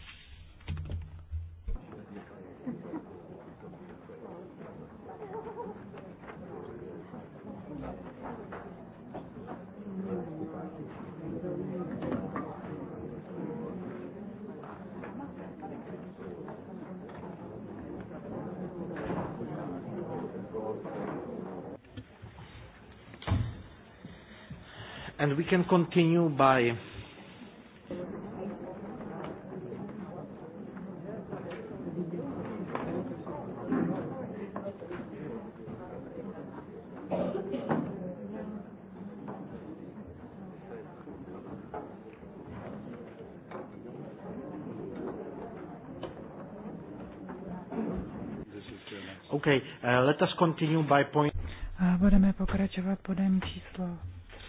and we can continue by Okay, uh, let us continue by point. Budeme pokračovat bodem číslo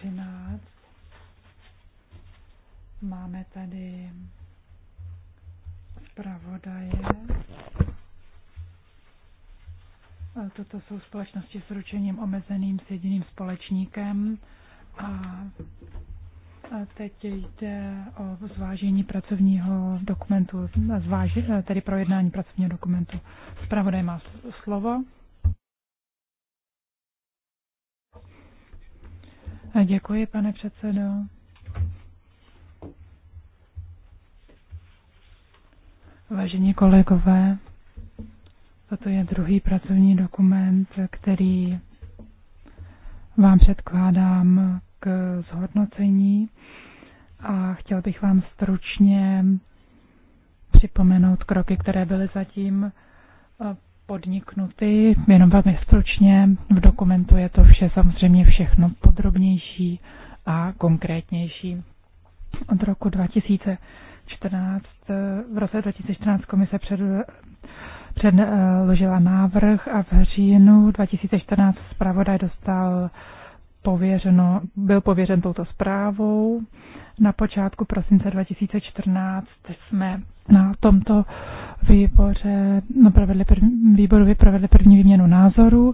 13. Máme tady zpravodaje. Toto jsou společnosti s ručením omezeným s jediným společníkem. A teď jde o zvážení pracovního dokumentu, zváži, tedy projednání pracovního dokumentu. Zpravodaj má slovo. Děkuji, pane předsedo. Vážení kolegové, toto je druhý pracovní dokument, který vám předkládám k zhodnocení a chtěl bych vám stručně připomenout kroky, které byly zatím eh, podniknuty, jenom velmi stručně. V dokumentu je to vše samozřejmě všechno podrobnější a konkrétnější. Od roku 2000 2014 eh, v roce 2014 komise před, předložila návrh a v říjnu 2014 zpravodaj dostal pověřeno, byl pověřen touto zprávou. Na počátku prosince 2014 jsme na tomto výboře, no, provedli první, výboru vyprovedli první výměnu názorů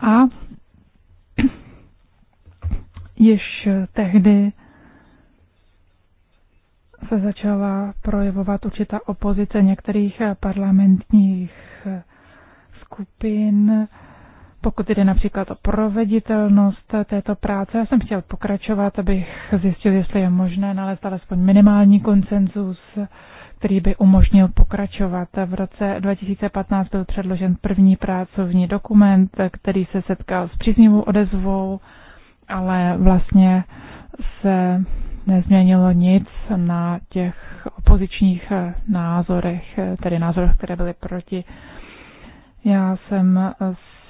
a [CLEARS THROAT] již tehdy se začala projevovat určitá opozice některých parlamentních skupin, pokud jde například o proveditelnost této práce. Já jsem chtěl pokračovat, abych zjistil, jestli je možné nalézt alespoň minimální konsenzus, který by umožnil pokračovat. V roce 2015 byl předložen první pracovní dokument, který se setkal s příznivou odezvou, ale vlastně se nezměnilo nic na těch opozičních eh, názorech, eh, tedy názorech, které byly proti. Já jsem eh,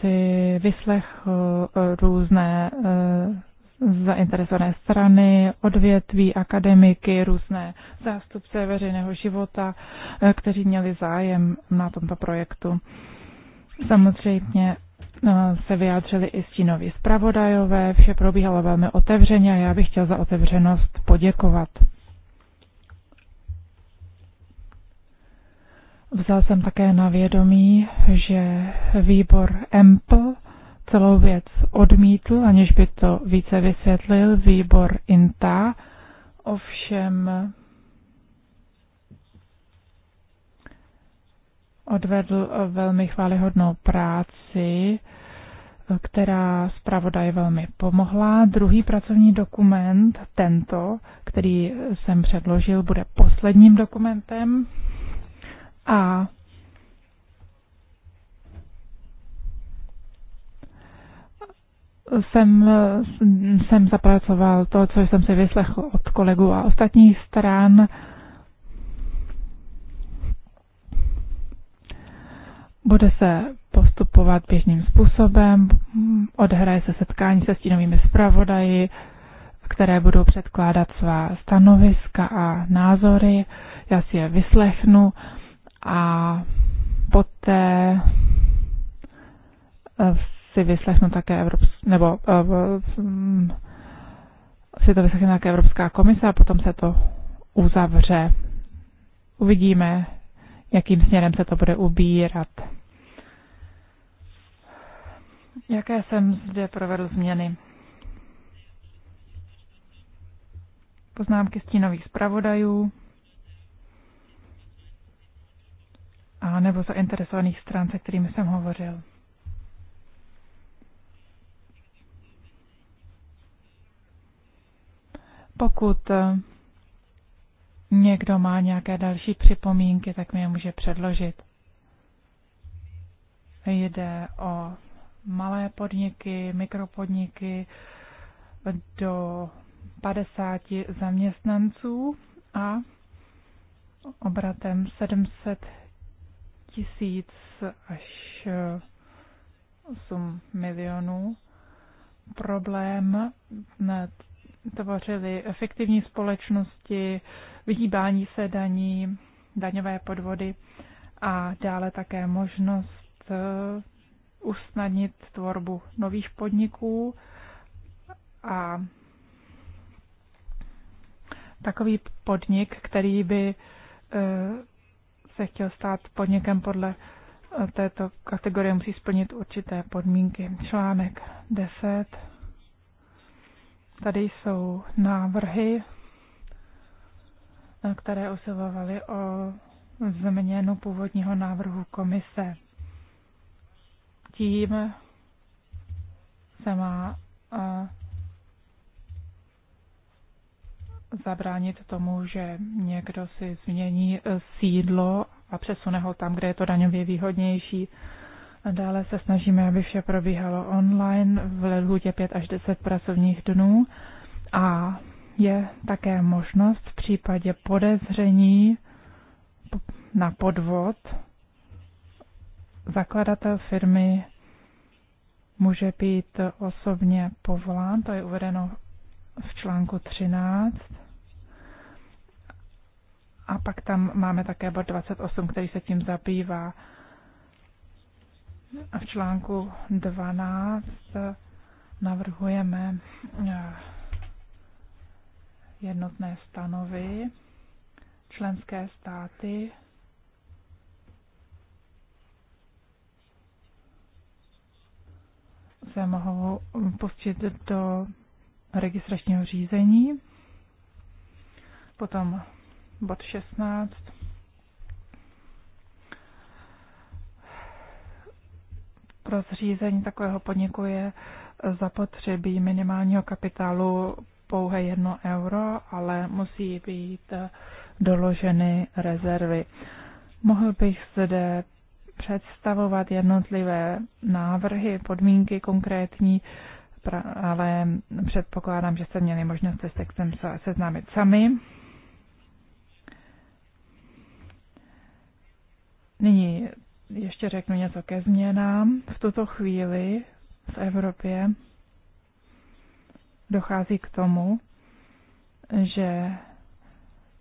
si vyslechl různé zainteresované strany, odvětví, akademiky, různé zástupce veřejného života, kteří měli zájem na tomto projektu. Samozřejmě Eh, se vyjádřili i stínoví zpravodajové, vše probíhalo velmi otevřeně a já bych chtěl za otevřenost poděkovat. Vzal jsem také na vědomí, že výbor EMPL celou věc odmítl, aniž by to více vysvětlil výbor INTA, ovšem odvedl eh, velmi chválihodnou práci, eh, která zpravodaj velmi pomohla. Druhý pracovní dokument, tento, který eh, jsem předložil, bude posledním dokumentem a jsem, jsem zapracoval to, co jsem si vyslechl od kolegů a ostatních stran, Bude se postupovat běžným způsobem, odhraje se setkání se stínovými zpravodaji, které budou předkládat svá stanoviska a názory. Já si je vyslechnu a poté eh, si vyslechnu také Evropskou, nebo eh, mm, si to vyslechne také Evropská komise a potom se to uzavře. Uvidíme, jakým směrem se to bude ubírat. Jaké jsem zde provedl změny? Poznámky stínových zpravodajů a nebo zainteresovaných stran, se kterými jsem hovořil. Pokud eh, někdo má nějaké další připomínky, tak mi je může předložit. Jde o malé podniky, mikropodniky do 50 zaměstnanců a obratem 700 tisíc až 8 milionů. Problém tvořily efektivní společnosti, vyhýbání se daní, daňové podvody a dále také možnost eh, usnadnit tvorbu nových podniků a takový podnik, který by eh, se chtěl stát podnikem podle eh, této kategorie, musí splnit určité podmínky. Článek 10 Tady jsou návrhy, které usilovaly o změnu původního návrhu komise. Tím se má zabránit tomu, že někdo si změní e, sídlo a přesune ho tam, kde je to daňově výhodnější. Dále se snažíme, aby vše probíhalo online v lhůtě 5 až 10 pracovních dnů a je také možnost v případě podezření na podvod zakladatel firmy může být osobně povolán, to je uvedeno v článku 13. A pak tam máme také bod 28, který se tím zabývá v článku 12 navrhujeme eh, jednotné stanovy. Členské státy se mohou pustit do registračního řízení. Potom bod 16 Pro zřízení takového podniku je zapotřebí minimálního kapitálu pouhé jedno euro, ale musí být doloženy rezervy. Mohl bych zde představovat jednotlivé návrhy, podmínky konkrétní, ale předpokládám, že jste měli možnost se s textem seznámit sami. Nyní ještě řeknu něco ke změnám. V tuto chvíli v Evropě dochází k tomu, že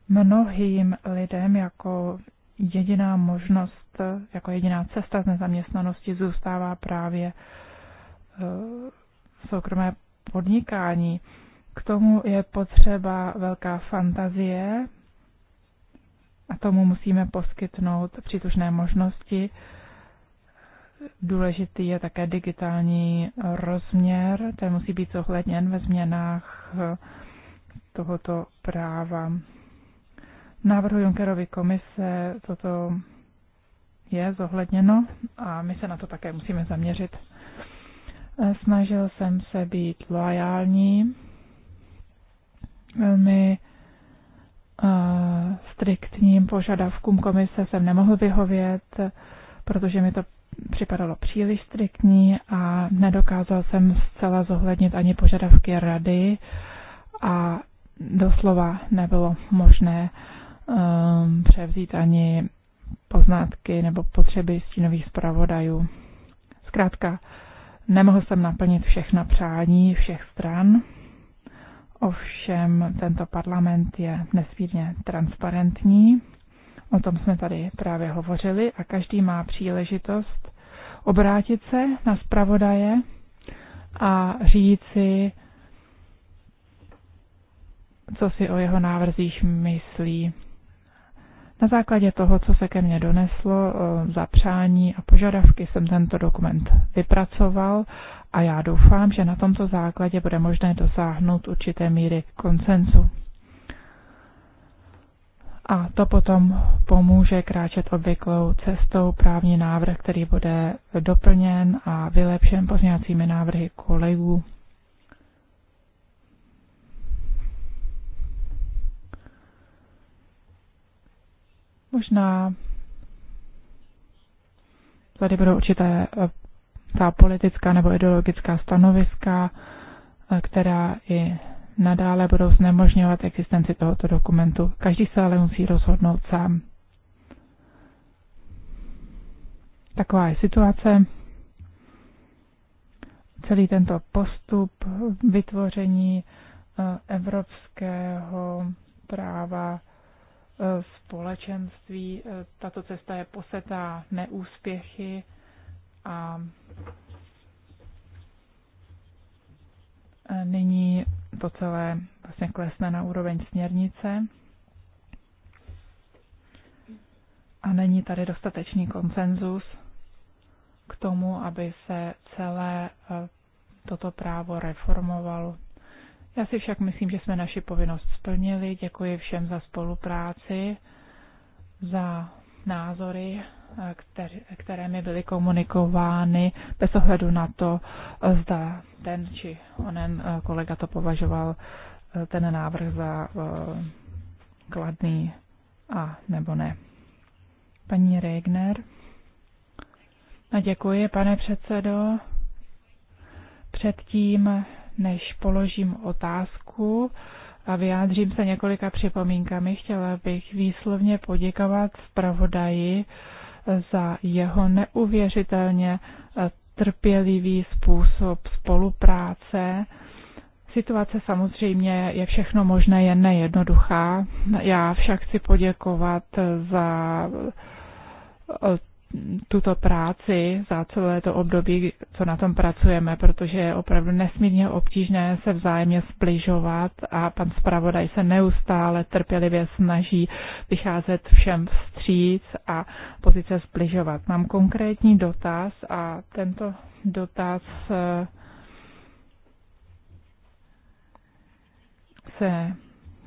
mnohým lidem jako jediná možnost, jako jediná cesta z nezaměstnanosti zůstává právě eh, soukromé podnikání. K tomu je potřeba velká fantazie, a tomu musíme poskytnout příslušné možnosti. Důležitý je také digitální rozměr, ten musí být zohledněn ve změnách tohoto práva. V návrhu Junckerovy komise toto je zohledněno a my se na to také musíme zaměřit. Snažil jsem se být loajální. Velmi striktním požadavkům komise jsem nemohl vyhovět, protože mi to připadalo příliš striktní a nedokázal jsem zcela zohlednit ani požadavky rady a doslova nebylo možné um, převzít ani poznatky nebo potřeby stínových zpravodajů. Zkrátka, nemohl jsem naplnit všechna přání všech stran Ovšem tento parlament je nesmírně transparentní, o tom jsme tady právě hovořili a každý má příležitost obrátit se na zpravodaje a říci, co si o jeho návrzích myslí. Na základě toho, co se ke mně doneslo, zapřání a požadavky jsem tento dokument vypracoval a já doufám, že na tomto základě bude možné dosáhnout určité míry konsensu. A to potom pomůže kráčet obvyklou cestou právní návrh, který bude doplněn a vylepšen pozněcími návrhy kolegů. Možná tady budou určité svá politická nebo ideologická stanoviska, eh, která i nadále budou znemožňovat existenci tohoto dokumentu. Každý se ale musí rozhodnout sám. Taková je situace. Celý tento postup vytvoření eh, evropského práva eh, společenství, tato cesta je posetá neúspěchy a Nyní to celé vlastně klesne na úroveň směrnice a není tady dostatečný konsenzus k tomu, aby se celé e, toto právo reformovalo. Já si však myslím, že jsme naši povinnost splnili. Děkuji všem za spolupráci, za názory které mi byly komunikovány bez ohledu na to, zda ten či onen eh, kolega to považoval eh, ten návrh za eh, kladný a nebo ne. Paní Regner. No, děkuji, pane předsedo. Předtím, než položím otázku a vyjádřím se několika připomínkami, chtěla bych výslovně poděkovat zpravodaji za jeho neuvěřitelně eh, trpělivý způsob spolupráce. Situace samozřejmě je všechno možné, jen nejednoduchá. Já však chci poděkovat za eh, tuto práci za celé to období, co na tom pracujeme, protože je opravdu nesmírně obtížné se vzájemně spližovat a pan zpravodaj se neustále trpělivě snaží vycházet všem vstříc a pozice spližovat. Mám konkrétní dotaz a tento dotaz eh, se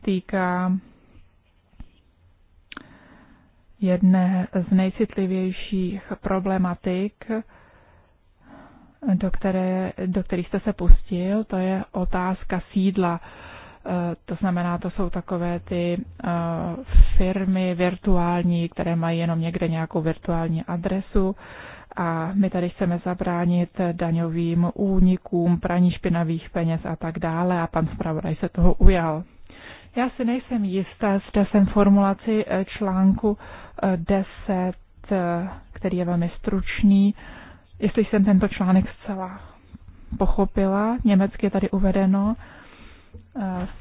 týká jedné z nejcitlivějších problematik, do, které, do kterých jste se pustil, to je otázka sídla. E, to znamená, to jsou takové ty e, firmy virtuální, které mají jenom někde nějakou virtuální adresu a my tady chceme zabránit daňovým únikům, praní špinavých peněz a tak dále a pan zpravodaj se toho ujal. Já si nejsem jistá, zda jsem formulaci eh, článku 10, eh, eh, který je velmi stručný, jestli jsem tento článek zcela pochopila. Německy je tady uvedeno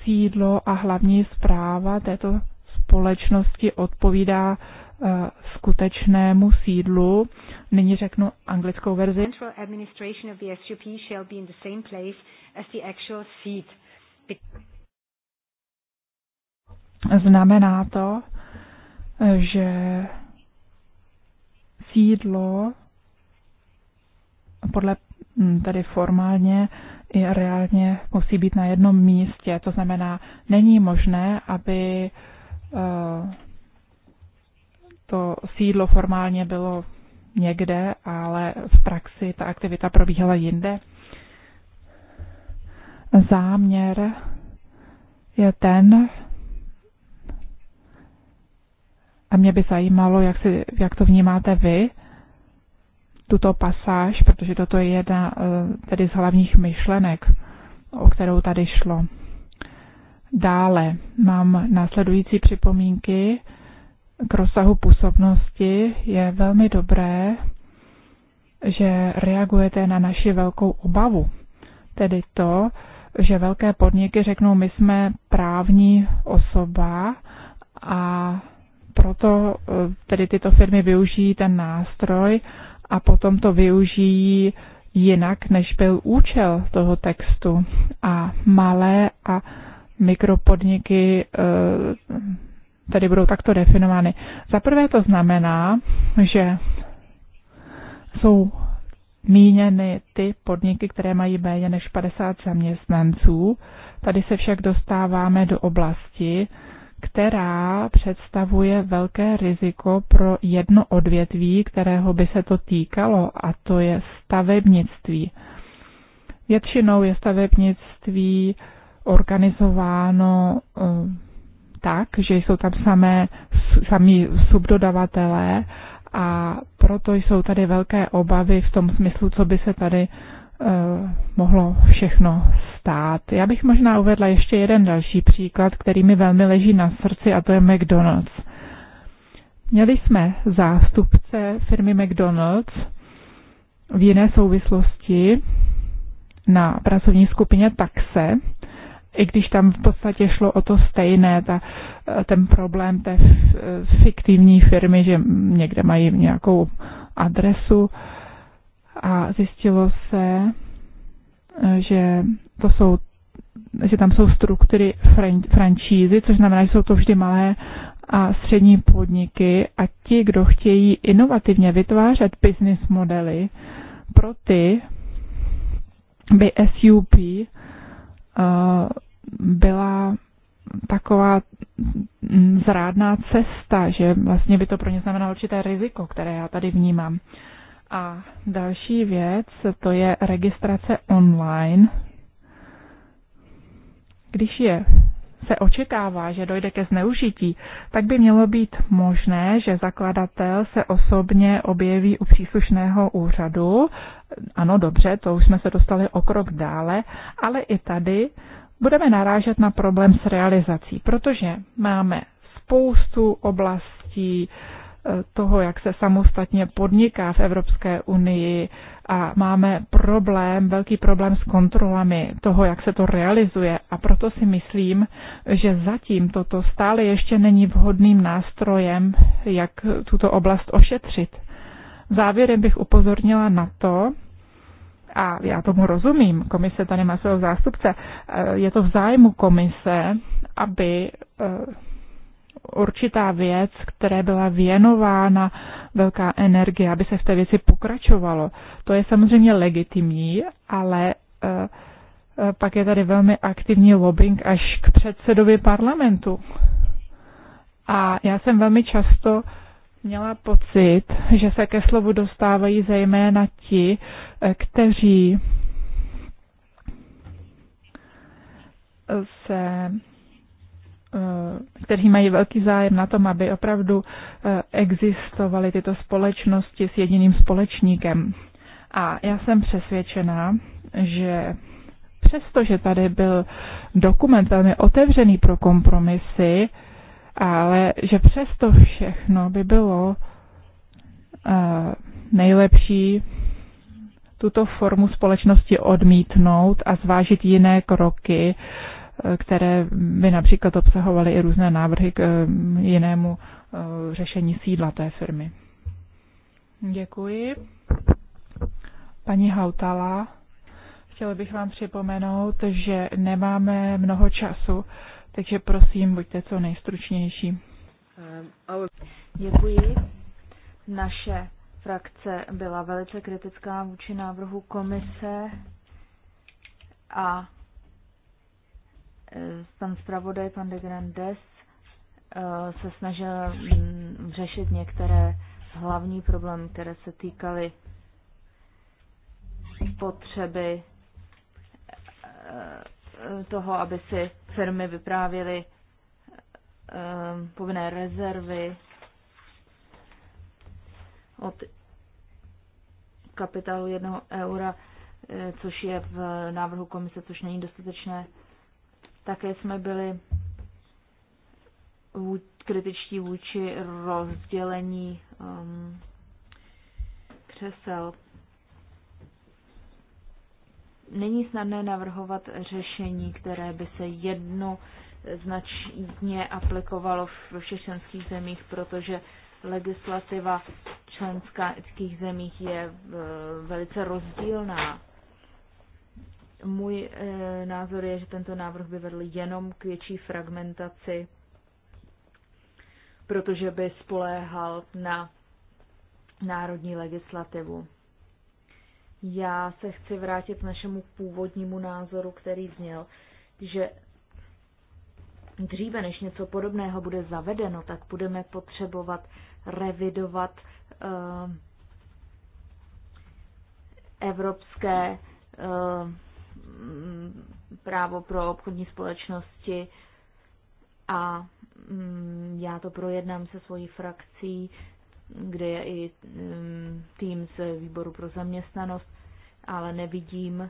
sídlo a hlavní zpráva této společnosti odpovídá skutečnému sídlu. Nyní řeknu anglickou verzi. Znamená to, že sídlo podle hm, tedy formálně i reálně musí být na jednom místě. To znamená, není možné, aby eh, to sídlo formálně bylo někde, ale v praxi ta aktivita probíhala jinde. Záměr je ten, a mě by zajímalo, jak, si, jak to vnímáte vy, tuto pasáž, protože toto je jedna eh, tedy z hlavních myšlenek, o kterou tady šlo. Dále mám následující připomínky k rozsahu působnosti. Je velmi dobré, že reagujete na naši velkou obavu, tedy to, že velké podniky řeknou, my jsme právní osoba a proto eh, tedy tyto firmy využijí ten nástroj a potom to využijí jinak, než byl účel toho textu. A malé a mikropodniky eh, tady budou takto definovány. Za prvé to znamená, že jsou míněny ty podniky, které mají méně než 50 zaměstnanců. Tady se však dostáváme do oblasti, která představuje velké riziko pro jedno odvětví, kterého by se to týkalo, a to je stavebnictví. Většinou je stavebnictví organizováno eh, tak, že jsou tam samé, samí subdodavatelé a proto jsou tady velké obavy v tom smyslu, co by se tady Eh, mohlo všechno stát. Já bych možná uvedla ještě jeden další příklad, který mi velmi leží na srdci, a to je McDonald's. Měli jsme zástupce firmy McDonald's v jiné souvislosti na pracovní skupině taxe, i když tam v podstatě šlo o to stejné, ta, eh, ten problém té eh, fiktivní firmy, že někde mají nějakou adresu, uh, a zjistilo se, že to jsou že tam jsou struktury fran, francízy, což znamená, že jsou to vždy malé a střední podniky a ti, kdo chtějí inovativně vytvářet business modely, pro ty by SUP uh, eh, byla taková zrádná cesta, že vlastně by to pro ně znamenalo určité riziko, které já tady vnímám. A další věc, to je registrace online. Když je se očekává, že dojde ke zneužití, tak by mělo být možné, že zakladatel se osobně objeví u příslušného úřadu. Ano, dobře, to už jsme se dostali o krok dále, ale i tady budeme narážet na problém s realizací, protože máme spoustu oblastí, toho, jak se samostatně podniká v Evropské unii a máme problém, velký problém s kontrolami toho, jak se to realizuje a proto si myslím, že zatím toto stále ještě není vhodným nástrojem, jak tuto oblast ošetřit. Závěrem bych upozornila na to, a já tomu rozumím, komise tady má svého zástupce, je to v zájmu komise, aby eh, určitá věc, které byla věnována velká energie, aby se v té věci pokračovalo. To je samozřejmě legitimní, ale eh, eh, pak je tady velmi aktivní lobbying až k předsedovi parlamentu. A já jsem velmi často měla pocit, že se ke slovu dostávají zejména ti, eh, kteří se Eh, kteří mají velký zájem na tom, aby opravdu eh, existovaly tyto společnosti s jediným společníkem. A já jsem přesvědčená, že přestože tady byl dokument velmi otevřený pro kompromisy, ale že přesto všechno by bylo eh, nejlepší tuto formu společnosti odmítnout a zvážit jiné kroky, které by například obsahovaly i různé návrhy k eh, jinému eh, řešení sídla té firmy. Děkuji. Paní Hautala, chtěla bych vám připomenout, že nemáme mnoho času, takže prosím, buďte co nejstručnější. Děkuji. Naše frakce byla velice kritická vůči návrhu komise a Pan zpravodaj, pan de Grandes, eh, se snažil mm, řešit některé hlavní problémy, které se týkaly potřeby eh, toho, aby si firmy vyprávěly eh, povinné rezervy od kapitálu jednoho eura, což je v návrhu komise, což není dostatečné také jsme byli kritičtí vůči rozdělení um, křesel. Není snadné navrhovat řešení, které by se jedno značně aplikovalo ve všech členských zemích, protože legislativa členských zemích je e, velice rozdílná. Můj e, názor je, že tento návrh by vedl jenom k větší fragmentaci, protože by spoléhal na národní legislativu. Já se chci vrátit k našemu původnímu názoru, který zněl, že dříve než něco podobného bude zavedeno, tak budeme potřebovat revidovat uh, evropské uh, Mm, právo pro obchodní společnosti a mm, já to projednám se svojí frakcí, kde je i mm, tým z výboru pro zaměstnanost, ale nevidím,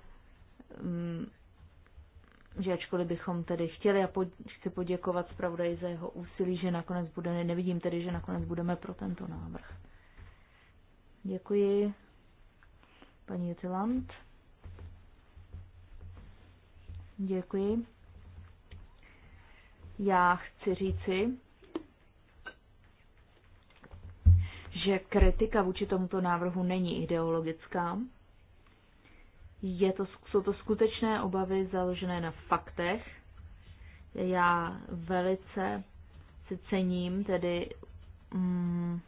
že ačkoliv bychom tedy chtěli a chci poděkovat zpravodaji za jeho úsilí, že nakonec bude, nevidím tedy, že nakonec budeme pro tento návrh. Děkuji. Paní Jutiland. Děkuji. Já chci říci, že kritika vůči tomuto návrhu není ideologická. Je to, jsou to skutečné obavy založené na faktech. Já velice si cením tedy um,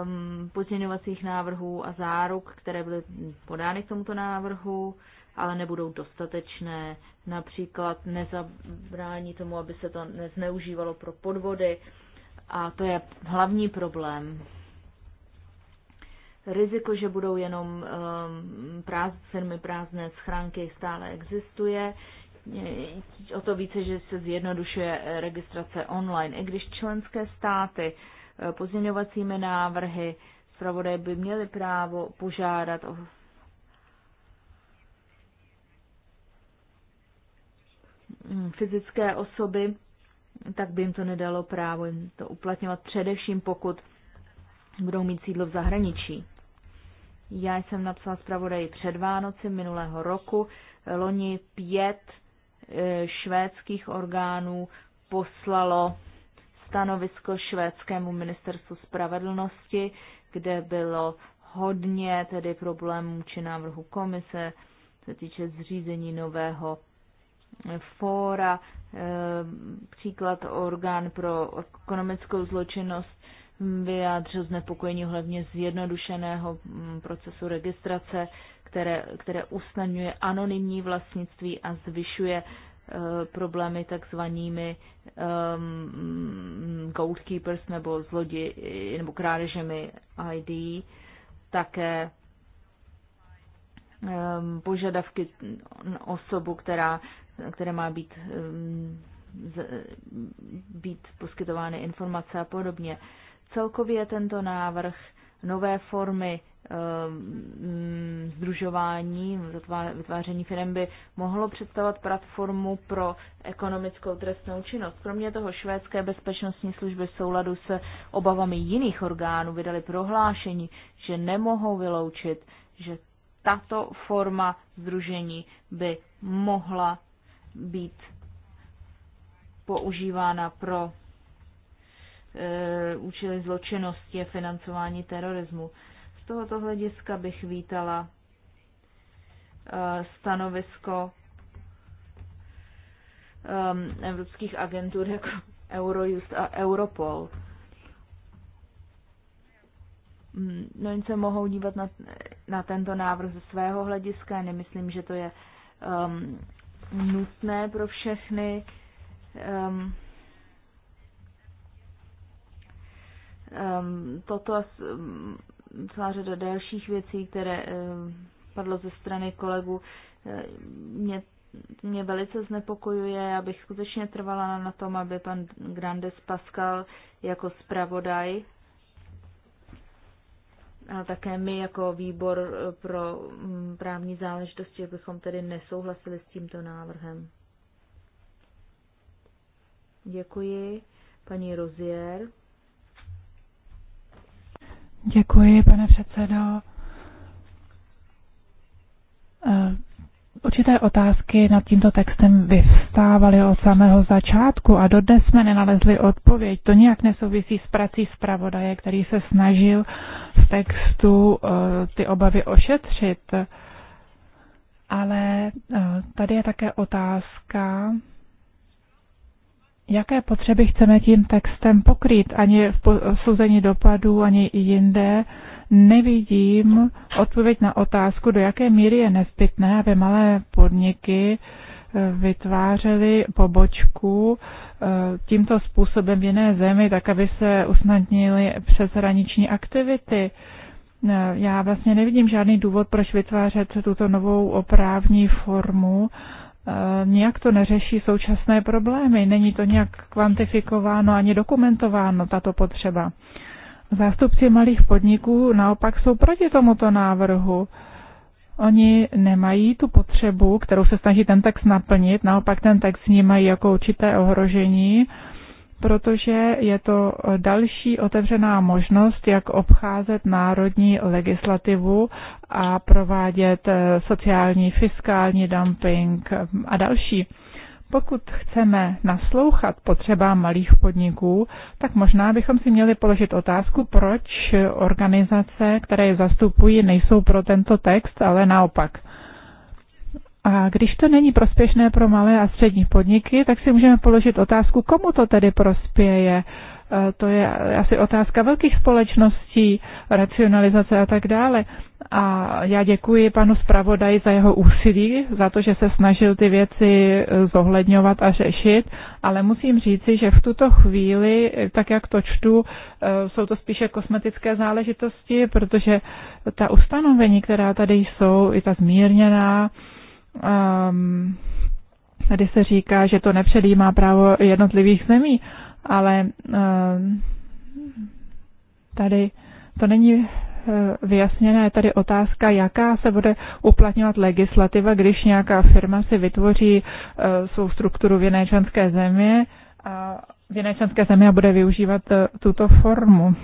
um, pozměňovacích návrhů a záruk, které byly podány k tomuto návrhu ale nebudou dostatečné. Například nezabrání tomu, aby se to nezneužívalo pro podvody a to je hlavní problém. Riziko, že budou jenom um, prázdné, firmy prázdné schránky, stále existuje. O to více, že se zjednodušuje registrace online. I když členské státy eh, pozměňovacími návrhy zpravodaje by měly právo požádat o Mm, fyzické osoby, tak by jim to nedalo právo jim to uplatňovat, především pokud budou mít sídlo v zahraničí. Já jsem napsala zpravodaji před Vánoci minulého roku. Loni pět e, švédských orgánů poslalo stanovisko švédskému ministerstvu spravedlnosti, kde bylo hodně tedy problémů či návrhu komise, se týče zřízení nového fóra, eh, příklad orgán pro ekonomickou zločinnost mm, vyjádřil znepokojení hlavně zjednodušeného mm, procesu registrace, které, které usnadňuje anonymní vlastnictví a zvyšuje eh, problémy takzvanými um, ehm, mm, goldkeepers nebo zlodi nebo krádežemi ID, také um, požadavky osobu, která které má být, být poskytovány informace a podobně. Celkově tento návrh nové formy združování, vytváření firm by mohlo představovat platformu pro ekonomickou trestnou činnost. Kromě toho švédské bezpečnostní služby v souladu se obavami jiných orgánů vydali prohlášení, že nemohou vyloučit, že tato forma združení by mohla být používána pro e, účely zločinnosti a financování terorismu. Z tohoto hlediska bych vítala e, stanovisko e, evropských agentur jako Eurojust a Europol. Mm, no, oni se mohou dívat na, na tento návrh ze svého hlediska. Nemyslím, že to je um, nutné pro všechny. Um, um, toto a um, celá řada dalších věcí, které um, padlo ze strany kolegu, eh, mě, mě velice znepokojuje, abych skutečně trvala na tom, aby pan Grandes Pascal jako zpravodaj a také my jako výbor eh, pro mm, právní záležitosti bychom tedy nesouhlasili s tímto návrhem. Děkuji. Paní Rozier. Děkuji, pane předsedo. Eh, Určité otázky nad tímto textem vyvstávaly od samého začátku a dodnes jsme nenalezli odpověď. To nijak nesouvisí s prací zpravodaje, který se snažil z textu eh, ty obavy ošetřit. Ale eh, tady je také otázka jaké potřeby chceme tím textem pokrýt. Ani v souzení dopadů, ani jinde nevidím odpověď na otázku, do jaké míry je nezbytné, aby malé podniky eh, vytvářely pobočku eh, tímto způsobem v jiné zemi, tak aby se usnadnily přeshraniční aktivity. Eh, já vlastně nevidím žádný důvod, proč vytvářet tuto novou oprávní formu nijak to neřeší současné problémy. Není to nějak kvantifikováno ani dokumentováno, tato potřeba. Zástupci malých podniků naopak jsou proti tomuto návrhu. Oni nemají tu potřebu, kterou se snaží ten text naplnit, naopak ten text vnímají jako určité ohrožení protože je to eh, další otevřená možnost, jak obcházet národní legislativu a provádět eh, sociální, fiskální dumping eh, a další. Pokud chceme naslouchat potřebám malých podniků, tak možná bychom si měli položit otázku, proč organizace, které je zastupují, nejsou pro tento text, ale naopak. A když to není prospěšné pro malé a střední podniky, tak si můžeme položit otázku, komu to tedy prospěje. E, to je asi otázka velkých společností, racionalizace a tak dále. A já děkuji panu zpravodaji za jeho úsilí, za to, že se snažil ty věci zohledňovat a řešit, ale musím říci, že v tuto chvíli, tak jak to čtu, e, jsou to spíše kosmetické záležitosti, protože ta ustanovení, která tady jsou, i ta zmírněná, um, tady se říká, že to nepředjímá právo jednotlivých zemí, ale um, tady to není eh, vyjasněné je tady otázka, jaká se bude uplatňovat legislativa, když nějaká firma si vytvoří eh, svou strukturu v jiné členské země a v jiné členské země bude využívat eh, tuto formu.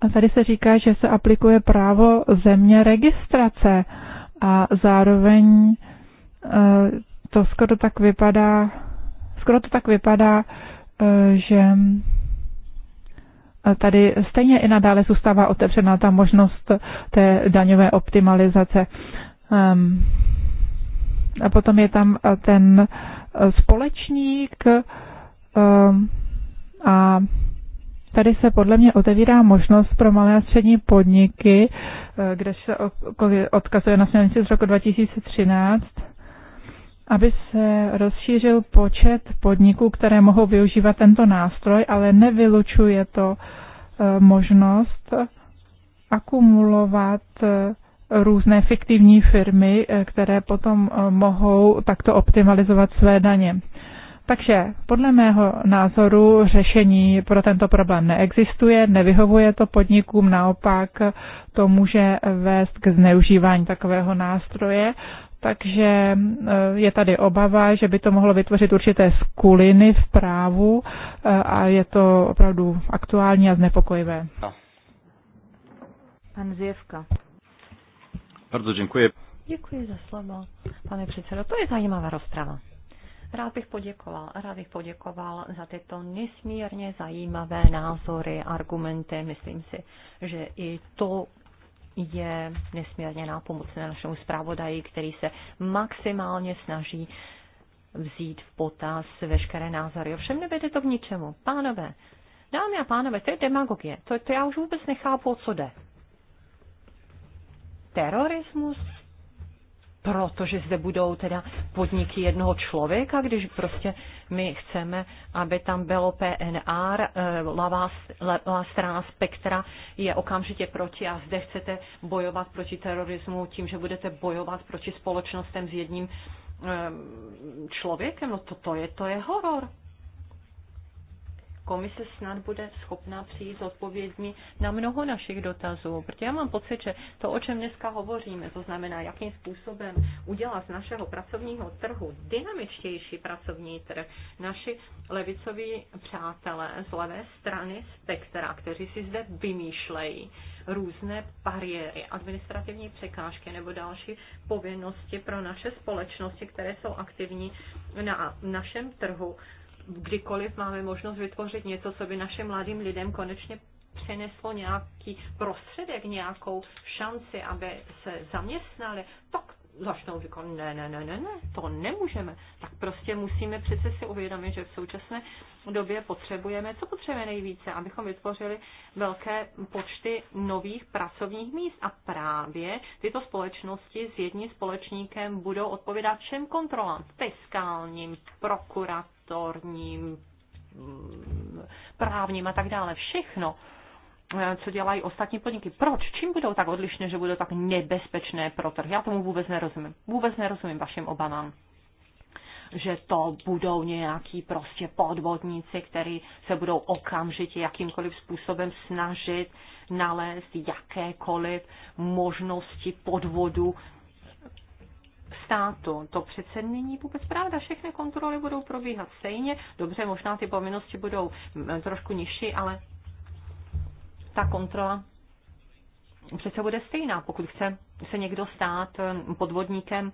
A tady se říká, že se aplikuje právo země registrace a zároveň eh, to skoro tak vypadá, skoro to tak vypadá, eh, že eh, tady stejně i nadále zůstává otevřená ta možnost té daňové optimalizace. Ehm, a potom je tam ten společník ehm, a Tady se podle mě otevírá možnost pro malé a střední podniky, eh, kde se odkazuje na směrnici z roku 2013, aby se rozšířil počet podniků, které mohou využívat tento nástroj, ale nevylučuje to eh, možnost akumulovat eh, různé fiktivní firmy, které potom mohou takto optimalizovat své daně. Takže podle mého názoru řešení pro tento problém neexistuje, nevyhovuje to podnikům, naopak to může vést k zneužívání takového nástroje. Takže eh, je tady obava, že by to mohlo vytvořit určité skuliny v právu eh, a je to opravdu aktuální a znepokojivé. Pan Zjevka. Bardzo dziękuję. Děkuji za slovo, pane předsedo. To je zajímavá rozprava. Rád bych poděkoval, rád bych poděkoval za tyto nesmírně zajímavé názory, argumenty. Myslím si, že i to je nesmírně nápomocné našemu zpravodaji, který se maximálně snaží vzít v potaz veškeré názory. Ovšem nevede to k ničemu. Pánové, dámy a pánové, to je demagogie. To, to já už vůbec nechápu, o co jde. Terorismus protože zde budou teda podniky jednoho člověka, když prostě my chceme, aby tam bylo PNR, eh, levá, levá strana spektra je okamžitě proti a zde chcete bojovat proti terorismu tím, že budete bojovat proti společnostem s jedním eh, člověkem, no to, to, je, to je horor komise snad bude schopná přijít s na mnoho našich dotazů. Protože já mám pocit, že to, o čem dneska hovoříme, to znamená, jakým způsobem udělat z našeho pracovního trhu dynamičtější pracovní trh, naši levicoví přátelé z levé strany spektra, kteří si zde vymýšlejí různé bariéry, administrativní překážky nebo další povinnosti pro naše společnosti, které jsou aktivní na našem trhu, kdykoliv máme možnost vytvořit něco, co by našim mladým lidem konečně přineslo nějaký prostředek, nějakou šanci, aby se zaměstnali, tak začnou říkat, ne, ne, ne, ne, ne, to nemůžeme. Tak prostě musíme přece si uvědomit, že v současné době potřebujeme, co potřebujeme nejvíce, abychom vytvořili velké počty nových pracovních míst a právě tyto společnosti s jedním společníkem budou odpovídat všem kontrolám, fiskálním, prokurat, regulatorním, mm, právním a tak dále. Všechno, eh, co dělají ostatní podniky. Proč? Čím budou tak odlišné, že budou tak nebezpečné pro trh? Já tomu vůbec nerozumím. Vůbec nerozumím vašim obavám že to budou nějaký prostě podvodníci, kteří se budou okamžitě jakýmkoliv způsobem snažit nalézt jakékoliv možnosti podvodu státu. To přece není vůbec pravda. Všechny kontroly budou probíhat stejně. Dobře, možná ty povinnosti budou mm, trošku nižší, ale ta kontrola přece bude stejná. Pokud chce se někdo stát mm, podvodníkem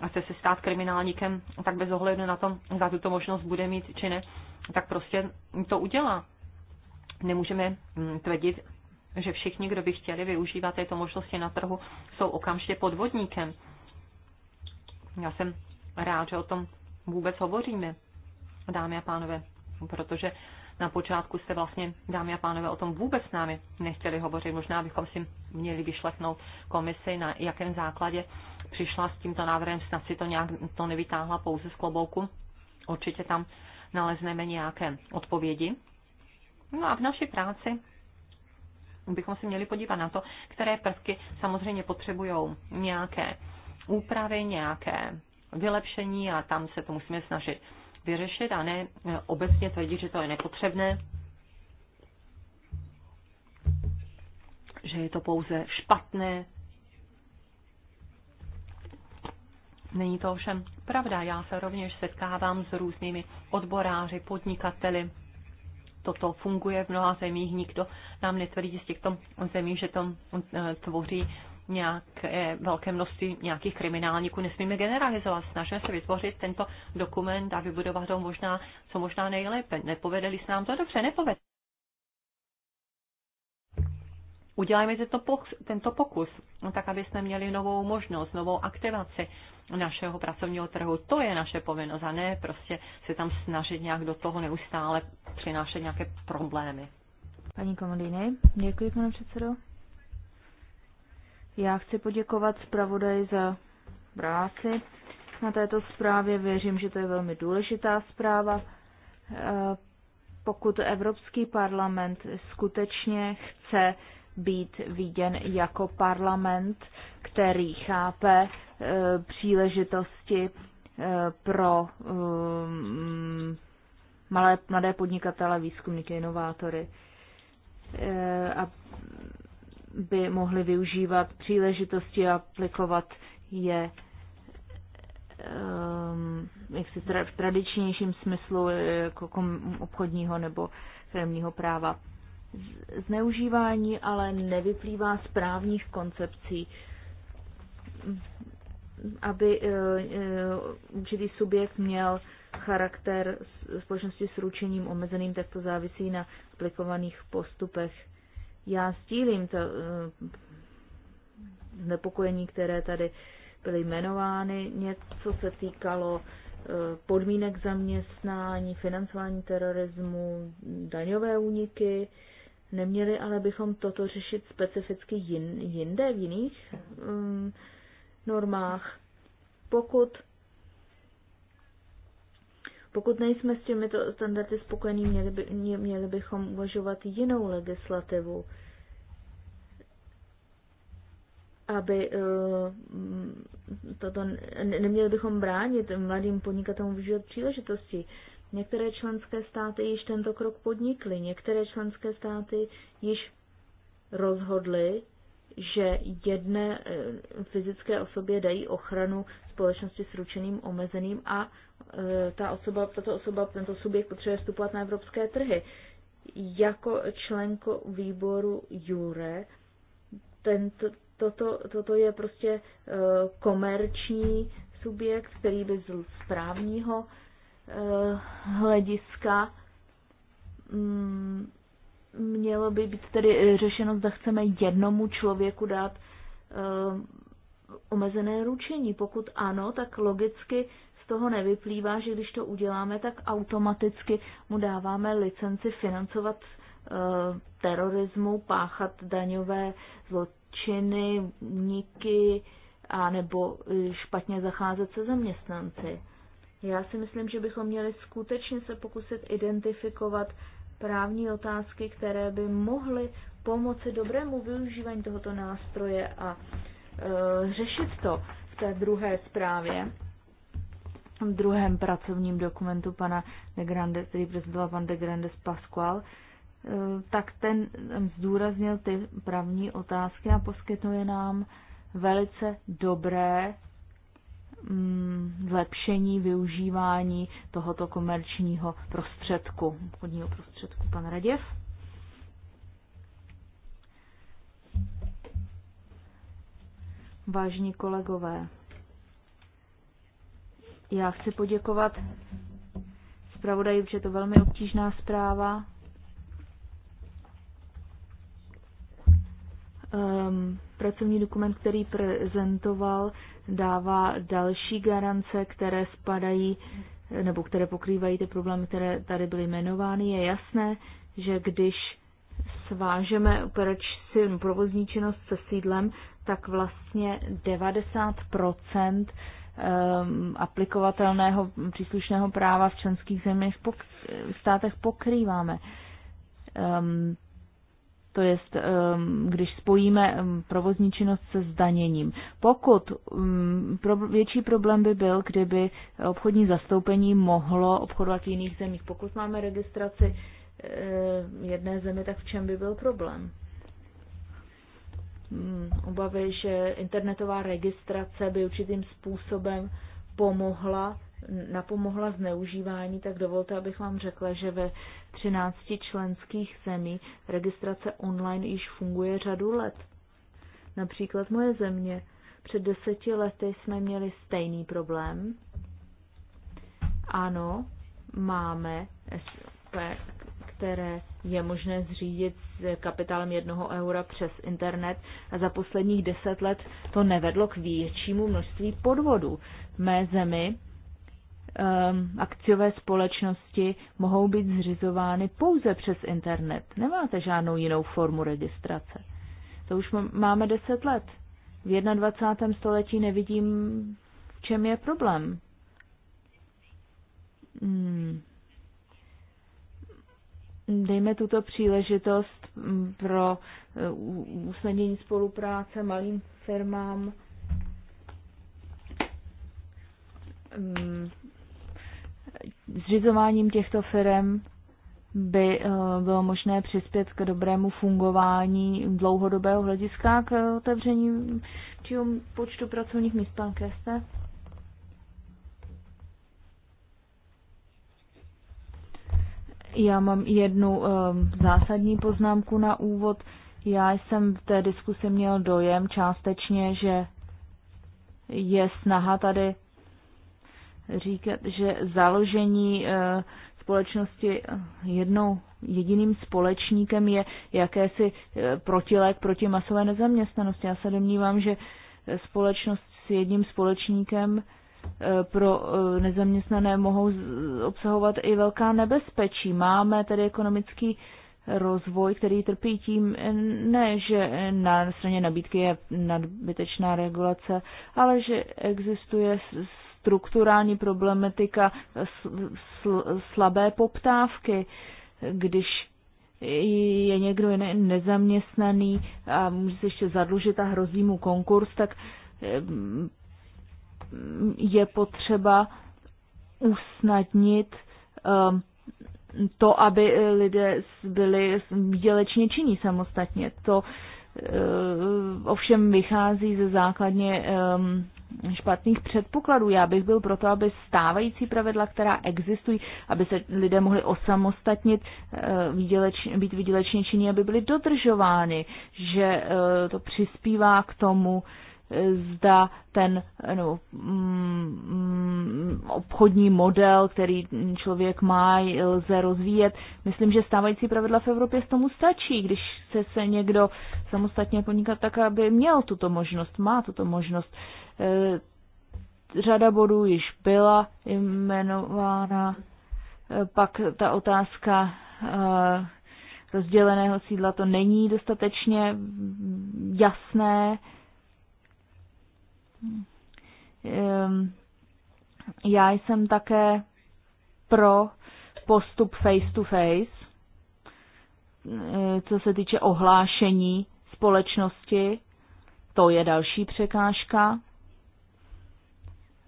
a chce se stát kriminálníkem, tak bez ohledu na to, za tuto možnost bude mít či ne, tak prostě to udělá. Nemůžeme mm, tvrdit, že všichni, kdo by chtěli využívat této možnosti na trhu, jsou okamžitě podvodníkem. Já jsem rád, že o tom vůbec hovoříme, dámy a pánové, protože na počátku jste vlastně, dámy a pánové, o tom vůbec s námi nechtěli hovořit. Možná bychom si měli vyšlechnout komisi, na jakém základě přišla s tímto návrhem, snad si to nějak to nevytáhla pouze z klobouku. Určitě tam nalezneme nějaké odpovědi. No a v naší práci bychom si měli podívat na to, které prvky samozřejmě potřebují nějaké úpravy, nějaké vylepšení a tam se to musíme snažit vyřešit a ne eh, obecně tvrdit, že to je nepotřebné, že je to pouze špatné. Není to ovšem pravda. Já se rovněž setkávám s různými odboráři, podnikateli. Toto funguje v mnoha zemích. Nikdo nám netvrdí z těchto zemí, že to eh, tvoří nějaké velké množství nějakých kriminálníků. Nesmíme generalizovat. Snažíme se vytvořit tento dokument a vybudovat ho možná, co možná nejlépe. Nepovedeli se nám to dobře, nepovedli. Udělejme tento, pokus, tento pokus, no tak aby jsme měli novou možnost, novou aktivaci našeho pracovního trhu. To je naše povinnost a ne prostě se tam snažit nějak do toho neustále přinášet nějaké problémy. Paní Komodýny, děkuji, pane předsedo. Já chci poděkovat zpravodaji za práci na této zprávě. Věřím, že to je velmi důležitá zpráva. E, pokud Evropský parlament skutečně chce být viděn jako parlament, který chápe e, příležitosti e, pro malé, mladé podnikatele, výzkumníky, inovátory a by mohli využívat příležitosti a aplikovat je um, ehm, jak si tra- v tradičnějším smyslu e, jako kom- obchodního nebo firmního práva. Zneužívání ale nevyplývá z právních koncepcí. Aby uh, uh, určitý subjekt měl charakter společnosti s ručením omezeným, tak to závisí na aplikovaných postupech já stílím, to eh, znepokojení, které tady byly jmenovány, něco se týkalo eh, podmínek zaměstnání, financování terorismu, daňové úniky. Neměli ale bychom toto řešit specificky jinde, v jiných um, normách. Pokud pokud nejsme s těmito standardy spokojení, měli, by, měli bychom uvažovat jinou legislativu, aby eh, mm, toto, neměli bychom bránit mladým podnikatelům využívat příležitosti. Některé členské státy již tento krok podnikly, některé členské státy již rozhodly, že jedné eh, fyzické osobě dají ochranu společnosti s ručeným omezeným a e, ta osoba, tato osoba, tento subjekt potřebuje vstupovat na evropské trhy. Jako členko výboru Jure, tento, toto, toto je prostě e, komerční subjekt, který by z správního e, hlediska mm, mělo by být tedy řešeno, zda chceme jednomu člověku dát omezené ručení? Pokud ano, tak logicky z toho nevyplývá, že když to uděláme, tak automaticky mu dáváme licenci financovat e, terorismu, páchat daňové zločiny, niky a nebo eh, špatně zacházet se zaměstnanci. Já si myslím, že bychom měli skutečně se pokusit identifikovat právní otázky, které by mohly pomoci dobrému využívání tohoto nástroje a Eh, řešit to v té druhé zprávě, v druhém pracovním dokumentu pana de Grande, který prezentoval pan de Grande Pasqual, eh, tak ten zdůraznil ty právní otázky a poskytuje nám velice dobré mm, zlepšení využívání tohoto komerčního prostředku, obchodního prostředku. Pan Raděv? Vážní kolegové, já chci poděkovat zpravodaji, protože to velmi obtížná zpráva. Um, pracovní dokument, který prezentoval, dává další garance, které spadají nebo které pokrývají ty problémy, které tady byly jmenovány. Je jasné, že když svážeme operační provozní činnost se sídlem, tak vlastně 90 ehm, aplikovatelného příslušného práva v členských zemích v státech pokrýváme. Ehm, to je, ehm, když spojíme provozní činnost se zdaněním. Pokud mm, větší problém by byl, kdyby obchodní zastoupení mohlo obchodovat v jiných zemích. Pokud máme registraci Eh, jedné zemi, tak v čem by byl problém? Hmm, obavy, že internetová registrace by určitým způsobem pomohla, napomohla zneužívání, tak dovolte, abych vám řekla, že ve 13 členských zemí registrace online již funguje řadu let. Například moje země. Před deseti lety jsme měli stejný problém. Ano, máme které je možné zřídit s kapitálem jednoho eura přes internet a za posledních deset let to nevedlo k většímu množství podvodů. V mé zemi um, akciové společnosti mohou být zřizovány pouze přes internet. Nemáte žádnou jinou formu registrace. To už máme deset let. V 21. století nevidím, v čem je problém. Hmm dejme tuto příležitost mm, pro e, usnadnění spolupráce malým firmám, mm, zřizováním těchto firm by e, bylo možné přispět k dobrému fungování dlouhodobého hlediska k otevření počtu pracovních míst. Pan Kester? Já mám jednu um, zásadní poznámku na úvod. Já jsem v té diskusi měl dojem částečně, že je snaha tady říkat, že založení uh, společnosti jednou jediným společníkem je jakési eh, protilek proti masové nezaměstnanosti. Já se domnívám, že společnost s jedním společníkem uh, Eh, pro eh, nezaměstnané mohou obsahovat i velká nebezpečí. Máme tedy ekonomický rozvoj, který trpí tím, eh, ne, že na straně nabídky je nadbytečná regulace, ale že existuje strukturální problematika slabé poptávky, když je někdo nezaměstnaný a může se ještě zadlužit a hrozí mu konkurs, tak je potřeba usnadnit um, to, aby lidé byli výdělečně činní samostatně. To uh, ovšem vychází ze základně um, špatných předpokladů. Já bych byl proto, aby stávající pravidla, která existují, aby se lidé mohli osamostatnit, uh, výděleč, být výdělečně činní, aby byly dodržovány, že uh, to přispívá k tomu, zda ten no, mm, obchodní model, který člověk má, lze rozvíjet. Myslím, že stávající pravidla v Evropě s tomu stačí. Když chce se někdo samostatně podnikat, tak aby měl tuto možnost, má tuto možnost. E, řada bodů již byla jmenována. E, pak ta otázka e, rozděleného sídla, to není dostatečně jasné. Ehm, já jsem také pro postup face to face, e, co se týče ohlášení společnosti. To je další překážka.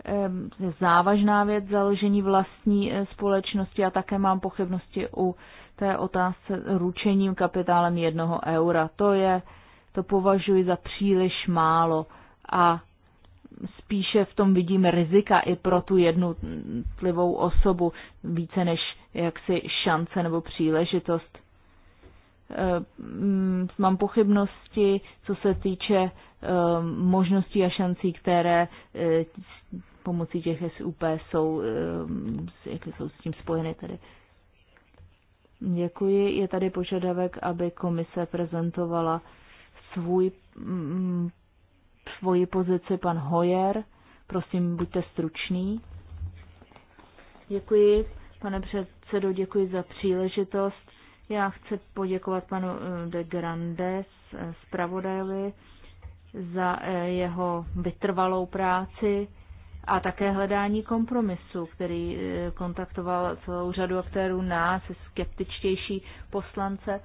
Ehm, závažná věc založení vlastní e, společnosti a také mám pochybnosti u té otázce ručením kapitálem jednoho eura. To je, to považuji za příliš málo a spíše v tom vidím rizika i pro tu jednotlivou osobu více než jaksi šance nebo příležitost. E, mm, mám pochybnosti, co se týče e, možností a šancí, které e, pomocí těch SUP jsou, jsou s tím spojeny tedy. Děkuji. Je tady požadavek, aby komise prezentovala svůj mm, svoji pozici pan Hoyer. Prosím, buďte stručný. Děkuji, pane předsedo, děkuji za příležitost. Já chci poděkovat panu eh, de Grandes, eh, zpravodajovi, za eh, jeho vytrvalou práci a také hledání kompromisu, který kontaktoval celou řadu aktérů nás, skeptičtější poslance.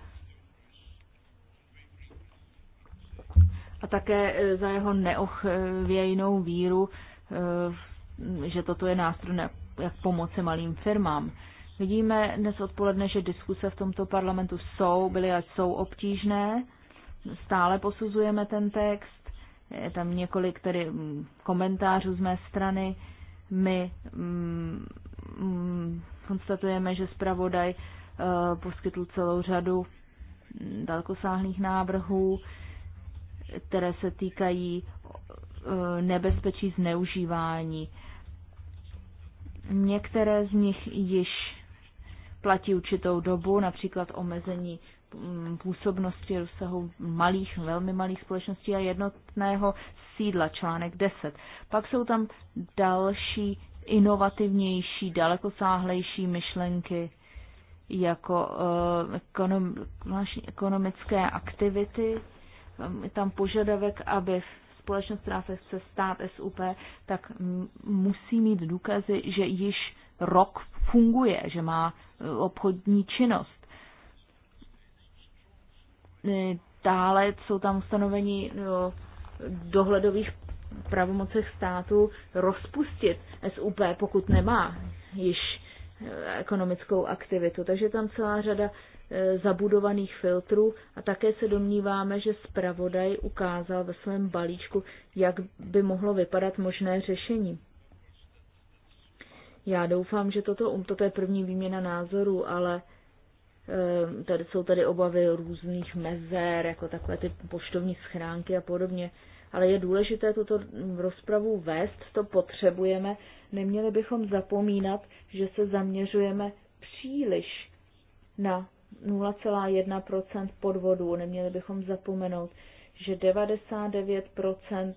a také e, za jeho neochvějnou víru, e, že toto je nástroj, jak pomoci malým firmám. Vidíme dnes odpoledne, že diskuse v tomto parlamentu jsou, byly a jsou obtížné. Stále posuzujeme ten text. Je tam několik tedy mm, komentářů z mé strany. My mm, mm, konstatujeme, že zpravodaj uh, poskytl celou řadu mm, dalekosáhlých návrhů které se týkají e, nebezpečí zneužívání. Některé z nich již platí určitou dobu, například omezení mm, působnosti rozsahu malých, velmi malých společností a jednotného sídla, článek 10. Pak jsou tam další inovativnější, dalekosáhlejší myšlenky, jako uh, ekonom, ekonomické aktivity, tam požadavek, aby společnost, která se chce stát SUP, tak musí mít důkazy, že již rok funguje, že má e, obchodní činnost. E, dále jsou tam ustanovení o dohledových pravomocech státu rozpustit SUP, pokud nemá již ekonomickou aktivitu. Takže tam celá řada e, zabudovaných filtrů a také se domníváme, že zpravodaj ukázal ve svém balíčku, jak by mohlo vypadat možné řešení. Já doufám, že toto, um, toto je první výměna názorů, ale e, tady jsou tady obavy různých mezer, jako takové ty poštovní schránky a podobně ale je důležité tuto rozpravu vést, to potřebujeme. Neměli bychom zapomínat, že se zaměřujeme příliš na 0,1 podvodů. Neměli bychom zapomenout, že 99 ehm,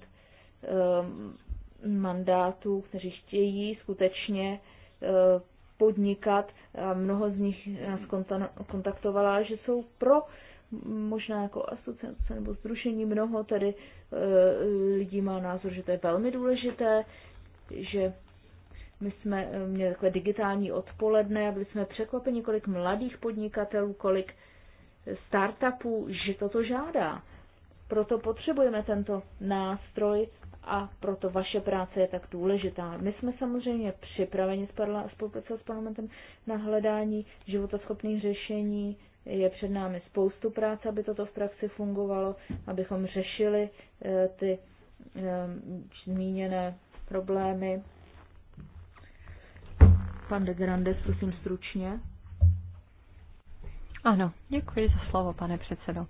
mandátů, kteří chtějí skutečně ehm, podnikat, a mnoho z nich nás kontaktovala, že jsou pro možná jako asociace nebo zrušení mnoho tady e, lidí má názor, že to je velmi důležité, že my jsme e, měli takové digitální odpoledne a byli jsme překvapeni, kolik mladých podnikatelů, kolik startupů, že toto žádá. Proto potřebujeme tento nástroj a proto vaše práce je tak důležitá. My jsme samozřejmě připraveni spolupracovat s parlamentem na hledání životaschopných řešení je před námi spoustu práce, aby toto v praxi fungovalo, abychom řešili eh, ty eh, zmíněné problémy. Pan de Grandes, prosím stručně. Ano, děkuji za slovo, pane předsedo.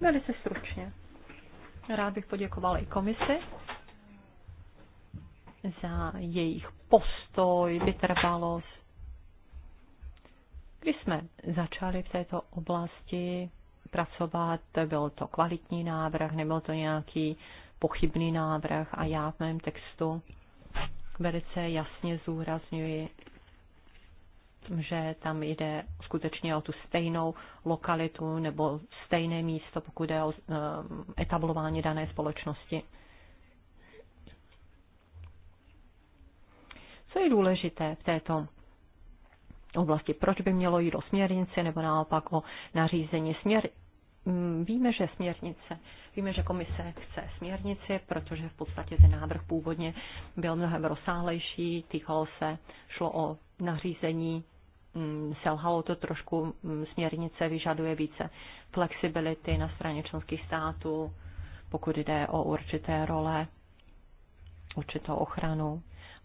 Velice stručně. Rád bych poděkoval i komisi za jejich postoj, vytrvalost, když jsme začali v této oblasti pracovat, byl to kvalitní návrh, nebyl to nějaký pochybný návrh a já v mém textu velice jasně zúrazňuji, že tam jde skutečně o tu stejnou lokalitu nebo stejné místo, pokud je o eh, etablování dané společnosti. Co je důležité v této oblasti, proč by mělo jít o směrnici nebo naopak o nařízení směr. Mm, víme, že směrnice, víme, že komise chce směrnici, protože v podstatě ten návrh původně byl mnohem rozsáhlejší, týkalo se, šlo o nařízení mm, selhalo to trošku, mm, směrnice vyžaduje více flexibility na straně členských států, pokud jde o určité role, určitou ochranu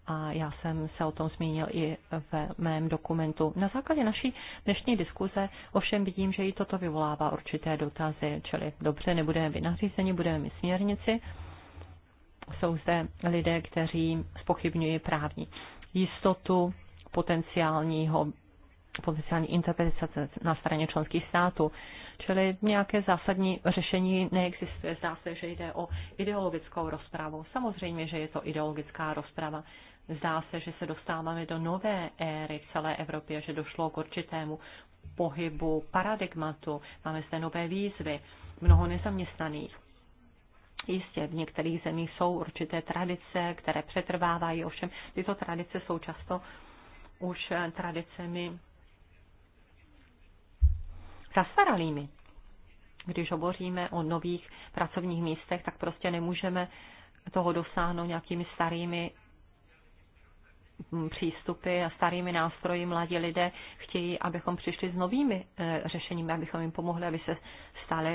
a já jsem se o tom zmínil i ve mém dokumentu. Na základě naší dnešní diskuze ovšem vidím, že i toto vyvolává určité dotazy, čili dobře, nebudeme vy, nařízení, budeme mít směrnici. Jsou zde lidé, kteří spochybňují právní jistotu potenciálního potenciální interpretace na straně členských států. Čili nějaké zásadní řešení neexistuje. Zdá se, že jde o ideologickou rozpravu. Samozřejmě, že je to ideologická rozprava. Zdá se, že se dostáváme do nové éry v celé Evropě, že došlo k určitému pohybu paradigmatu. Máme zde nové výzvy, mnoho nezaměstnaných. Jistě, v některých zemích jsou určité tradice, které přetrvávají, ovšem tyto tradice jsou často už tradicemi zastaralými. Když hovoříme o nových pracovních místech, tak prostě nemůžeme toho dosáhnout nějakými starými Mm, přístupy a starými nástroji mladí lidé chtějí, abychom přišli s novými eh, řešeními, abychom jim pomohli, aby se stali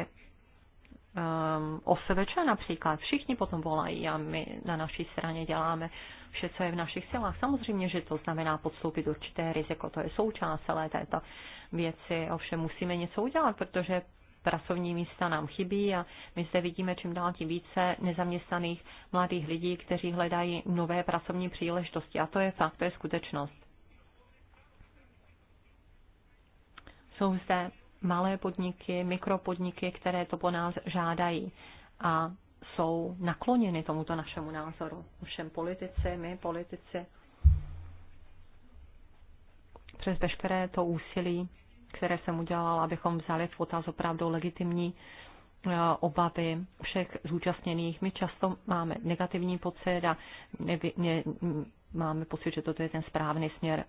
ehm, e, OSVČ například. Všichni potom volají a my na naší straně děláme vše, co je v našich silách. Samozřejmě, že to znamená podstoupit určité riziko, to je součást celé této věci. Ovšem musíme něco udělat, protože pracovní místa nám chybí a my zde vidíme čím dál tím více nezaměstnaných mladých lidí, kteří hledají nové pracovní příležitosti. A to je fakt, to je skutečnost. Jsou zde malé podniky, mikropodniky, které to po nás žádají a jsou nakloněny tomuto našemu názoru. Všem politici, my politici, přes veškeré to úsilí které jsem udělala, abychom vzali v potaz opravdu legitimní eh, obavy všech zúčastněných. My často máme negativní pocit a nevy, ne, máme pocit, že toto je ten správný směr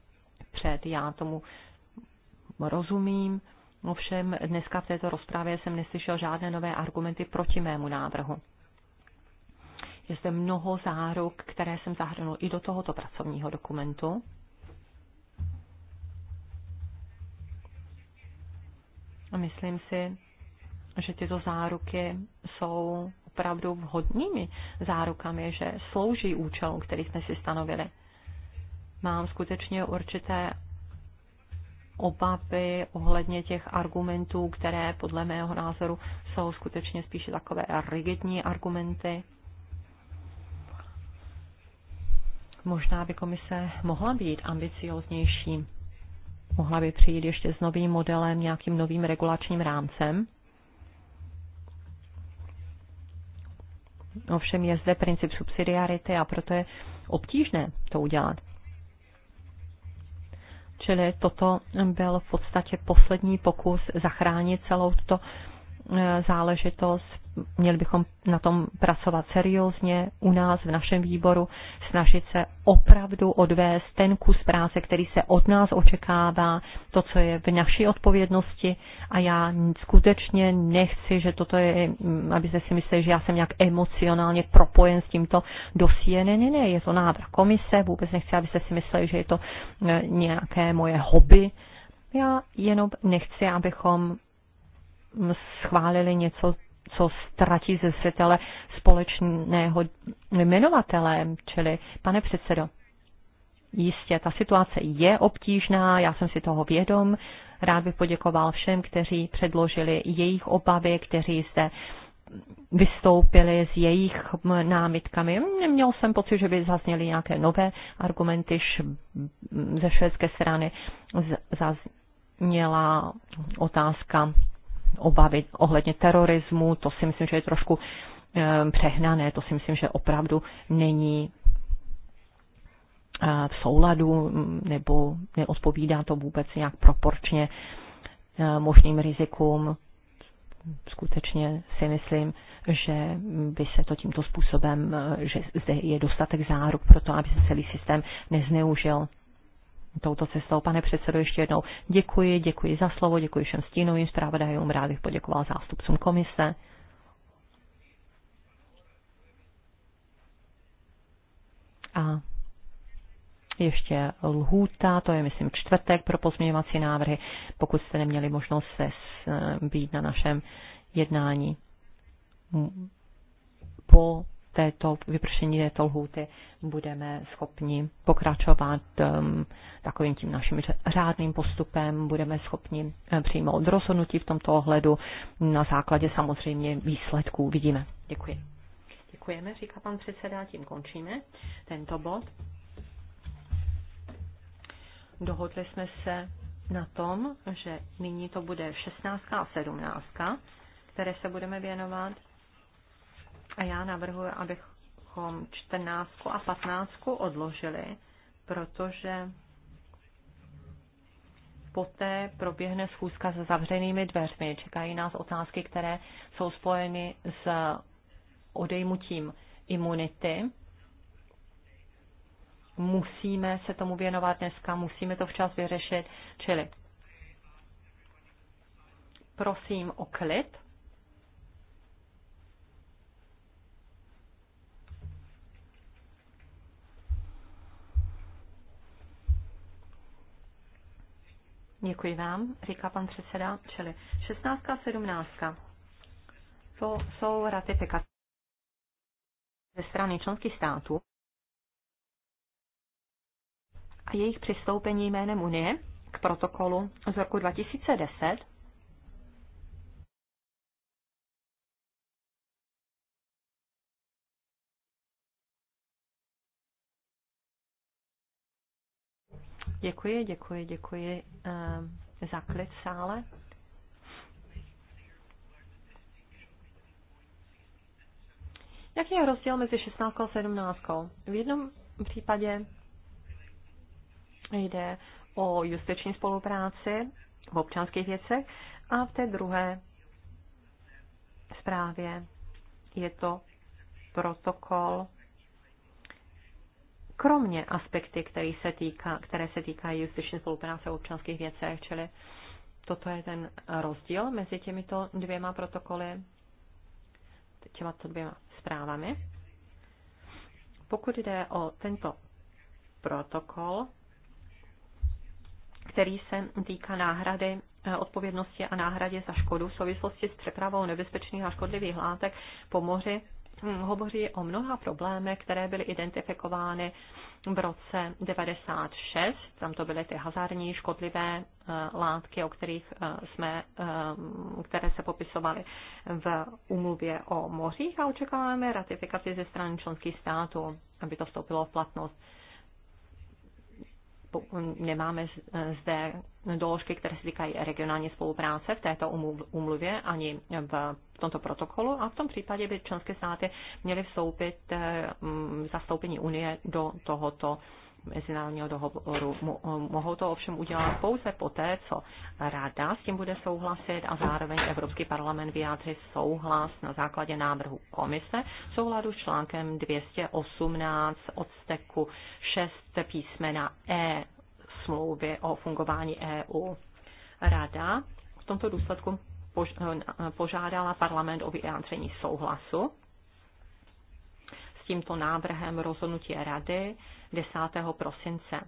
před. Já tomu rozumím, ovšem dneska v této rozprávě jsem neslyšel žádné nové argumenty proti mému návrhu. Je zde mnoho záruk, které jsem zahrnul i do tohoto pracovního dokumentu. A Myslím si, že tyto záruky jsou opravdu vhodnými zárukami, že slouží účelu, který jsme si stanovili. Mám skutečně určité obavy ohledně těch argumentů, které podle mého názoru jsou skutečně spíše takové rigidní argumenty. Možná by komise mohla být ambicioznější mohla by přijít ještě s novým modelem, nějakým novým regulačním rámcem. Ovšem je zde princip subsidiarity a proto je obtížné to udělat. Čili toto byl v podstatě poslední pokus zachránit celou tuto Eh, záležitost. Měli bychom na tom pracovat seriózně u nás v našem výboru, snažit se opravdu odvést ten kus práce, který se od nás očekává, to, co je v naší odpovědnosti. A já skutečně nechci, že toto je, mm, abyste si mysleli, že já jsem nějak emocionálně propojen s tímto dosíje. Ne, ne, ne, je to návrh komise, vůbec nechci, abyste si mysleli, že je to eh, nějaké moje hobby. Já jenom nechci, abychom schválili něco, co ztratí ze světele společného jmenovatele, čili pane předsedo. Jistě, ta situace je obtížná, já jsem si toho vědom. Rád bych poděkoval všem, kteří předložili jejich obavy, kteří zde vystoupili s jejich námitkami. Neměl jsem pocit, že by zazněly nějaké nové argumenty ze švédské strany. Zazněla otázka obavy ohledně terorismu, to si myslím, že je trošku eh, přehnané, to si myslím, že opravdu není eh, v souladu mm, nebo neodpovídá to vůbec nějak proporčně eh, možným rizikům. Skutečně si myslím, že by se to tímto způsobem, že zde je dostatek záruk pro to, aby se celý systém nezneužil touto cestou. Pane předsedo, ještě jednou děkuji, děkuji za slovo, děkuji všem stínovým zpravodajům, rád bych poděkoval zástupcům komise. A ještě lhůta, to je myslím čtvrtek pro pozměňovací návrhy, pokud jste neměli možnost se eh, být na našem jednání po této, vypršení této lhůty budeme schopni pokračovat um, takovým tím naším řádným postupem, budeme schopni eh, přijmout rozhodnutí v tomto ohledu na základě samozřejmě výsledků. Vidíme. Děkuji. Děkujeme, říká pan předseda, tím končíme tento bod. Dohodli jsme se na tom, že nyní to bude 16. a 17., které se budeme věnovat. A já navrhuji, abychom 14 a 15 odložili, protože poté proběhne schůzka se zavřenými dveřmi. Čekají nás otázky, které jsou spojeny s odejmutím imunity. Musíme se tomu věnovat dneska, musíme to včas vyřešit, čili prosím o klid. Děkuji vám, říká pan předseda, čili 16. a 17. To jsou ratifikace ze strany členských států a jejich přistoupení jménem Unie k protokolu z roku 2010 Děkuji, děkuji, děkuji eh, za klid v sále. Jaký je rozdíl mezi 16 a 17? V jednom případě jde o justiční spolupráci v občanských věcech a v té druhé zprávě je to protokol kromě aspekty, které se, týká, které se týkají justiční spolupráce v občanských věcech, čili toto je ten rozdíl mezi těmito dvěma protokoly, Těma to dvěma zprávami. Pokud jde o tento protokol, který se týká náhrady eh, odpovědnosti a náhradě za škodu v souvislosti s přepravou nebezpečných a škodlivých látek po moři Hm, hovoří o mnoha problémech, které byly identifikovány v roce 96. Tam to byly ty hazardní škodlivé eh, látky, o kterých eh, jsme, eh, které se popisovaly v úmluvě o mořích a očekáváme ratifikaci ze strany členských států, aby to vstoupilo v platnost. Hm, nemáme zde doložky, které se týkají regionální spolupráce v této umluvě ani v tomto protokolu a v tom případě by členské státy měly vstoupit eh, zastoupení Unie do tohoto mezinárodního dohovoru. Mohou to ovšem udělat pouze poté, co Rada s tím bude souhlasit a zároveň Evropský parlament vyjádří souhlas na základě návrhu komise v souladu s článkem 218 odsteku 6 písmena E smlouvy o fungování EU. Rada v tomto důsledku požádala parlament o vyjádření souhlasu s tímto návrhem rozhodnutí Rady 10. prosince.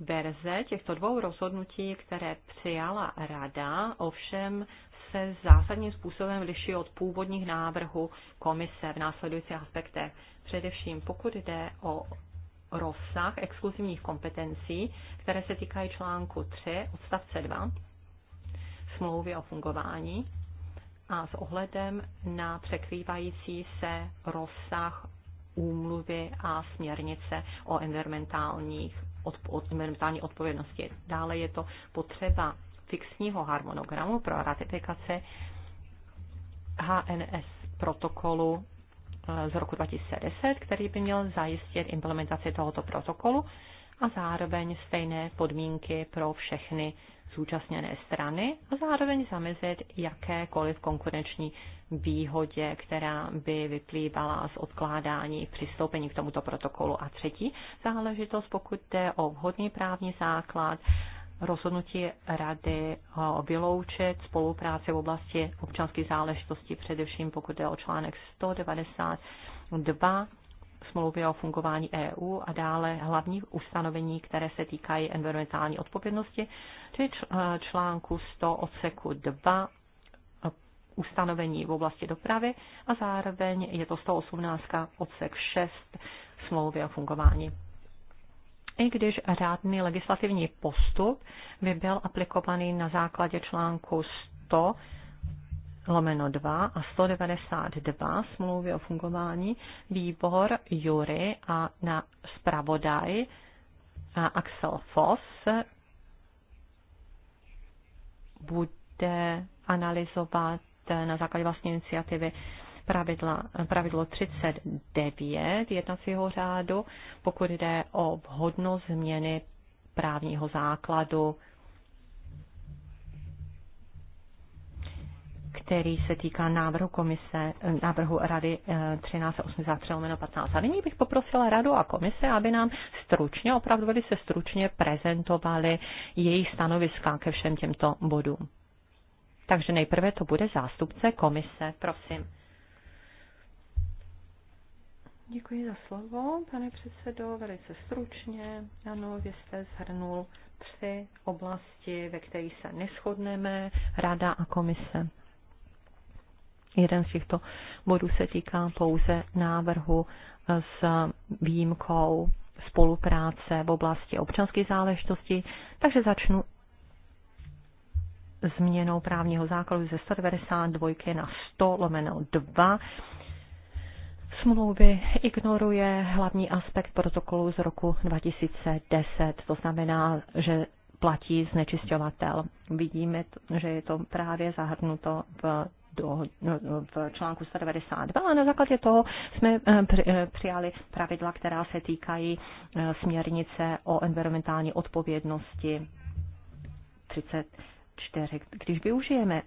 Verze těchto dvou rozhodnutí, které přijala Rada, ovšem se zásadním způsobem liší od původních návrhů komise v následujících aspektech. Především pokud jde o rozsah exkluzivních kompetencí, které se týkají článku 3 odstavce 2 smlouvy o fungování a s ohledem na překrývající se rozsah úmluvy a směrnice o environmentálních odpo- environmentální odpovědnosti. Dále je to potřeba fixního harmonogramu pro ratifikaci HNS protokolu z roku 2010, který by měl zajistit implementaci tohoto protokolu a zároveň stejné podmínky pro všechny zúčastněné strany a zároveň zamezit jakékoliv konkurenční výhodě, která by vyplývala z odkládání přistoupení k tomuto protokolu. A třetí záležitost, pokud jde o vhodný právní základ rozhodnutí rady vyloučit spolupráci v oblasti občanských záležitostí, především pokud je o článek 192 smlouvy o fungování EU a dále hlavní ustanovení, které se týkají environmentální odpovědnosti, čili eh, článku 100 odseku 2 eh, ustanovení v oblasti dopravy a zároveň je to 118 odsek 6 smlouvy o fungování i když řádný legislativní postup by byl aplikovaný na základě článku 100 lomeno 2 a 192 smlouvy o fungování, výbor Jury a na zpravodaj Axel Foss bude analyzovat na základě vlastní iniciativy pravidla, pravidlo 39 jednacího řádu, pokud jde o vhodnost změny právního základu, který se týká návrhu komise, návrhu Rady 1383 eh, 15. A nyní bych poprosila Radu a komise, aby nám stručně, opravdu by se stručně prezentovali jejich stanoviska ke všem těmto bodům. Takže nejprve to bude zástupce komise, prosím. Děkuji za slovo, pane předsedo, velice stručně. Ano, vy jste zhrnul tři oblasti, ve kterých se neschodneme, rada a komise. Jeden z těchto bodů se týká pouze návrhu s výjimkou spolupráce v oblasti občanské záležitosti. takže začnu změnou právního základu ze 192 na 100 lomeno 2 smlouvy ignoruje hlavní aspekt protokolu z roku 2010, to znamená, že platí znečišťovatel. Vidíme, že je to právě zahrnuto v do, no, v článku 192 a na základě toho jsme eh, eh, přijali pravidla, která se týkají eh, směrnice o environmentální odpovědnosti 34. Když využijeme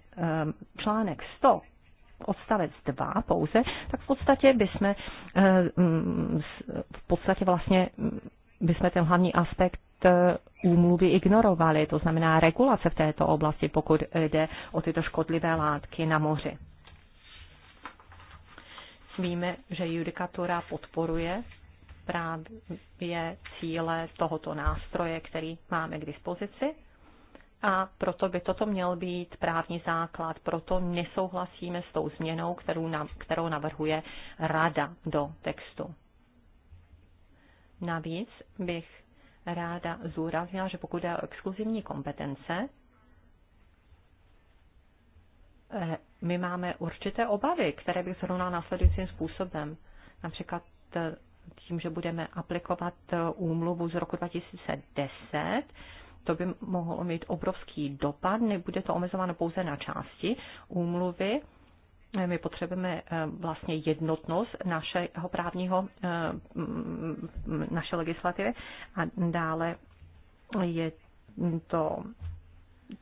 článek 100 odstavec 2 pouze, tak v podstatě bychom eh, mm, v podstatě vlastně mm, bychom ten hlavní aspekt eh, úmluvy ignorovali, to znamená regulace v této oblasti, pokud jde o tyto škodlivé látky na moři. Víme, že judikatura podporuje právě cíle tohoto nástroje, který máme k dispozici a proto by toto měl být právní základ. Proto nesouhlasíme s tou změnou, kterou, nav- kterou navrhuje rada do textu. Navíc bych ráda zúraznila, že pokud je o exkluzivní kompetence, eh, my máme určité obavy, které bych zrovna následujícím způsobem. Například eh, tím, že budeme aplikovat eh, úmluvu z roku 2010, to by mohlo mít obrovský dopad, nebude to omezováno pouze na části úmluvy. My potřebujeme eh, vlastně jednotnost našeho právního, eh, naše legislativy a dále je to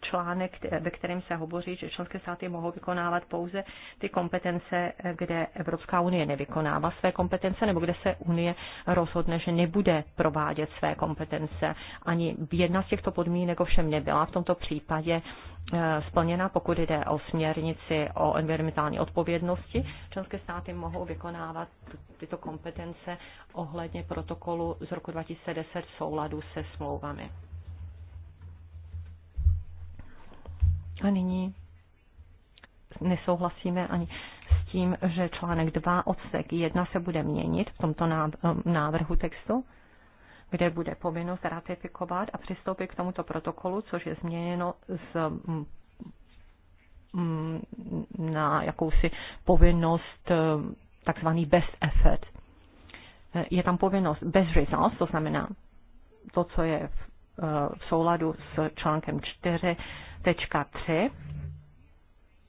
článek, ve kterém se hovoří, že členské státy mohou vykonávat pouze ty kompetence, kde Evropská unie nevykonává své kompetence, nebo kde se unie rozhodne, že nebude provádět své kompetence. Ani jedna z těchto podmínek ovšem nebyla v tomto případě eh, splněna, pokud jde o směrnici o environmentální odpovědnosti. Členské státy mohou vykonávat tyto kompetence ohledně protokolu z roku 2010 v souladu se smlouvami. A nyní nesouhlasíme ani s tím, že článek 2 odsek 1 se bude měnit v tomto eh, návrhu textu, kde bude povinnost ratifikovat a přistoupit k tomuto protokolu, což je změněno z mm, mm, na jakousi povinnost eh, takzvaný best effort. Eh, je tam povinnost bez results, to znamená to, co je v souladu s článkem 4 3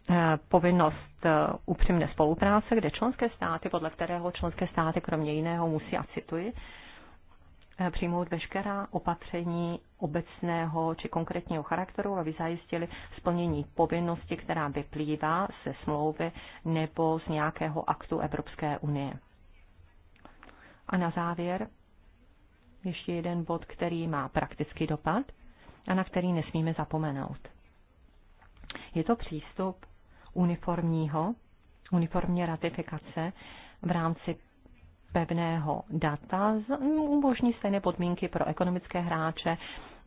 eh, povinnost eh, upřímné spolupráce, kde členské státy, podle kterého členské státy kromě jiného musí, a cituji, eh, přijmout veškerá opatření obecného či konkrétního charakteru, aby zajistili splnění povinnosti, která vyplývá se smlouvy nebo z nějakého aktu Evropské unie. A na závěr ještě jeden bod, který má praktický dopad a na který nesmíme zapomenout. Je to přístup uniformního, uniformní ratifikace v rámci pevného data umožní stejné podmínky pro ekonomické hráče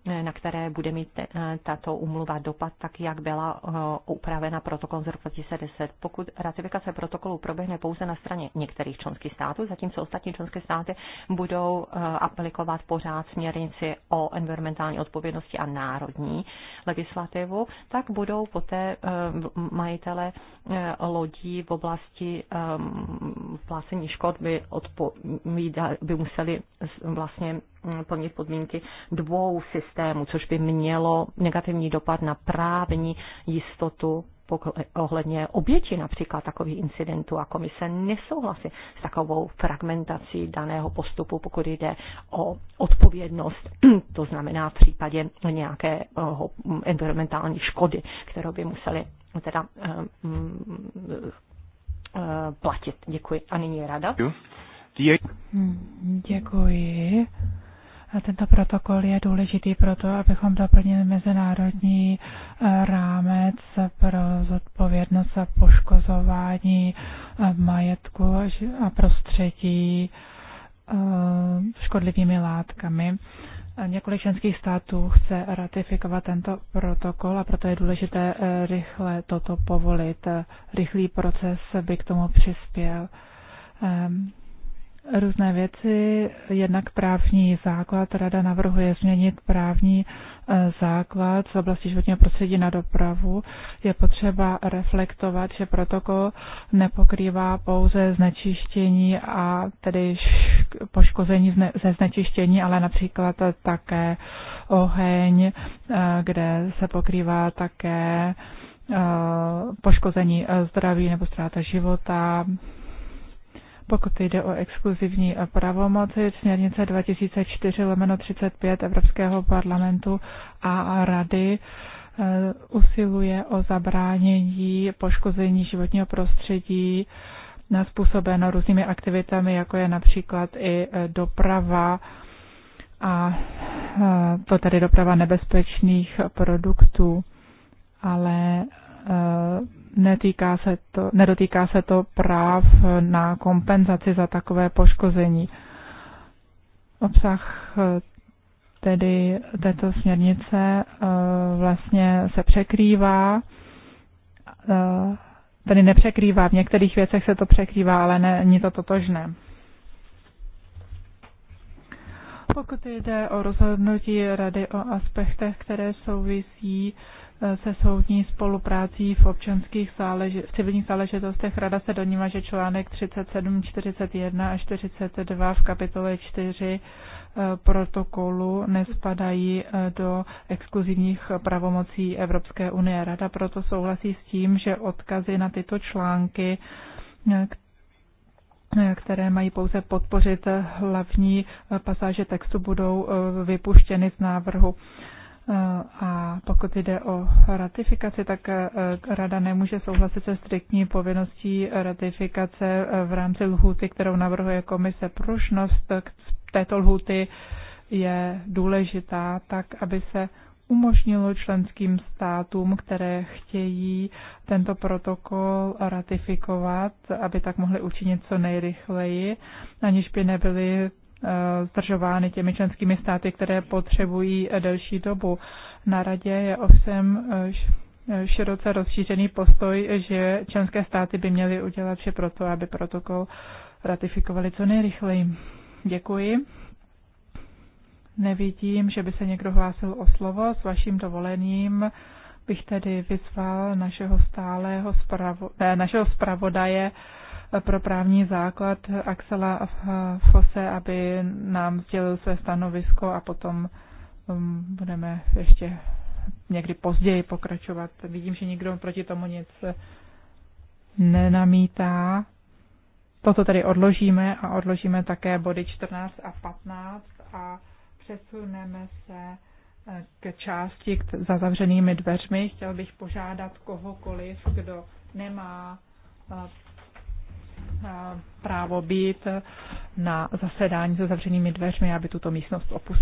Eh, na které bude mít eh, tato umluva dopad, tak jak byla eh, upravena protokol z roku 2010. Pokud ratifikace protokolu proběhne pouze na straně některých členských států, zatímco ostatní členské státy budou aplikovat pořád směrnici o environmentální odpovědnosti a národní legislativu, tak budou poté majitele lodí v oblasti vlastní škod by, odpo- by museli vlastně Mm, plnit podmínky dvou systémů, což by mělo negativní dopad na právní jistotu ohledně oběti například takových incidentů a komise nesouhlasí s takovou fragmentací daného postupu, pokud jde o odpovědnost, [CLEARS THROAT] to znamená v případě nějakého mm, environmentální škody, kterou by museli teda mm, platit. Děkuji. A nyní je rada. Děkuji. Hmm, děkuji. Tento protokol je důležitý proto, abychom doplnili mezinárodní eh, rámec pro zodpovědnost za poškozování eh, majetku a prostředí eh, škodlivými látkami. Několik členských států chce ratifikovat tento protokol a proto je důležité rychle toto povolit. Rychlý proces by k tomu přispěl. Ehm, různé věci. Jednak právní základ. Rada navrhuje změnit právní e, základ z oblasti životního prostředí na dopravu. Je potřeba reflektovat, že protokol nepokrývá pouze znečištění a tedy poškození ze znečištění, ale například také oheň, e, kde se pokrývá také e, poškození zdraví nebo ztráta života, pokud jde o exkluzivní pravomoci, směrnice 2004-35 Evropského parlamentu a rady eh, usiluje o zabránění poškození životního prostředí na eh, způsobeno různými aktivitami, jako je například i eh, doprava a to tedy doprava nebezpečných produktů ale Eh, netýká se to, nedotýká se to práv na kompenzaci za takové poškození. Obsah eh, tedy této směrnice eh, vlastně se překrývá, tedy nepřekrývá, v některých věcech se to překrývá, ale není to totožné. Pokud jde o rozhodnutí Rady o aspektech, které souvisí uh, se soudní spoluprácí v občanských sálež v civilních záležitostech. Rada se donívá, že článek 37, 41 a 42 v kapitole 4 eh, protokolu nespadají eh, do exkluzivních pravomocí Evropské unie. Rada proto souhlasí s tím, že odkazy na tyto články, eh, které mají pouze podpořit hlavní pasáže textu, budou vypuštěny z návrhu. Eh, a pokud jde o ratifikaci, tak eh, Rada nemůže souhlasit se striktní povinností ratifikace eh, v rámci lhůty, kterou navrhuje komise. Pružnost této lhůty je důležitá tak, aby se umožnilo členským státům, které chtějí tento protokol ratifikovat, aby tak mohli učinit co nejrychleji, aniž by nebyly Eh, zdržovány těmi členskými státy, které potřebují delší dobu. Na radě je ovšem eh, široce rozšířený postoj, že členské státy by měly udělat vše proto, aby protokol ratifikovali co nejrychleji. Děkuji. Nevidím, že by se někdo hlásil o slovo. S vaším dovolením bych tedy vyzval našeho stálého spravo, ne, našeho spravodaje pro právní základ Axela Fose, aby nám sdělil své stanovisko a potom um, budeme ještě někdy později pokračovat. Vidím, že nikdo proti tomu nic nenamítá. Toto tedy odložíme a odložíme také body 14 a 15 a přesuneme se eh, k části k za zavřenými dveřmi. Chtěl bych požádat kohokoliv, kdo nemá eh, právo být e, na zasedání se zavřenými dveřmi, aby tuto místnost opustil.